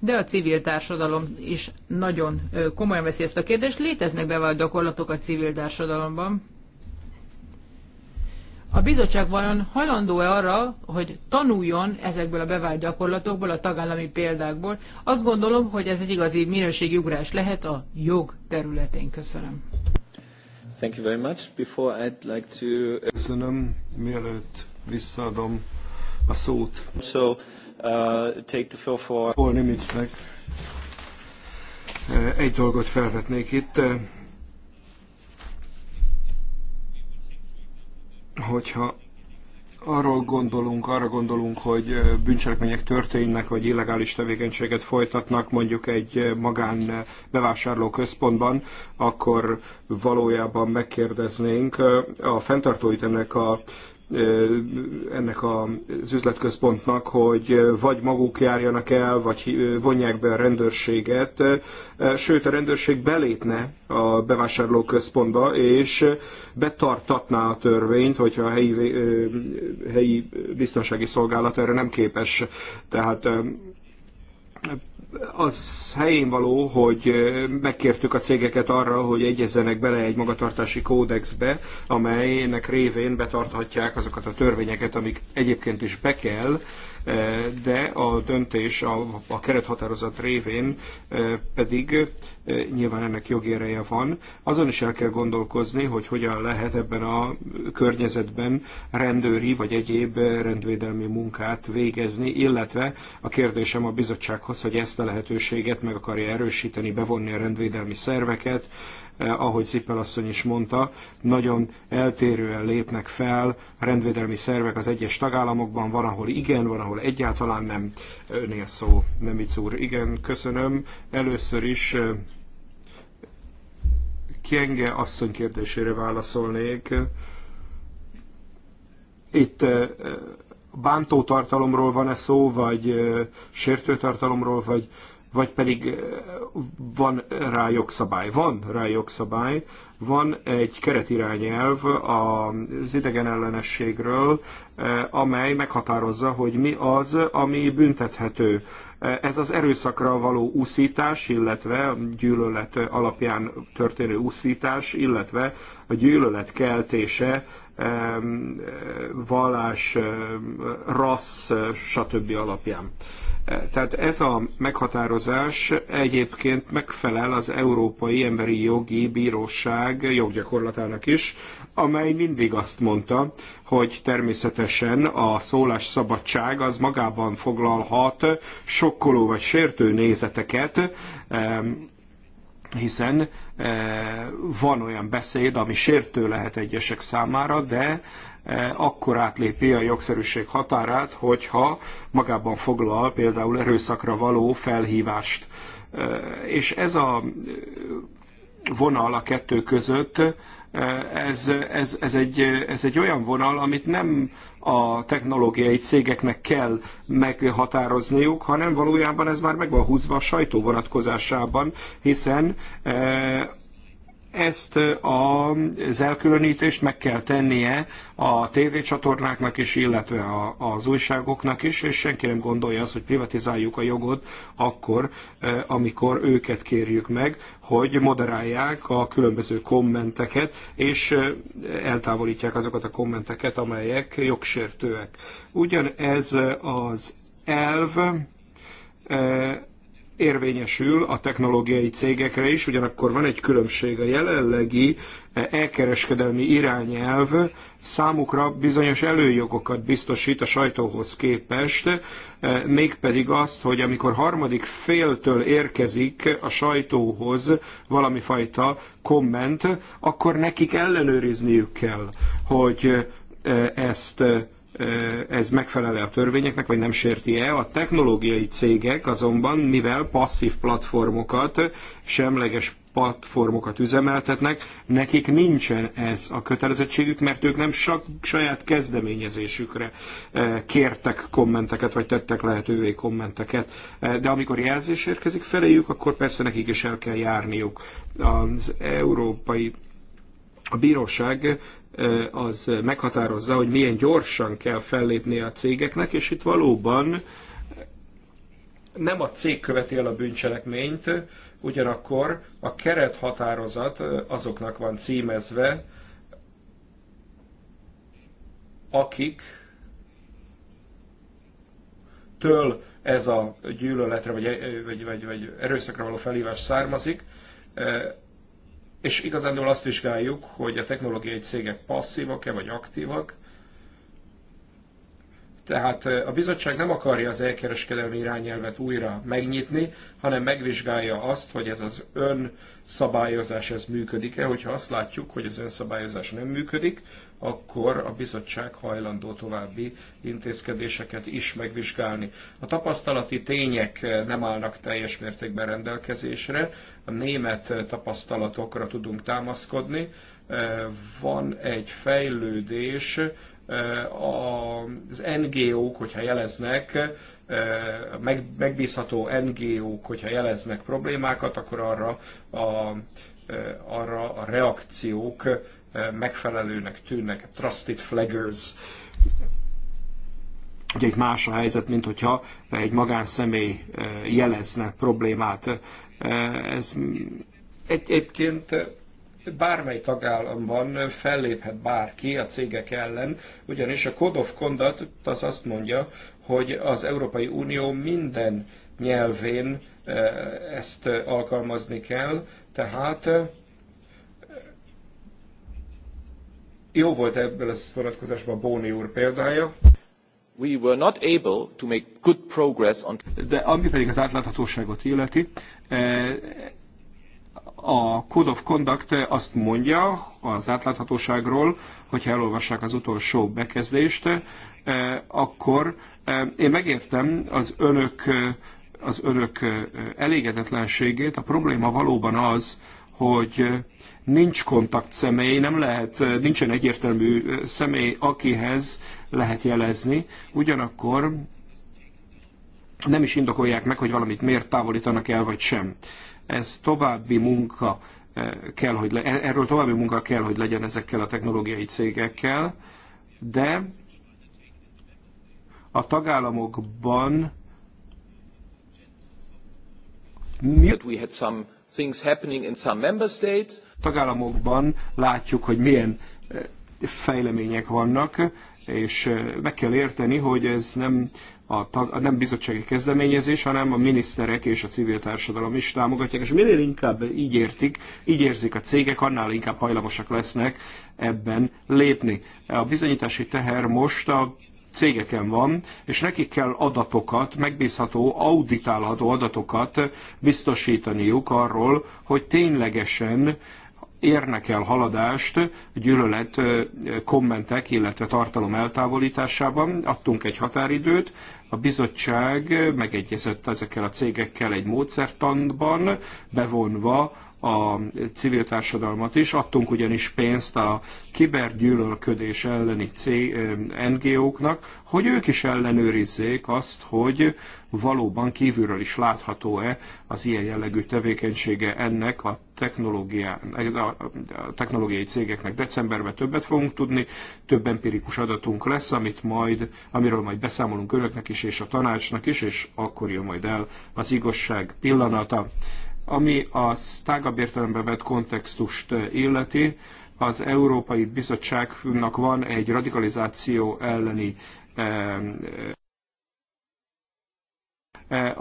de a civil társadalom is nagyon komolyan veszi ezt a kérdést. Léteznek bevált gyakorlatok a civil társadalomban. A bizottság vajon hajlandó-e arra, hogy tanuljon ezekből a bevált gyakorlatokból, a tagállami példákból? Azt gondolom, hogy ez egy igazi minőségi ugrás lehet a jog területén. Köszönöm. Thank you very much. Before I'd like to... Köszönöm. Mielőtt visszaadom a szót. So, uh, take the floor for... Paul Nimitznek. Eh, egy dolgot felvetnék itt. Eh, hogyha arról gondolunk, arra gondolunk, hogy eh, bűncselekmények történnek, vagy illegális tevékenységet folytatnak mondjuk egy magán bevásárló központban, akkor valójában megkérdeznénk a fenntartóit ennek a ennek az üzletközpontnak, hogy vagy maguk járjanak el, vagy vonják be a rendőrséget, sőt a rendőrség belépne a bevásárlóközpontba, és betartatná a törvényt, hogyha a helyi, helyi biztonsági szolgálat erre nem képes. Tehát az helyén való, hogy megkértük a cégeket arra, hogy egyezzenek bele egy magatartási kódexbe, amelynek révén betarthatják azokat a törvényeket, amik egyébként is be kell, de a döntés a, a kerethatározat révén pedig nyilván ennek jogéreje van. Azon is el kell gondolkozni, hogy hogyan lehet ebben a környezetben rendőri vagy egyéb rendvédelmi munkát végezni, illetve a kérdésem a bizottsághoz, hogy ezt a lehetőséget meg akarja erősíteni, bevonni a rendvédelmi szerveket, eh, ahogy Zippel asszony is mondta, nagyon eltérően lépnek fel rendvédelmi szervek az egyes tagállamokban, van, ahol igen, van, ahol egyáltalán nem. Önél szó, nem úr. Igen, köszönöm. Először is Kienge asszony kérdésére válaszolnék. Itt bántó tartalomról van-e szó, vagy sértő tartalomról, vagy, vagy pedig van rá jogszabály. Van rá jogszabály, van egy keretirányelv az idegenellenességről, amely meghatározza, hogy mi az, ami büntethető. Ez az erőszakra való úszítás, illetve a gyűlölet alapján történő úszítás, illetve a gyűlölet keltése vallás, rassz, stb. alapján. Tehát ez a meghatározás egyébként megfelel az Európai Emberi Jogi Bíróság joggyakorlatának is, amely mindig azt mondta, hogy természetesen a szólásszabadság az magában foglalhat sokkoló vagy sértő nézeteket, hiszen eh, van olyan beszéd, ami sértő lehet egyesek számára, de eh, akkor átlépi a jogszerűség határát, hogyha magában foglal például erőszakra való felhívást. Eh, és ez a vonal a kettő között ez, ez, ez, egy, ez egy olyan vonal, amit nem a technológiai cégeknek kell meghatározniuk, hanem valójában ez már meg van húzva a sajtó vonatkozásában, hiszen eh, ezt az elkülönítést meg kell tennie a tévécsatornáknak is, illetve az újságoknak is, és senki nem gondolja azt, hogy privatizáljuk a jogot akkor, amikor őket kérjük meg, hogy moderálják a különböző kommenteket, és eltávolítják azokat a kommenteket, amelyek jogsértőek. Ugyanez az elv érvényesül a technológiai cégekre is, ugyanakkor van egy különbség. A jelenlegi eh, elkereskedelmi irányelv számukra bizonyos előjogokat biztosít a sajtóhoz képest, eh, mégpedig azt, hogy amikor harmadik féltől érkezik a sajtóhoz valami fajta komment, akkor nekik ellenőrizniük kell, hogy eh, ezt ez megfelele a törvényeknek, vagy nem sérti-e. A technológiai cégek azonban, mivel passzív platformokat, semleges platformokat üzemeltetnek, nekik nincsen ez a kötelezettségük, mert ők nem saját kezdeményezésükre kértek kommenteket, vagy tettek lehetővé kommenteket. De amikor jelzés érkezik feléjük, akkor persze nekik is el kell járniuk. Az európai a bíróság az meghatározza, hogy milyen gyorsan kell fellépni a cégeknek, és itt valóban nem a cég követi el a bűncselekményt, ugyanakkor a kerethatározat azoknak van címezve, akik től ez a gyűlöletre vagy, vagy, vagy, vagy erőszakra való felhívás származik, és igazából azt vizsgáljuk, hogy a technológiai cégek passzívak-e vagy aktívak. Tehát a bizottság nem akarja az elkereskedelmi irányelvet újra megnyitni, hanem megvizsgálja azt, hogy ez az önszabályozás ez működik-e. Hogyha azt látjuk, hogy az önszabályozás nem működik, akkor a bizottság hajlandó további intézkedéseket is megvizsgálni. A tapasztalati tények nem állnak teljes mértékben rendelkezésre, a német tapasztalatokra tudunk támaszkodni. Eh, van egy fejlődés, eh, az NGO-k, hogyha jeleznek, eh, megbízható NGO-k, hogyha jeleznek problémákat, akkor arra a, arra a reakciók megfelelőnek tűnnek, trusted flaggers. Ugye egy más a helyzet, mint hogyha egy magánszemély jelezne problémát. Ez egyébként bármely tagállamban felléphet bárki a cégek ellen, ugyanis a Code of Conduct az azt mondja, hogy az Európai Unió minden nyelvén ezt alkalmazni kell, tehát Jó volt ebből a vonatkozásban Bóni úr példája. We were not able to make good progress on... De ami pedig az átláthatóságot illeti, eh, a Code of Conduct azt mondja az átláthatóságról, hogyha elolvassák az utolsó bekezdést, eh, akkor eh, én megértem az önök, az önök elégedetlenségét. A probléma valóban az, hogy nincs kontakt személy, nem lehet, nincsen egyértelmű személy, akihez lehet jelezni. Ugyanakkor nem is indokolják meg, hogy valamit miért távolítanak el, vagy sem. Ez további munka kell, hogy le, e-, erről további munka kell, hogy legyen ezekkel a technológiai cégekkel, de a tagállamokban mi things happening in some member states. Tagállamokban látjuk, hogy milyen eh, fejlemények vannak, és eh, meg kell érteni, hogy ez nem, a, tag, nem bizottsági kezdeményezés, hanem a miniszterek és a civil társadalom is támogatják, és minél inkább így értik, így érzik a cégek, annál inkább hajlamosak lesznek ebben lépni. A bizonyítási teher most a cégeken van, és nekik kell adatokat, megbízható, auditálható adatokat biztosítaniuk arról, hogy ténylegesen érnek el haladást gyűlölet kommentek, illetve tartalom eltávolításában. Adtunk egy határidőt, a bizottság megegyezett ezekkel a cégekkel egy módszertanban, bevonva a civil társadalmat is. Adtunk ugyanis pénzt a kibergyűlölködés elleni NGO-knak, hogy ők is ellenőrizzék azt, hogy valóban kívülről is látható-e az ilyen jellegű tevékenysége ennek a, technológia, a technológiai cégeknek. Decemberben többet fogunk tudni, több empirikus adatunk lesz, amit majd, amiről majd beszámolunk önöknek is, és a tanácsnak is, és akkor jön majd el az igazság pillanata. Ami a tágabb értelemben vett kontextust eh, illeti, az Európai Bizottságnak van egy radikalizáció elleni eh, eh,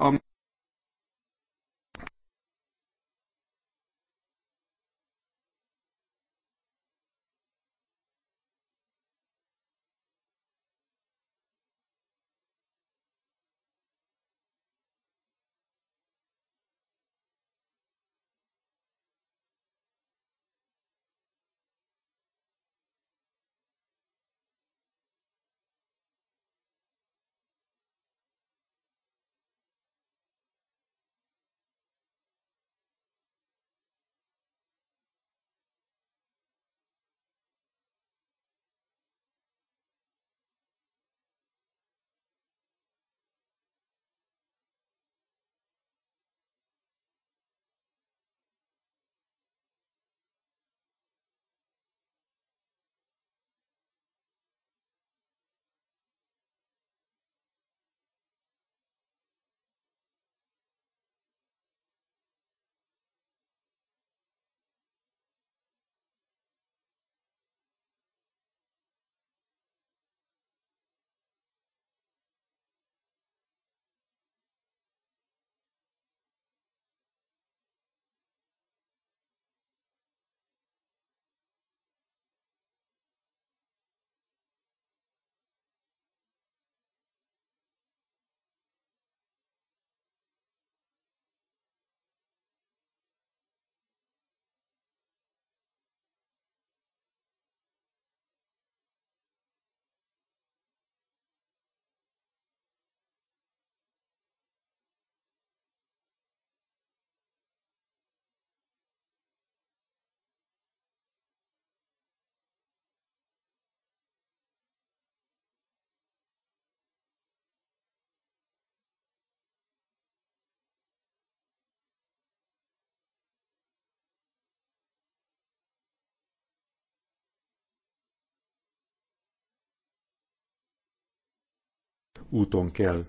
úton kell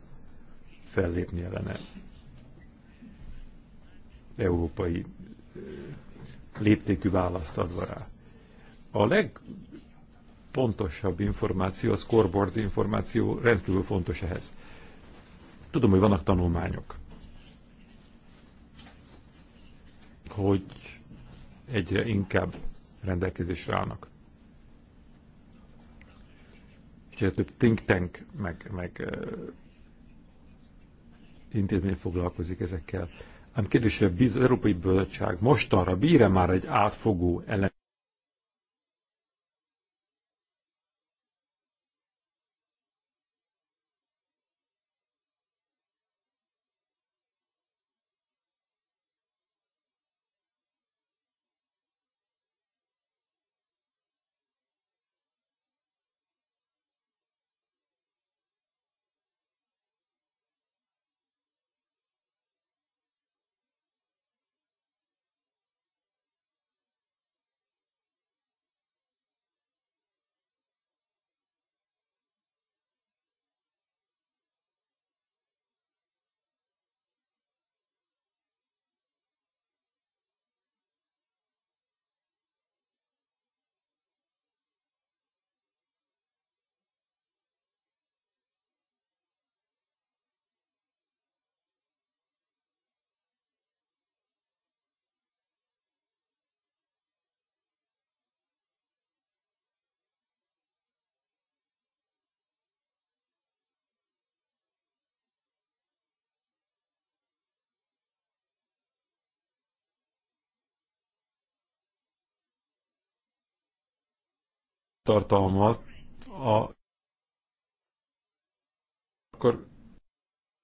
fellépni ellene. Európai eh, léptékű választ adva rá. A legpontosabb információ, a scoreboard információ rendkívül fontos ehhez. Tudom, hogy vannak tanulmányok, hogy egyre inkább rendelkezésre állnak és több think tank, meg, meg intézmény foglalkozik ezekkel. Ám kérdés, hogy az Európai Bizottság mostanra bír -e már egy átfogó elem tartalmat, a akkor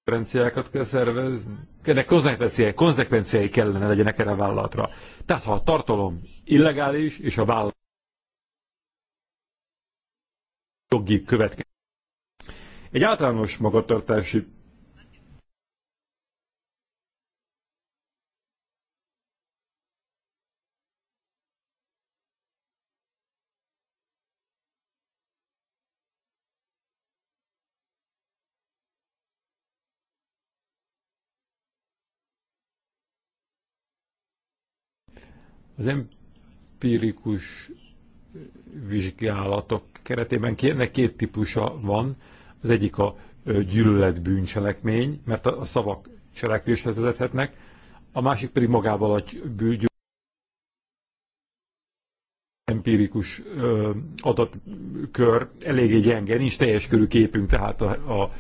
konzekvenciákat kell szervezni. Ennek konzekvenciái, konzekvenciái kellene legyenek erre a vállalatra. Tehát ha a tartalom illegális, és a vállalat jogi következik. Egy általános magatartási Az empirikus vizsgálatok keretében kérnek két típusa van. Az egyik a gyűlölet bűncselekmény, mert a szavak cselekvéshez vezethetnek, a másik pedig magával a bűgyűlölet empirikus ö, adatkör eléggé gyenge, nincs teljes körű képünk tehát a, a,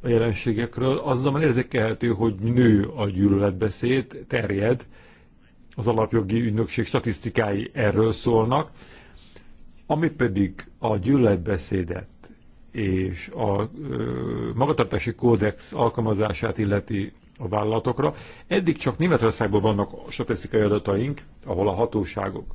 a jelenségekről. Azzal érzékelhető, hogy nő a gyűlöletbeszéd, terjed, az alapjogi ügynökség statisztikái erről szólnak, ami pedig a gyűlöletbeszédet és a magatartási kódex alkalmazását illeti a vállalatokra. Eddig csak Németországban vannak statisztikai adataink, ahol a hatóságok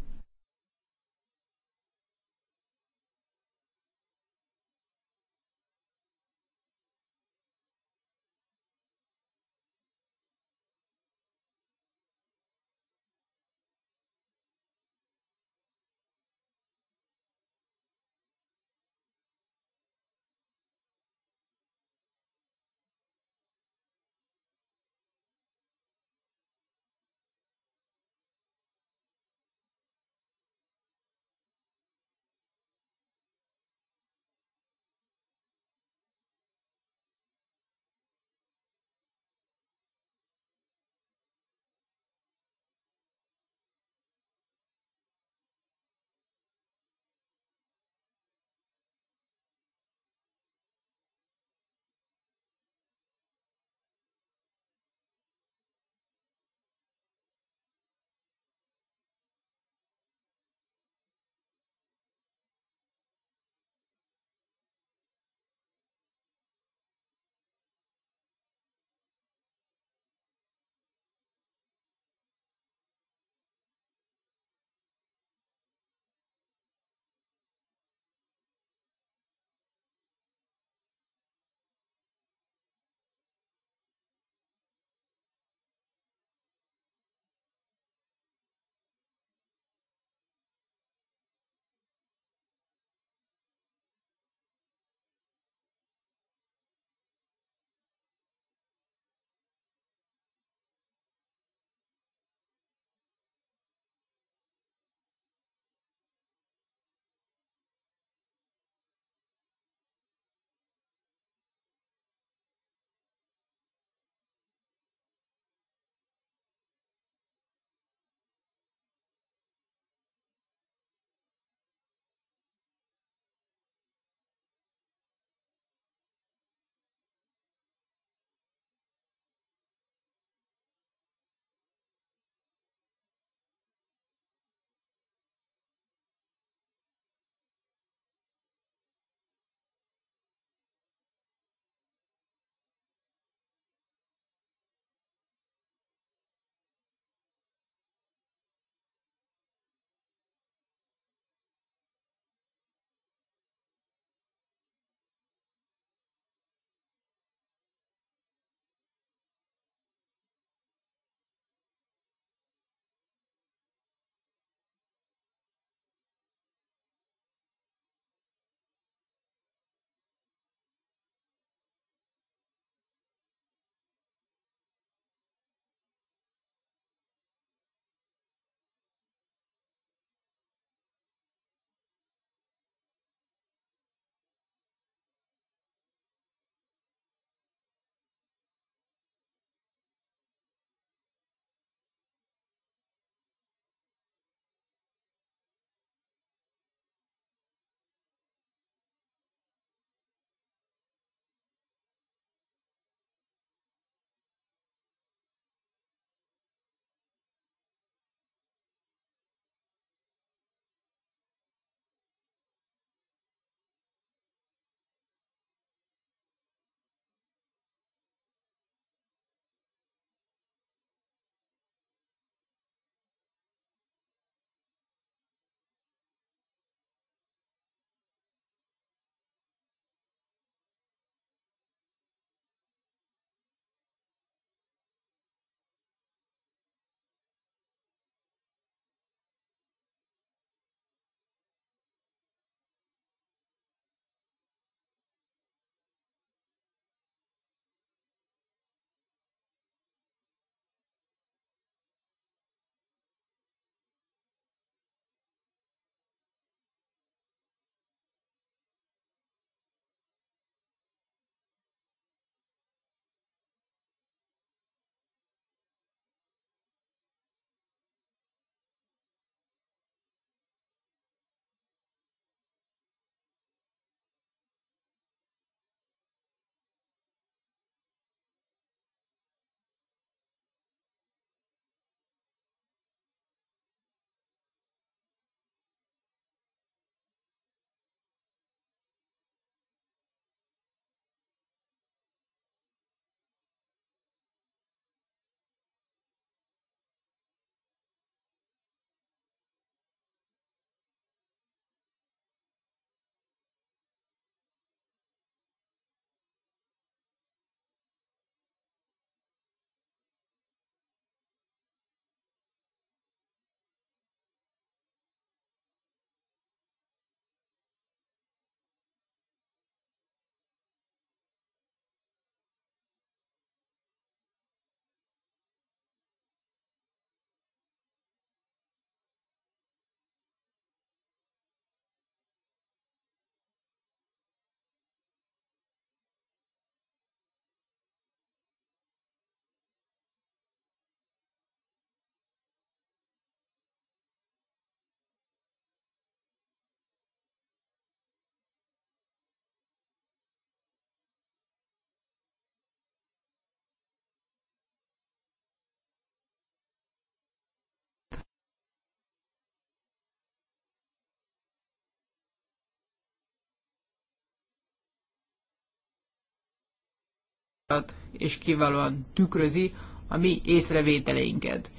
és kiválóan tükrözi a mi észrevételeinket.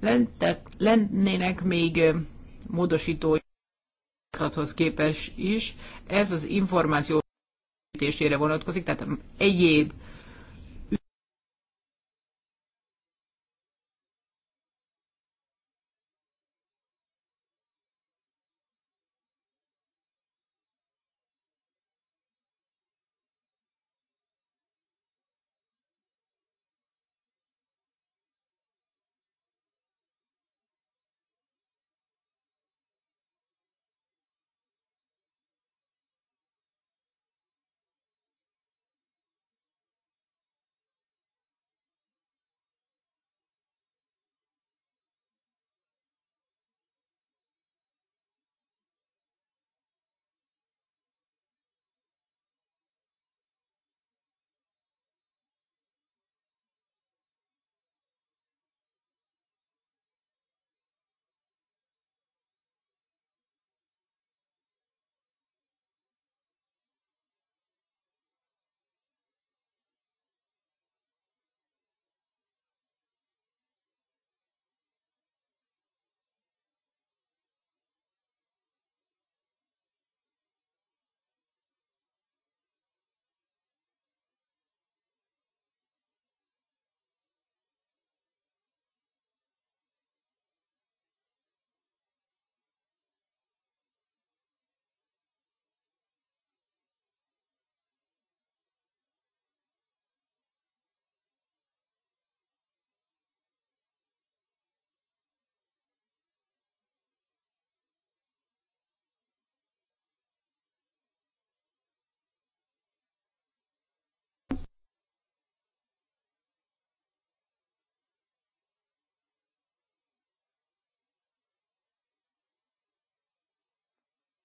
Lentek, lennének még módosító javaslathoz képes is, ez az információ vonatkozik, tehát egyéb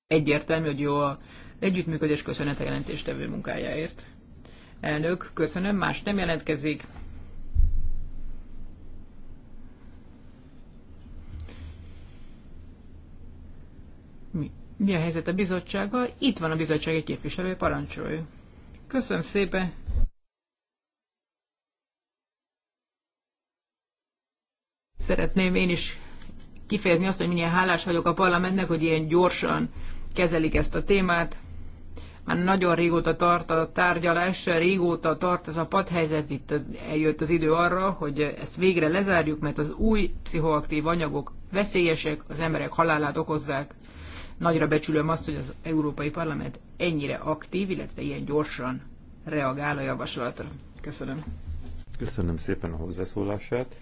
Egyértelmű, hogy jó a együttműködés, köszönete jelentéstevő munkájáért. Elnök, köszönöm, más nem jelentkezik. Mi, mi a helyzet a bizottsággal? Itt van a bizottság egy képviselő, parancsolj. Köszönöm szépen. Szeretném én is kifejezni azt, hogy milyen hálás vagyok a parlamentnek, hogy ilyen gyorsan kezelik ezt a témát. Már nagyon régóta tart a tárgyalás, régóta tart ez a padhelyzet, itt az, eljött az idő arra, hogy ezt végre lezárjuk, mert az új pszichoaktív anyagok veszélyesek, az emberek halálát okozzák. Nagyra becsülöm azt, hogy az Európai Parlament ennyire aktív, illetve ilyen gyorsan reagál a javaslatra. Köszönöm. Köszönöm szépen a hozzászólását.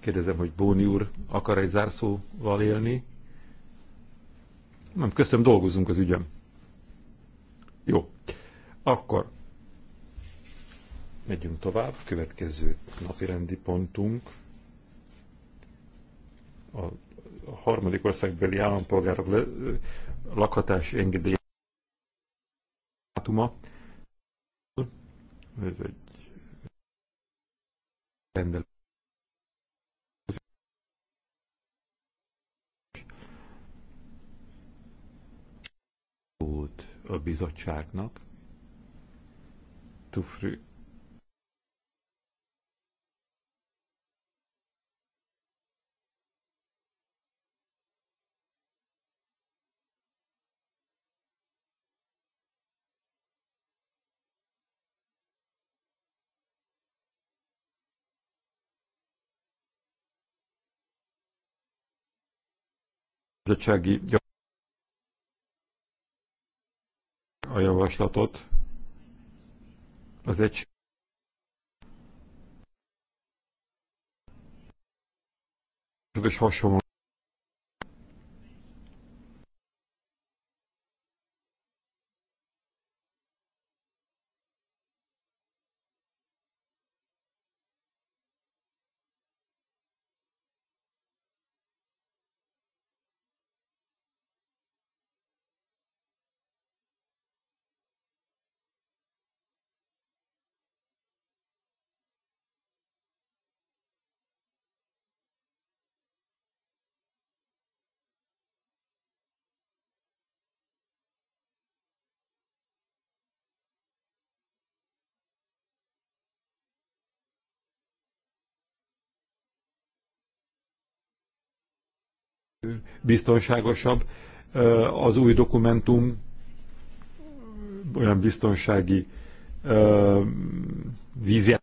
Kérdezem, hogy Bóni úr akar egy zárszóval élni? Nem, köszönöm, dolgozunk az ügyem. Jó. Akkor megyünk tovább. Következő napi rendi pontunk. A, a harmadik országbeli állampolgárok le, lakhatási engedély dátuma. Ez egy rendelő a bizottságnak. Tufri bizottsági a javaslatot. Az egy és hasonló biztonságosabb az új dokumentum, olyan biztonsági vízjá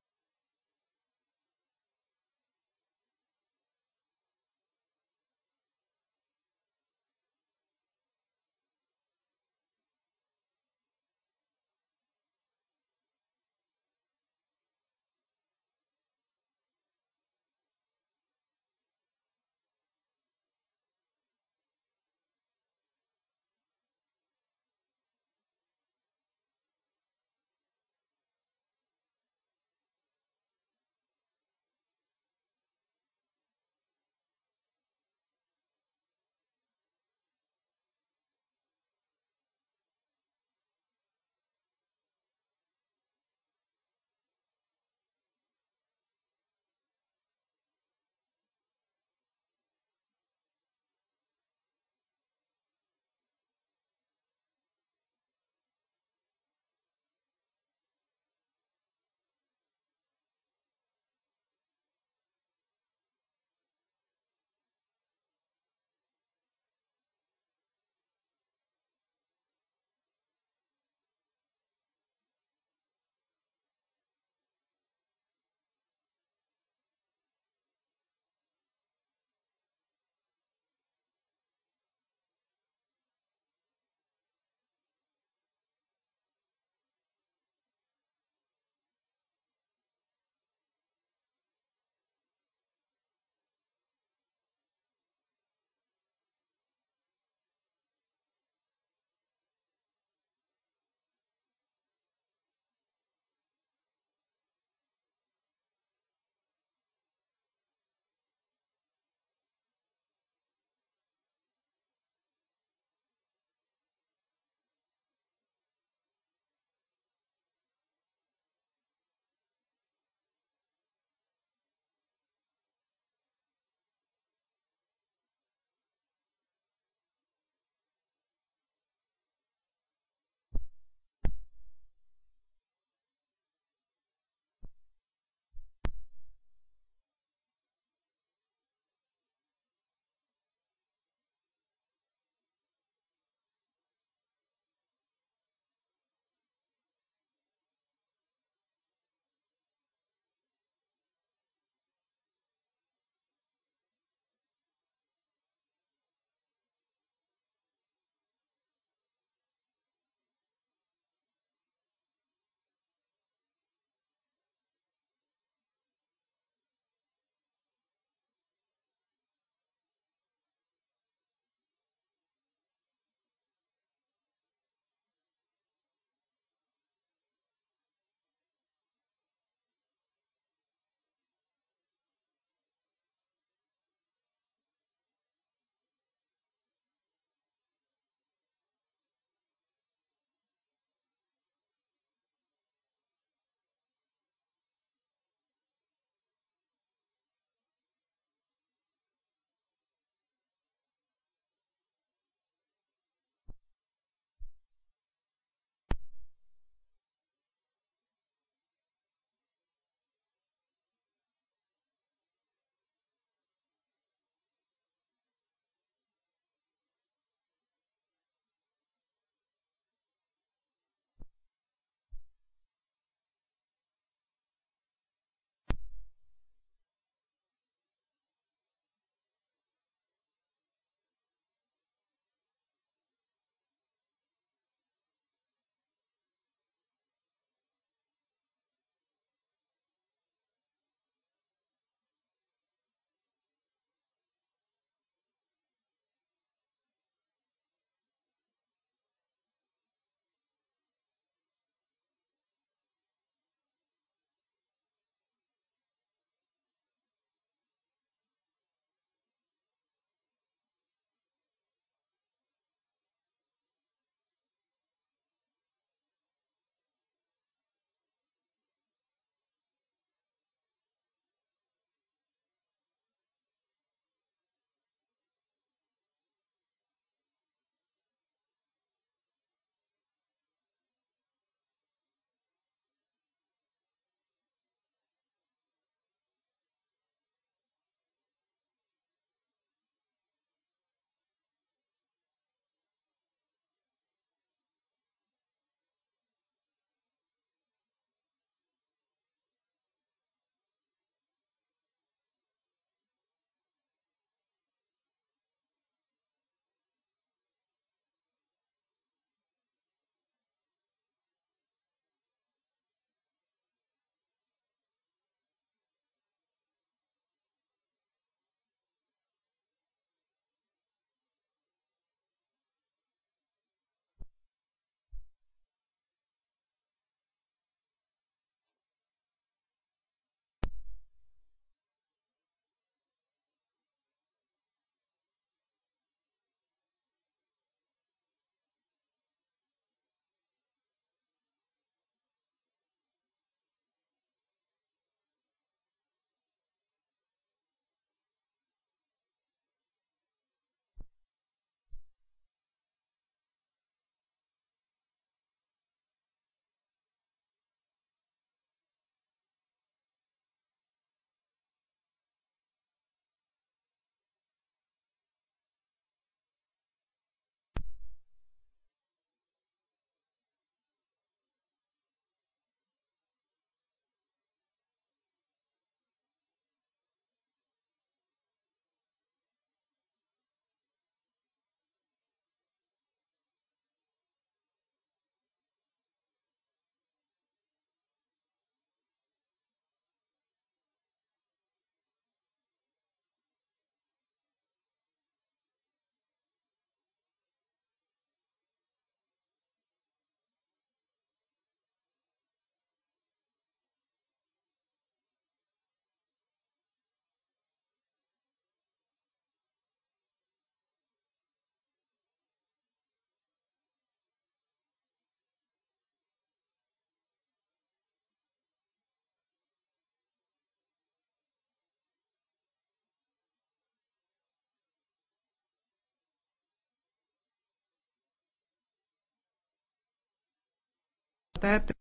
tett,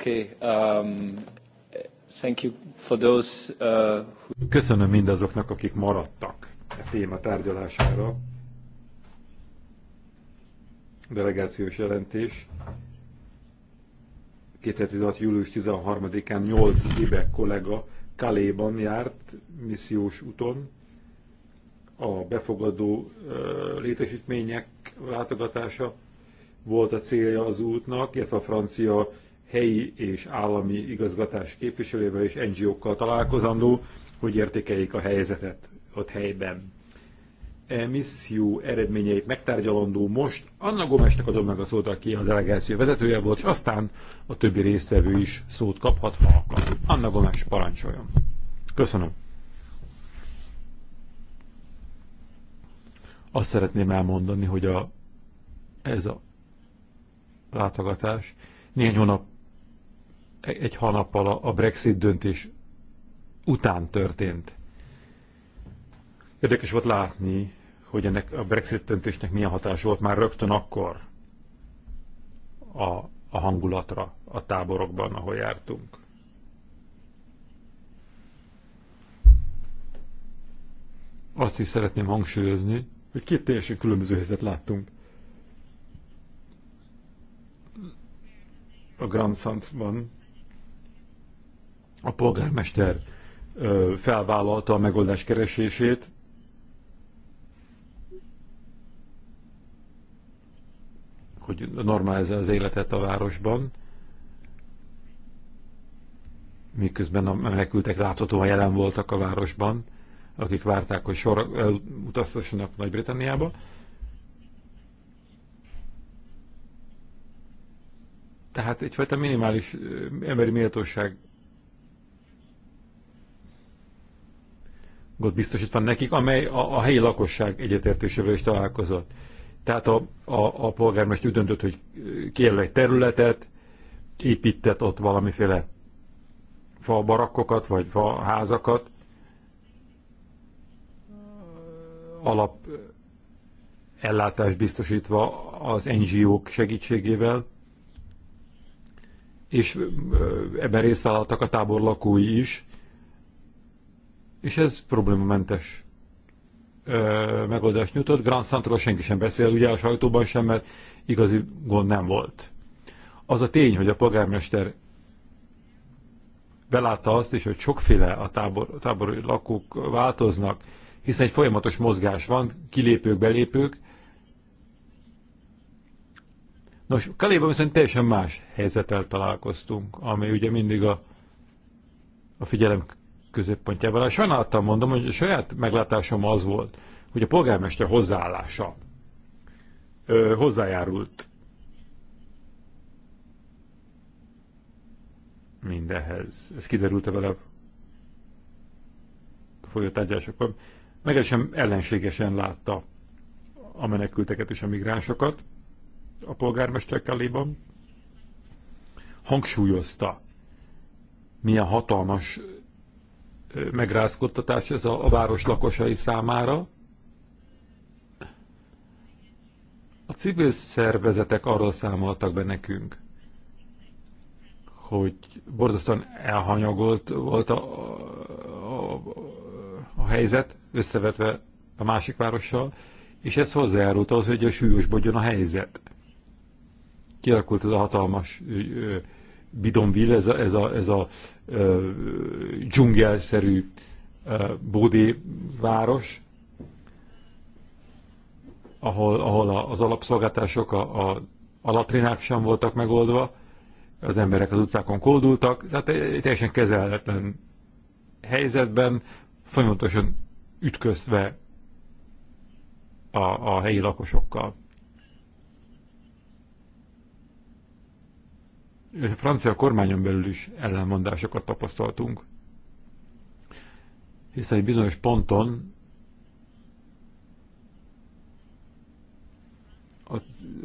Okay, um, thank you for those, uh, who... Köszönöm mindazoknak, akik maradtak a e téma tárgyalására. Delegációs jelentés. 2016. július 13-án 8 Libek kollega Kaléban járt missziós úton a befogadó létesítmények látogatása volt a célja az útnak, illetve a francia helyi és állami igazgatás képviselővel és NGO-kkal találkozandó, hogy értékeljék a helyzetet ott helyben. E misszió eredményeit megtárgyalandó most. Anna Gomesnek adom meg a szót, aki a delegáció vezetője volt, és aztán a többi résztvevő is szót kaphat, ha akar. Anna Gomes, parancsoljon. Köszönöm. Azt szeretném elmondani, hogy a, ez a látogatás néhány hónap egy hónappal a Brexit döntés után történt. Érdekes volt látni, hogy ennek a Brexit döntésnek milyen hatás volt már rögtön akkor a, a hangulatra a táborokban, ahol jártunk. Azt is szeretném hangsúlyozni, hogy két teljesen különböző helyzet láttunk. A Grand Sandban a polgármester felvállalta a megoldás keresését, hogy normalizza az életet a városban, miközben a menekültek láthatóan jelen voltak a városban, akik várták, hogy sor utazhassanak Nagy-Britanniába. Tehát egyfajta minimális emberi méltóság Gond biztosítva nekik, amely a, a helyi lakosság egyetértésével is találkozott. Tehát a, a, a polgármester döntött, hogy kijelöl egy területet, épített ott valamiféle fa barakkokat, vagy fa házakat, alap ellátás biztosítva az NGO-k segítségével, és ebben részt vállaltak a tábor lakói is, és ez problémamentes ö, megoldást nyújtott. Grand Santról senki sem beszél, ugye a sajtóban sem, mert igazi gond nem volt. Az a tény, hogy a polgármester belátta azt is, hogy sokféle a tábor, a lakók változnak, hiszen egy folyamatos mozgás van, kilépők, belépők. Nos, Kaléban viszont teljesen más helyzettel találkoztunk, ami ugye mindig a, a figyelem középpontjában. A sajnálattal mondom, hogy a saját meglátásom az volt, hogy a polgármester hozzáállása ö, hozzájárult mindehez. Ez kiderült -e vele a folyótárgyásokon. Megesen ellenségesen látta a menekülteket és a migránsokat a polgármester Kellyban. Hangsúlyozta, milyen hatalmas megrázkodtatás ez a, a város lakosai számára. A civil szervezetek arról számoltak be nekünk, hogy borzasztóan elhanyagolt volt a, a, a, a helyzet, összevetve a másik várossal, és ez hozzájárult az, hogy a súlyosbodjon a helyzet. Kialakult ez a hatalmas ö, ö, bidonville, ez a, ez a, ez a ö, dzsungelszerű ö, bódé város, ahol, ahol az alapszolgáltások, a, a alatrinák sem voltak megoldva, az emberek az utcákon koldultak, tehát egy teljesen kezelhetetlen helyzetben, folyamatosan ütközve a, a helyi lakosokkal. francia kormányon belül is ellenmondásokat tapasztaltunk. Hiszen egy bizonyos ponton a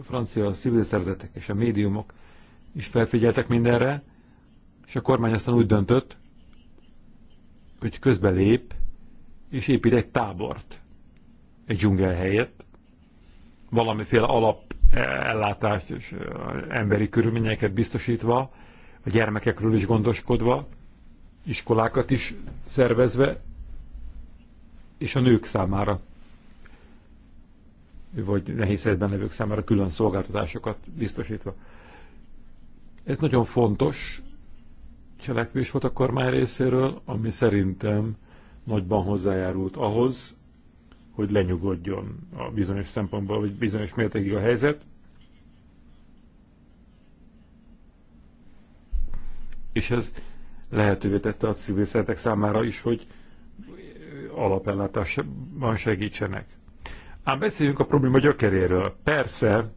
francia civil szerzetek és a médiumok is felfigyeltek mindenre, és a kormány aztán úgy döntött, hogy közbelép, és épít egy tábort egy dzsungel helyett, valamiféle alap ellátást és emberi körülményeket biztosítva, a gyermekekről is gondoskodva, iskolákat is szervezve, és a nők számára, vagy nehéz helyzetben levők számára külön szolgáltatásokat biztosítva. Ez nagyon fontos cselekvés volt a kormány részéről, ami szerintem nagyban hozzájárult ahhoz, hogy lenyugodjon a bizonyos szempontból, vagy bizonyos mértékig a helyzet. És ez lehetővé tette a civil szeretek számára is, hogy alapellátásban segítsenek. Ám beszéljünk a probléma gyökeréről. Persze,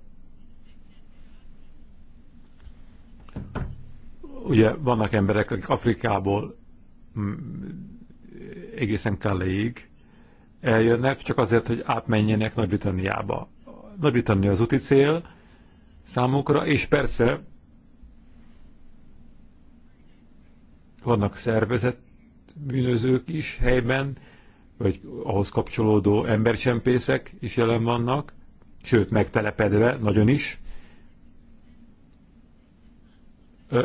ugye vannak emberek, akik Afrikából mm, egészen Kaléig eljönnek, csak azért, hogy átmenjenek Nagy-Britanniába. Nagy-Britannia az úti cél számukra, és persze vannak szervezett bűnözők is helyben, vagy ahhoz kapcsolódó embercsempészek is jelen vannak, sőt, megtelepedve, nagyon is,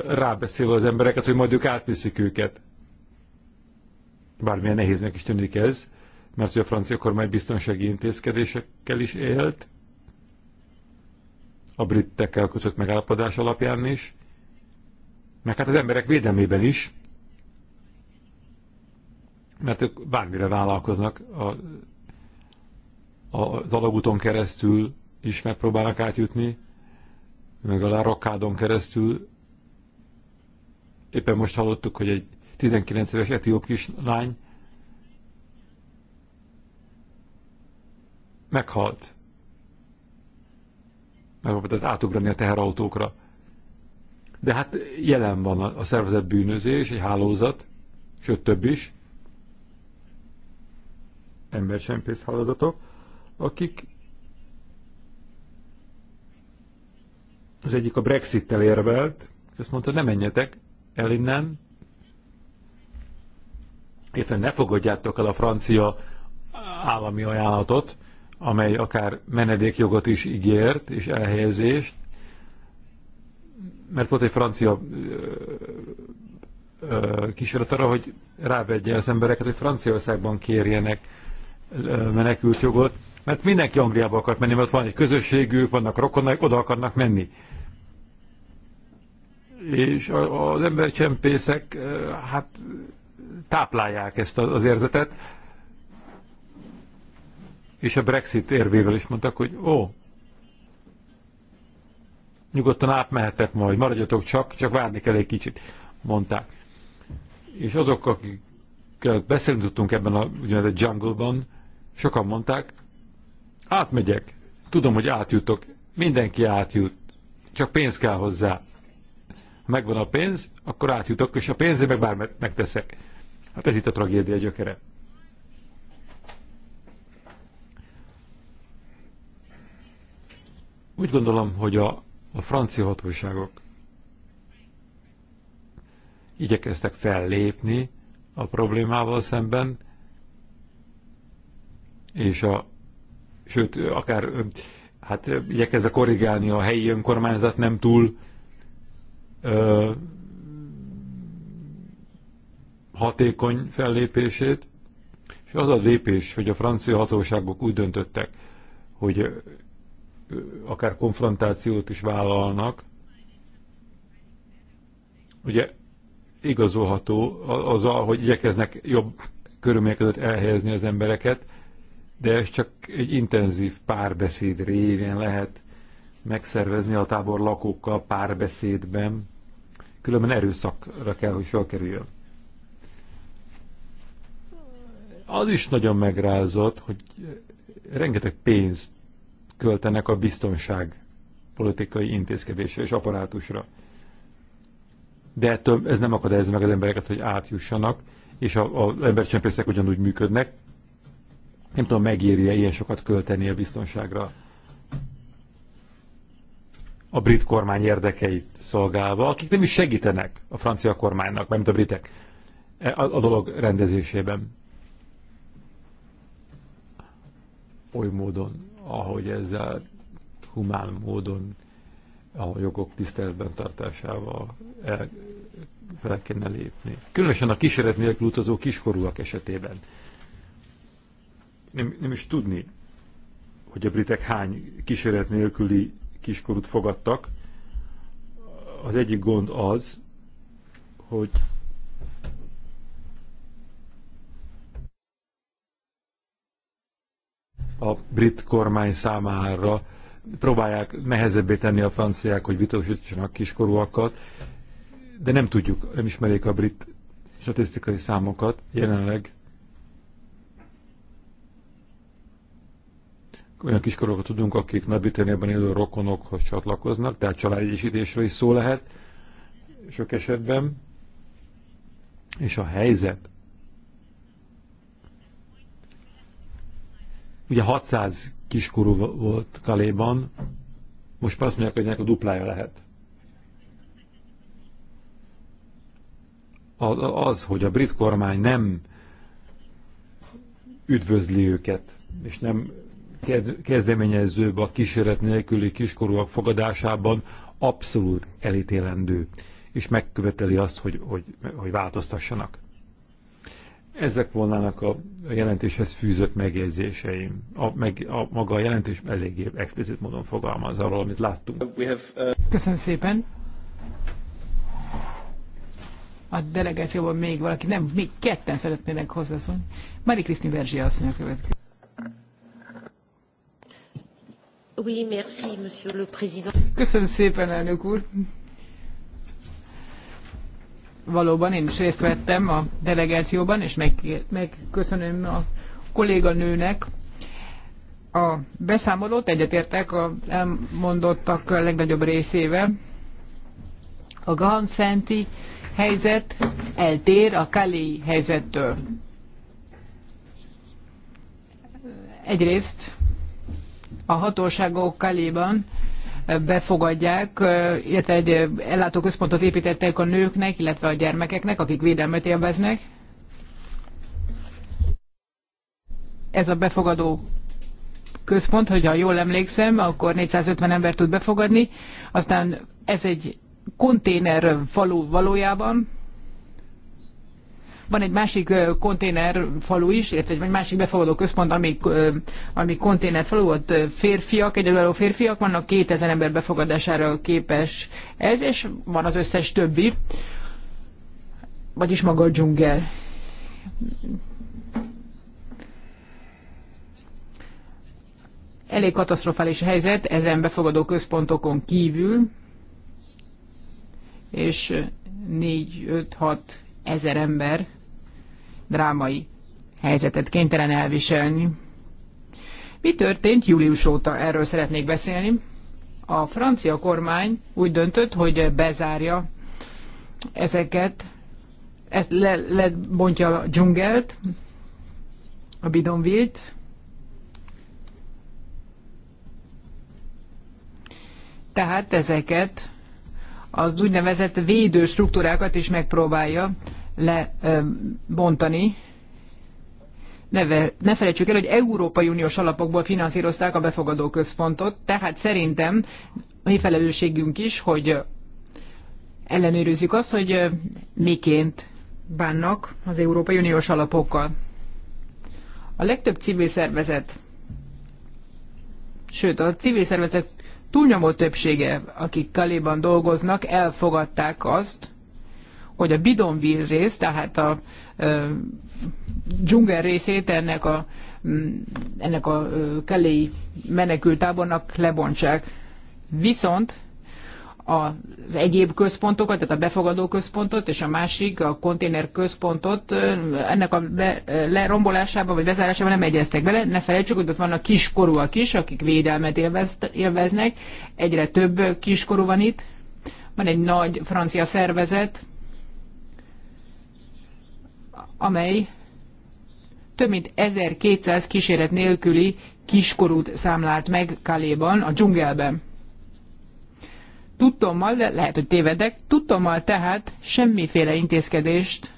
rábeszélve az embereket, hogy majd ők átviszik őket. Bármilyen nehéznek is tűnik ez, mert hogy a francia kormány biztonsági intézkedésekkel is élt, a britekkel kötött megállapodás alapján is, meg hát az emberek védelmében is, mert ők bármire vállalkoznak a, a, az alagúton keresztül is megpróbálnak átjutni, meg a Larokkádon keresztül. Éppen most hallottuk, hogy egy 19 éves etióp kislány meghalt. Megpróbáltad átugrani a teherautókra. De hát jelen van a szervezet bűnözés, egy hálózat, sőt több is, embercsempész hálózatok, akik az egyik a Brexit-tel érvelt, azt mondta, ne menjetek el innen, Éppen ne fogadjátok el a francia állami ajánlatot, amely akár menedékjogot is ígért, és elhelyezést, mert volt egy francia kísérlet arra, hogy rávegye az embereket, hogy Franciaországban kérjenek menekült jogot, mert mindenki Angliába akart menni, mert van egy közösségük, vannak rokonnak, oda akarnak menni. És az embercsempészek hát táplálják ezt az érzetet, és a Brexit érvével is mondtak, hogy ó, nyugodtan átmehetek majd, maradjatok csak, csak várni kell egy kicsit, mondták. És azok, akikkel beszélni tudtunk ebben a úgynevezett jungle-ban, sokan mondták, átmegyek, tudom, hogy átjutok, mindenki átjut, csak pénz kell hozzá. Ha megvan a pénz, akkor átjutok, és a pénzért meg bármit megteszek. Hát ez itt a tragédia gyökere. Úgy gondolom, hogy a, a francia hatóságok igyekeztek fellépni a problémával szemben, és a, sőt, akár hát igyekezve korrigálni a helyi önkormányzat nem túl ö, hatékony fellépését, és az a lépés, hogy a francia hatóságok úgy döntöttek, hogy akár konfrontációt is vállalnak. Ugye igazolható azzal, hogy igyekeznek jobb körülmények között elhelyezni az embereket, de ez csak egy intenzív párbeszéd révén lehet megszervezni a tábor lakókkal párbeszédben, különben erőszakra kell, hogy felkerüljön. Az is nagyon megrázott, hogy rengeteg pénzt költenek a biztonság politikai intézkedésre és apparátusra. De ettől ez nem ez meg az embereket, hogy átjussanak, és az embercsempészek ugyanúgy működnek. Nem tudom, megéri-e ilyen sokat költeni a biztonságra a brit kormány érdekeit szolgálva, akik nem is segítenek a francia kormánynak, mert a britek e, a, a dolog rendezésében. Oly módon ahogy ezzel humán módon a jogok tiszteletben tartásával el, fel kellene lépni. Különösen a kísérlet nélkül utazó kiskorúak esetében. Nem, nem is tudni, hogy a britek hány kísérlet nélküli kiskorút fogadtak. Az egyik gond az, hogy a brit kormány számára próbálják nehezebbé tenni a franciák, hogy vitatosítsanak kiskorúakat, de nem tudjuk, nem ismerik a brit statisztikai számokat jelenleg. Olyan kiskorokat tudunk, akik Nagy-Britanniában élő rokonokhoz csatlakoznak, tehát családegyesítésről is szó lehet sok esetben. És a helyzet Ugye 600 kiskorú volt Kaléban, most már azt mondják, hogy ennek a duplája lehet. Az, hogy a brit kormány nem üdvözli őket, és nem kezdeményezőbb a kísérlet nélküli kiskorúak fogadásában, abszolút elítélendő, és megköveteli azt, hogy, hogy, hogy változtassanak. Ezek volnának a jelentéshez fűzött megjegyzéseim. A, meg, a, maga a jelentés eléggé explicit módon fogalmaz arról, amit láttunk. Uh, Köszönöm szépen. A delegációban még valaki, nem, még ketten szeretnének hozzászólni. Mari Kriszni Berzsi asszony a következő. Oui, merci, monsieur le président. Köszönöm szépen, elnök úr valóban én is részt vettem a delegációban, és megköszönöm meg a kolléganőnek a beszámolót, egyetértek a elmondottak legnagyobb részével. A Gahan-Szenti helyzet eltér a Kali helyzettől. Egyrészt a hatóságok Kaliban befogadják, illetve egy ellátóközpontot építettek a nőknek, illetve a gyermekeknek, akik védelmet élveznek. Ez a befogadó központ, hogyha jól emlékszem, akkor 450 ember tud befogadni, aztán ez egy konténer falu valójában, van egy másik falu is, illetve egy másik befogadó központ, ami, ami falu ott férfiak, egyedülálló férfiak vannak, 2000 ember befogadására képes ez, és van az összes többi, vagyis maga a dzsungel. Elég katasztrofális helyzet ezen befogadó központokon kívül, és 4-5-6 ezer ember drámai helyzetet kénytelen elviselni. Mi történt július óta? Erről szeretnék beszélni. A francia kormány úgy döntött, hogy bezárja ezeket, ezt le, lebontja a dzsungelt, a bidonvilt, tehát ezeket az úgynevezett védő struktúrákat is megpróbálja lebontani. Ne, ne felejtsük el, hogy Európai Uniós alapokból finanszírozták a befogadó központot, tehát szerintem mi felelősségünk is, hogy ellenőrizzük azt, hogy miként bánnak az Európai Uniós alapokkal. A legtöbb civil szervezet, sőt a civil szervezetek túlnyomó többsége, akik Kaléban dolgoznak, elfogadták azt, hogy a bidonbill rész, tehát a dzsungel részét ennek a, mm, ennek a keléi menekültábornak lebontsák. Viszont az egyéb központokat, tehát a befogadó központot és a másik, a konténer központot ennek a be, lerombolásában vagy bezárásában nem egyeztek bele. Ne felejtsük, hogy ott vannak kiskorúak is, akik védelmet élvez, élveznek. Egyre több kiskorú van itt. Van egy nagy francia szervezet, amely több mint 1200 kíséret nélküli kiskorút számlált meg Kaléban, a dzsungelben. Tudtommal, de lehet, hogy tévedek, tudtommal tehát semmiféle intézkedést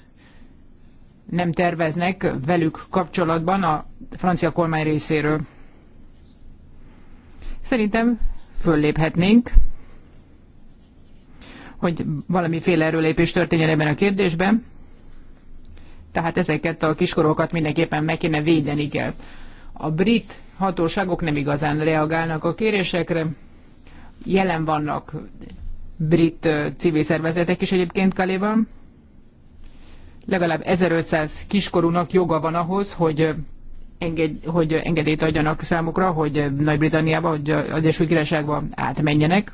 nem terveznek velük kapcsolatban a francia kormány részéről. Szerintem fölléphetnénk, hogy valamiféle erőlépés történjen ebben a kérdésben tehát ezeket a kiskorokat mindenképpen meg kéne védeni kell. A brit hatóságok nem igazán reagálnak a kérésekre, jelen vannak brit civil szervezetek is egyébként Kaléban. Legalább 1500 kiskorúnak joga van ahhoz, hogy, enged, hogy engedélyt adjanak számukra, hogy Nagy-Britanniába, hogy az Egyesült Királyságba átmenjenek.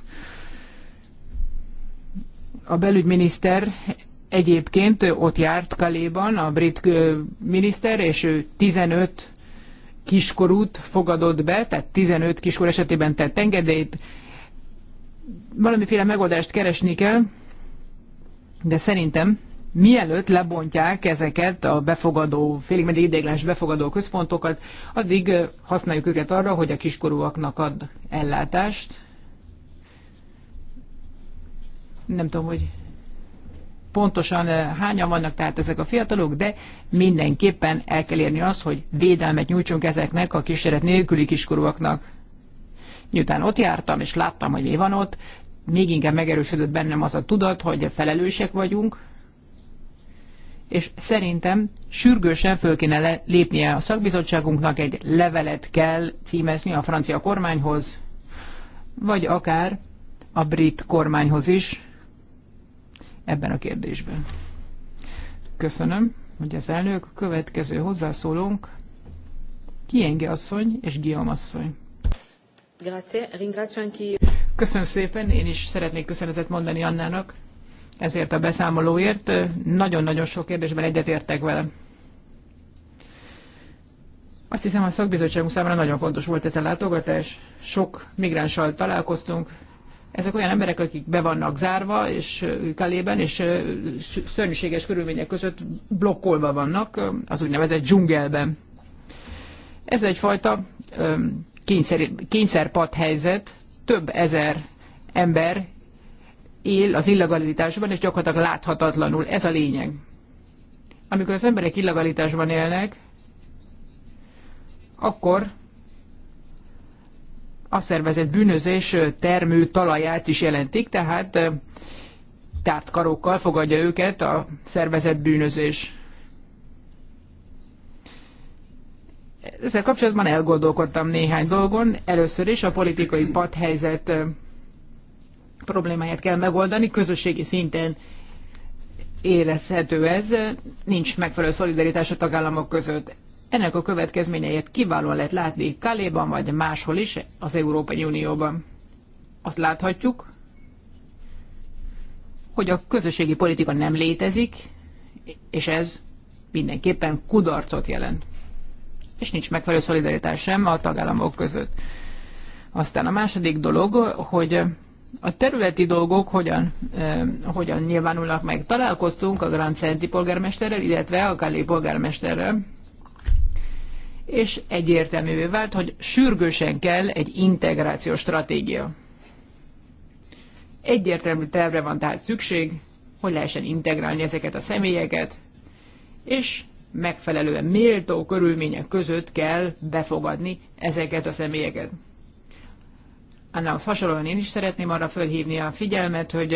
A belügyminiszter egyébként ott járt Kaléban a brit miniszter, és ő 15 kiskorút fogadott be, tehát 15 kiskor esetében tett engedélyt. Valamiféle megoldást keresni kell, de szerintem mielőtt lebontják ezeket a befogadó, félig meddig idéglenes befogadó központokat, addig használjuk őket arra, hogy a kiskorúaknak ad ellátást. Nem tudom, hogy pontosan eh, hányan vannak tehát ezek a fiatalok, de mindenképpen el kell érni azt, hogy védelmet nyújtsunk ezeknek a kísérlet nélküli kiskorúaknak. Miután ott jártam, és láttam, hogy mi van ott, még inkább megerősödött bennem az a tudat, hogy felelősek vagyunk, és szerintem sürgősen föl kéne lépnie a szakbizottságunknak, egy levelet kell címezni a francia kormányhoz, vagy akár a brit kormányhoz is, ebben a kérdésben. Köszönöm, hogy az elnök. A következő hozzászólónk Kienge asszony és Giam asszony. Köszönöm szépen, én is szeretnék köszönetet mondani Annának ezért a beszámolóért. Nagyon-nagyon sok kérdésben egyetértek vele. Azt hiszem, a szakbizottságunk számára nagyon fontos volt ez a látogatás. Sok migránssal találkoztunk, ezek olyan emberek, akik be vannak zárva, és kalében, és szörnyűséges körülmények között blokkolva vannak az úgynevezett dzsungelben. Ez egyfajta kényszer, kényszerpad helyzet, több ezer ember él az illegalitásban, és gyakorlatilag láthatatlanul. Ez a lényeg. Amikor az emberek illegalitásban élnek, akkor a szervezet bűnözés termő talaját is jelentik, tehát tárt karókkal fogadja őket a szervezet bűnözés. Ezzel kapcsolatban elgondolkodtam néhány dolgon. Először is a politikai padhelyzet problémáját kell megoldani, közösségi szinten érezhető ez, nincs megfelelő szolidaritás a tagállamok között. Ennek a következményeit kiválóan lehet látni Kaléban vagy máshol is az Európai Unióban. Azt láthatjuk, hogy a közösségi politika nem létezik, és ez mindenképpen kudarcot jelent. És nincs megfelelő szolidaritás sem a tagállamok között. Aztán a második dolog, hogy a területi dolgok hogyan, eh, hogyan nyilvánulnak meg. Találkoztunk a Grand Centi polgármesterrel, illetve a Kali polgármesterrel, és egyértelművé vált, hogy sürgősen kell egy integrációs stratégia. Egyértelmű tervre van tehát szükség, hogy lehessen integrálni ezeket a személyeket, és megfelelően méltó körülmények között kell befogadni ezeket a személyeket. Annál hasonlóan én is szeretném arra fölhívni a figyelmet, hogy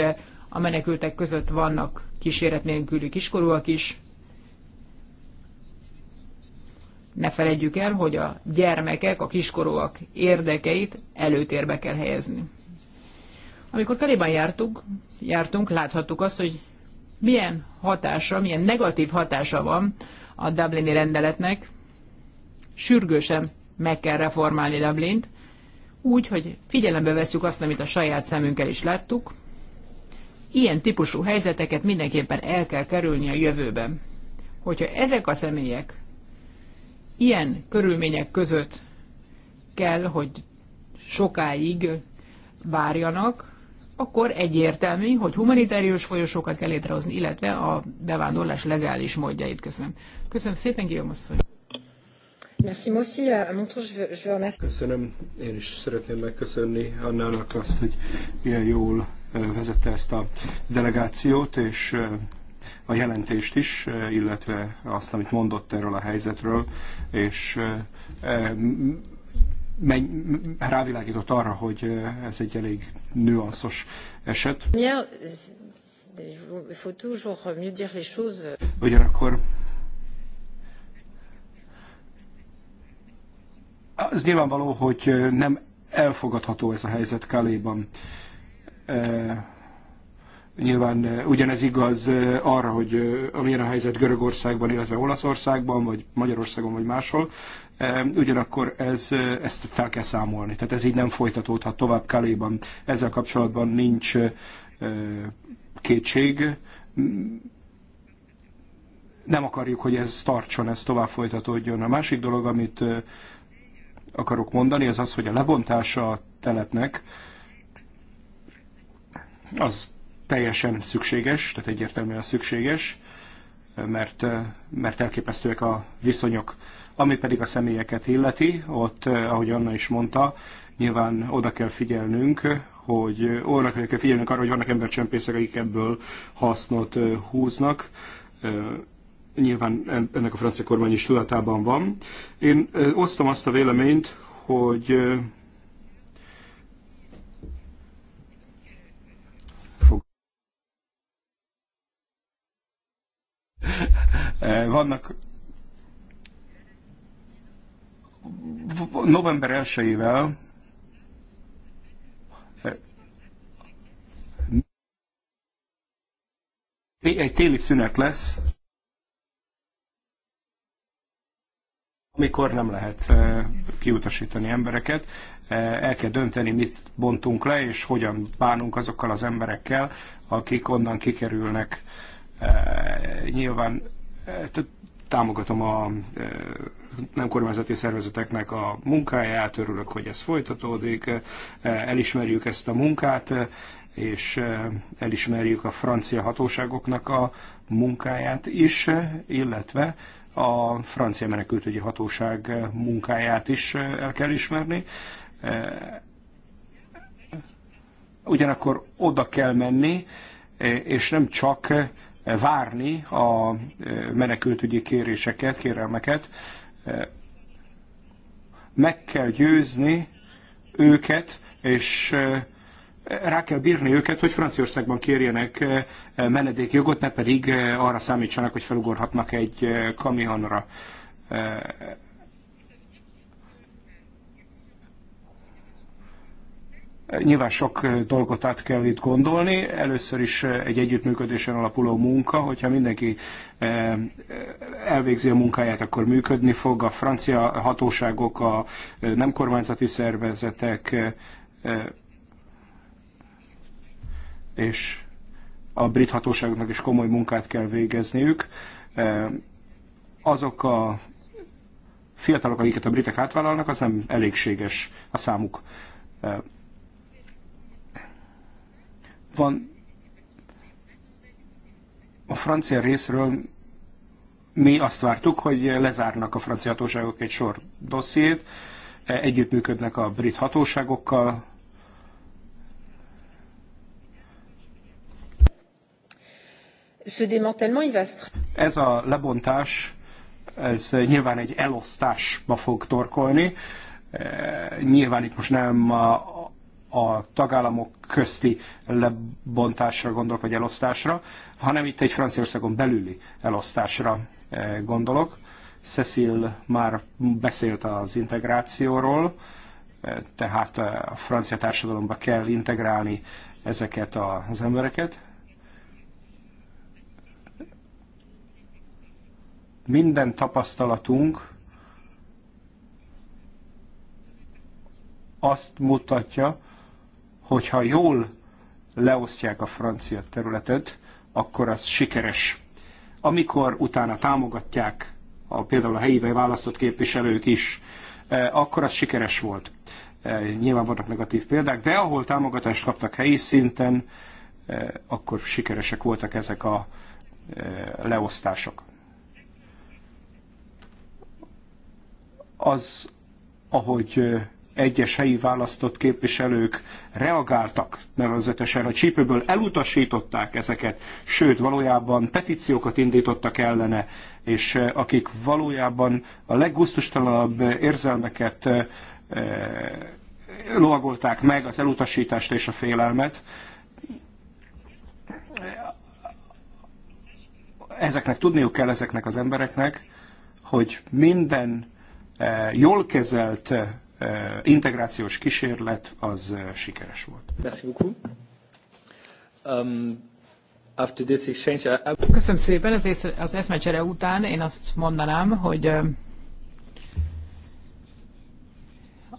a menekültek között vannak kíséret nélküli kiskorúak is, ne feledjük el, hogy a gyermekek, a kiskorúak érdekeit előtérbe kell helyezni. Amikor Karében jártunk, jártunk, láthattuk azt, hogy milyen hatása, milyen negatív hatása van a Dublini rendeletnek. Sürgősen meg kell reformálni Dublint, úgy, hogy figyelembe veszük azt, amit a saját szemünkkel is láttuk. Ilyen típusú helyzeteket mindenképpen el kell kerülni a jövőben. Hogyha ezek a személyek Ilyen körülmények között kell, hogy sokáig várjanak, akkor egyértelmű, hogy humanitárius folyosókat kell létrehozni, illetve a bevándorlás legális módjait. Köszönöm. Köszönöm szépen, Guillaume asszony. Köszönöm. Én is szeretném megköszönni Annának azt, hogy ilyen jól eh, vezette ezt a delegációt, és eh, a jelentést is, illetve azt, amit mondott erről a helyzetről, és rávilágított arra, hogy ez egy elég nüanszos eset. Ugyanakkor az nyilvánvaló, hogy nem elfogadható ez a helyzet Kaléban. Nyilván ugyanez igaz arra, hogy milyen a helyzet Görögországban, illetve Olaszországban, vagy Magyarországon, vagy máshol. Ugyanakkor ez, ezt fel kell számolni. Tehát ez így nem folytatódhat tovább Kaléban. Ezzel kapcsolatban nincs kétség. Nem akarjuk, hogy ez tartson, ez tovább folytatódjon. A másik dolog, amit akarok mondani, az az, hogy a lebontása a telepnek az teljesen szükséges, tehát egyértelműen szükséges, mert, mert elképesztőek a viszonyok. Ami pedig a személyeket illeti, ott, ahogy Anna is mondta, nyilván oda kell figyelnünk, hogy oda kell figyelnünk arra, hogy vannak embercsempészek, akik ebből hasznot húznak. Nyilván ennek a francia kormány is tudatában van. Én osztom azt a véleményt, hogy Eh, vannak november 1 eh, egy téli szünet lesz, amikor nem lehet eh, kiutasítani embereket. El kell dönteni, mit bontunk le, és hogyan bánunk azokkal az emberekkel, akik onnan kikerülnek Nyilván támogatom a nem kormányzati szervezeteknek a munkáját, örülök, hogy ez folytatódik, elismerjük ezt a munkát, és elismerjük a francia hatóságoknak a munkáját is, illetve a francia menekültügyi hatóság munkáját is el kell ismerni. Ugyanakkor oda kell menni, és nem csak várni a menekültügyi kéréseket, kérelmeket. Meg kell győzni őket, és rá kell bírni őket, hogy Franciaországban kérjenek menedékjogot, ne pedig arra számítsanak, hogy felugorhatnak egy kamionra. Nyilván sok dolgot át kell itt gondolni. Először is egy együttműködésen alapuló munka, hogyha mindenki elvégzi a munkáját, akkor működni fog. A francia hatóságok, a nem kormányzati szervezetek és a brit hatóságoknak is komoly munkát kell végezniük. Azok a fiatalok, akiket a britek átvállalnak, az nem elégséges a számuk van a francia részről mi azt vártuk, hogy lezárnak a francia hatóságok egy sor dossziét, együttműködnek a brit hatóságokkal. Ez a lebontás, ez nyilván egy elosztásba fog torkolni. Eh, nyilván itt most nem a tagállamok közti lebontásra gondolok, vagy elosztásra, hanem itt egy Franciaországon belüli elosztásra eh, gondolok. Cecil már beszélt az integrációról, eh, tehát eh, a francia társadalomba kell integrálni ezeket az embereket. Minden tapasztalatunk azt mutatja, hogyha jól leosztják a francia területet, akkor az sikeres. Amikor utána támogatják a, például a helyi választott képviselők is, eh, akkor az sikeres volt. Eh, nyilván vannak negatív példák, de ahol támogatást kaptak helyi szinten, eh, akkor sikeresek voltak ezek a leosztások. Az, ahogy egyes helyi választott képviselők reagáltak nevezetesen a csípőből, elutasították ezeket, sőt valójában petíciókat indítottak ellene, és eh, akik valójában a leggusztustalanabb érzelmeket eh, lovagolták meg, az elutasítást és a félelmet, ezeknek tudniuk kell ezeknek az embereknek, hogy minden eh, jól kezelt Eh, integrációs kísérlet az eh, sikeres volt. Um, exchange, Köszönöm szépen, az, ész, az eszmecsere után én azt mondanám, hogy eh,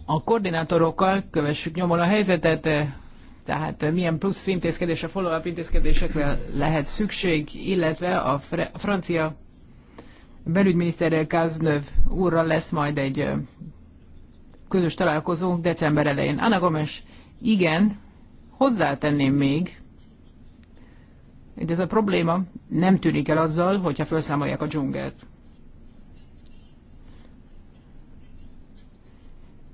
a koordinátorokkal kövessük nyomon a helyzetet, tehát milyen plusz intézkedésre, follow-up intézkedésekre lehet szükség, illetve a, francia belügyminiszterrel Kaznöv úrral lesz majd egy közös találkozónk december elején. Anna Gomes, igen, hozzátenném még, hogy ez a probléma nem tűnik el azzal, hogyha felszámolják a dzsungelt.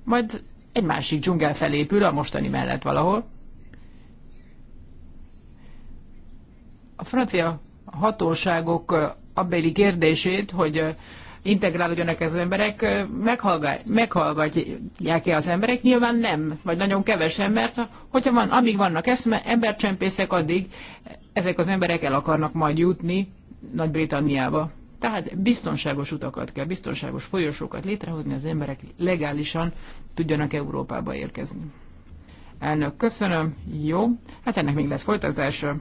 Majd egy másik dzsungel felépül a mostani mellett valahol. A francia hatóságok abbéli kérdését, hogy integrálódjanak az emberek, meghallgatják-e az emberek? Nyilván nem, vagy nagyon kevesen, mert hogyha van, amíg vannak eszme, embercsempészek, addig ezek az emberek el akarnak majd jutni Nagy-Britanniába. Tehát biztonságos utakat kell, biztonságos folyosókat létrehozni, az emberek legálisan tudjanak Európába érkezni. Elnök, köszönöm. Jó, hát ennek még lesz folytatása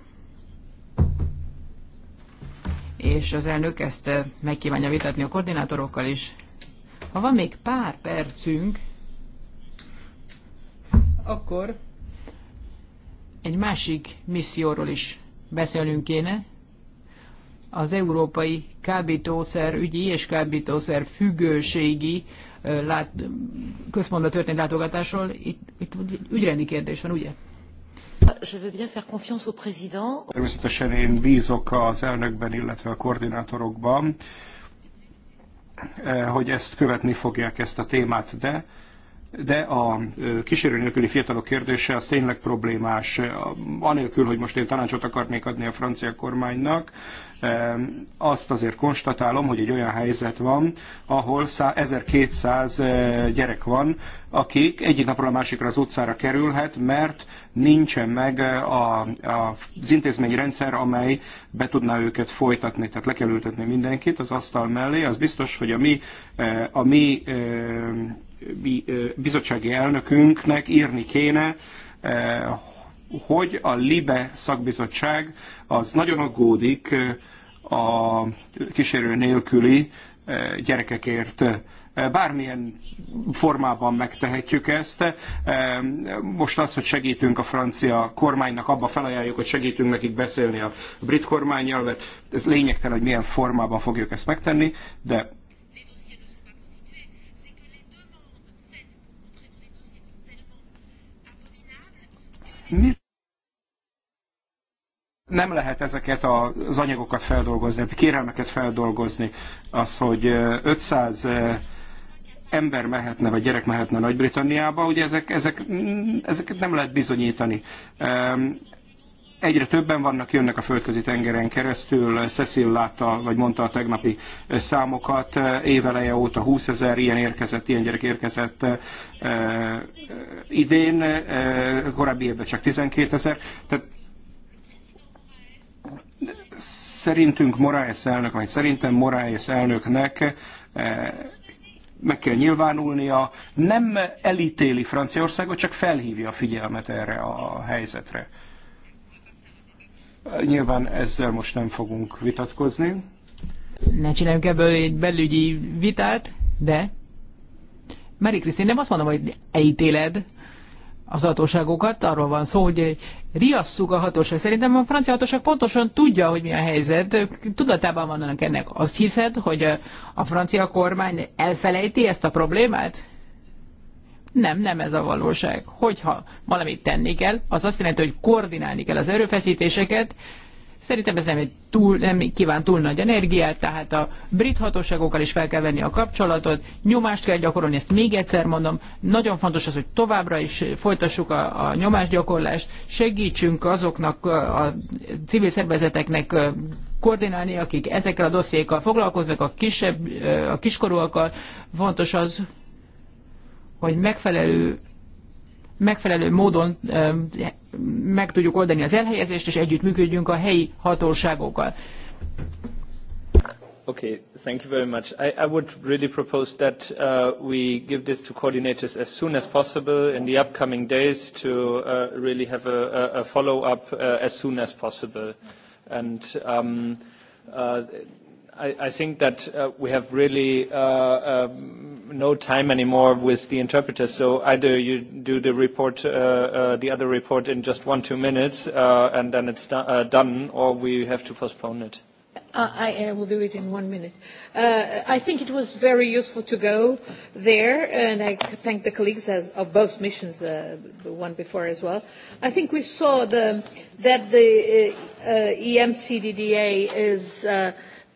és az elnök ezt eh, megkívánja vitatni a koordinátorokkal is. Ha van még pár percünk, akkor egy másik misszióról is beszélünk kéne, az európai kábítószer ügyi és kábítószer függőségi eh, lát, központba történt látogatásról. Itt, itt ügyrendi kérdés van, ugye? Természetesen én bízok az elnökben, illetve a koordinátorokban, eh, hogy ezt követni fogják ezt a témát, de de a eh, kísérő nélküli fiatalok kérdése az tényleg problémás, eh, anélkül, hogy most én tanácsot akarnék adni a francia kormánynak, Ehm, azt azért konstatálom, hogy egy olyan helyzet van, ahol 1200 eh, gyerek van, akik egyik napról a másikra az utcára kerülhet, mert nincsen meg a, eh, a, az intézményi rendszer, amely be tudná őket folytatni, tehát le kell ültetni mindenkit az asztal mellé. Az biztos, hogy a mi, eh, a mi bizottsági elnökünknek írni kéne, hogy a LIBE szakbizottság az nagyon aggódik a kísérő nélküli gyerekekért bármilyen formában megtehetjük ezt. Most az, hogy segítünk a francia kormánynak, abba felajánljuk, hogy segítünk nekik beszélni a brit kormányjal, mert ez lényegtelen, hogy milyen formában fogjuk ezt megtenni, de mi? nem lehet ezeket az anyagokat feldolgozni, a kérelmeket feldolgozni. Az, hogy 500 ember mehetne, vagy gyerek mehetne Nagy-Britanniába, ugye ezek, ezek, mm, ezeket nem lehet bizonyítani. Egyre többen vannak, jönnek a földközi tengeren keresztül. Cecil látta, vagy mondta a tegnapi számokat. Éveleje óta 20 ezer ilyen érkezett, ilyen gyerek érkezett idén. Korábbi évben csak 12 ezer. Tehát Szerintünk Moraes elnök, vagy szerintem Moraes elnöknek eh, meg kell nyilvánulnia, nem elítéli Franciaországot, csak felhívja a figyelmet erre a helyzetre. Eh, nyilván ezzel most nem fogunk vitatkozni. Ne csináljunk ebből egy belügyi vitát, de Marie Christine, nem azt mondom, hogy elítéled az hatóságokat. Arról van szó, hogy riasszuk a hatóság. Szerintem a francia hatóság pontosan tudja, hogy mi a helyzet. Ők tudatában vannak ennek. Azt hiszed, hogy a francia kormány elfelejti ezt a problémát? Nem, nem ez a valóság. Hogyha valamit tenni kell, az azt jelenti, hogy koordinálni kell az erőfeszítéseket, Szerintem ez nem, egy túl, nem kíván túl nagy energiát, tehát a brit hatóságokkal is fel kell venni a kapcsolatot, nyomást kell gyakorolni, ezt még egyszer mondom. Nagyon fontos az, hogy továbbra is folytassuk a, a nyomásgyakorlást, segítsünk azoknak a civil szervezeteknek koordinálni, akik ezekkel a dossziékkal foglalkoznak, a, kisebb, a kiskorúakkal. Fontos az, hogy megfelelő megfelelő módon meg tudjuk oldani az elhelyezést, és együtt működjünk a helyi hatóságokkal. Okay, thank you very much. I, I would really propose that uh, we give this to coordinators as soon as possible in the upcoming days to uh, really have a, a follow-up uh, as soon as possible. And um, uh, I, think that uh, we have really uh, um, no time anymore with the interpreters. So either you do the report, uh, uh, the other report, in just one two minutes, uh, and then it's do uh, done, or we have to postpone it. Uh, I, I will do it in one minute. Uh, I think it was very useful to go there, and I thank the colleagues as, of both missions, the, the one before as well. I think we saw the, that the uh, uh, e EMCDDA is. Uh,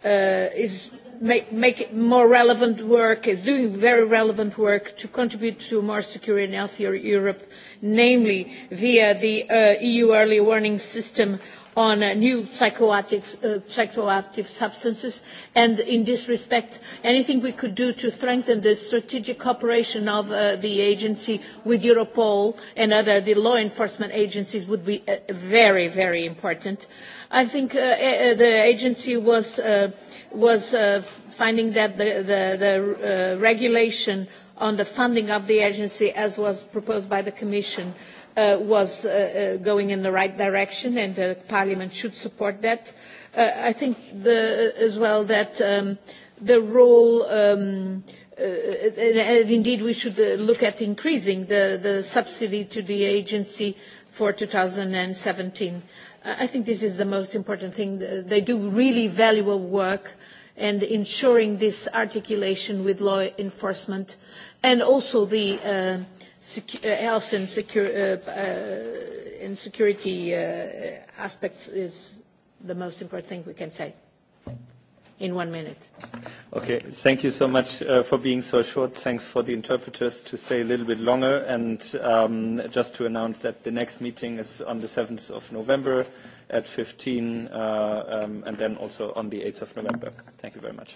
Uh, is make, make more relevant work, is doing very relevant work to contribute to a more secure and healthier Europe, namely via the uh, EU early warning system on uh, new psychoactive, uh, psychoactive substances. And in this respect, anything we could do to strengthen the strategic cooperation of uh, the agency with Europol and other the law enforcement agencies would be uh, very, very important. I think uh, uh the agency was, uh, was uh, finding that the, the, the uh, regulation on the funding of the agency, as was proposed by the Commission, uh, uh, was uh, uh, going in the right direction, and uh, Parliament should support that. Uh, I think the, as well that um, the role, um, uh, uh and indeed we should uh, look at increasing the, the subsidy to the agency for 2017. I think this is the most important thing. They do really valuable work and ensuring this articulation with law enforcement and also the uh, Uh, health and, uh, uh, and security uh, aspects is the most important thing we can say in one minute. Okay, thank you so much uh, for being so short. Thanks for the interpreters to stay a little bit longer. And um, just to announce that the next meeting is on the 7th of November at 15, uh, um, and then also on the 8th of November. Thank you very much.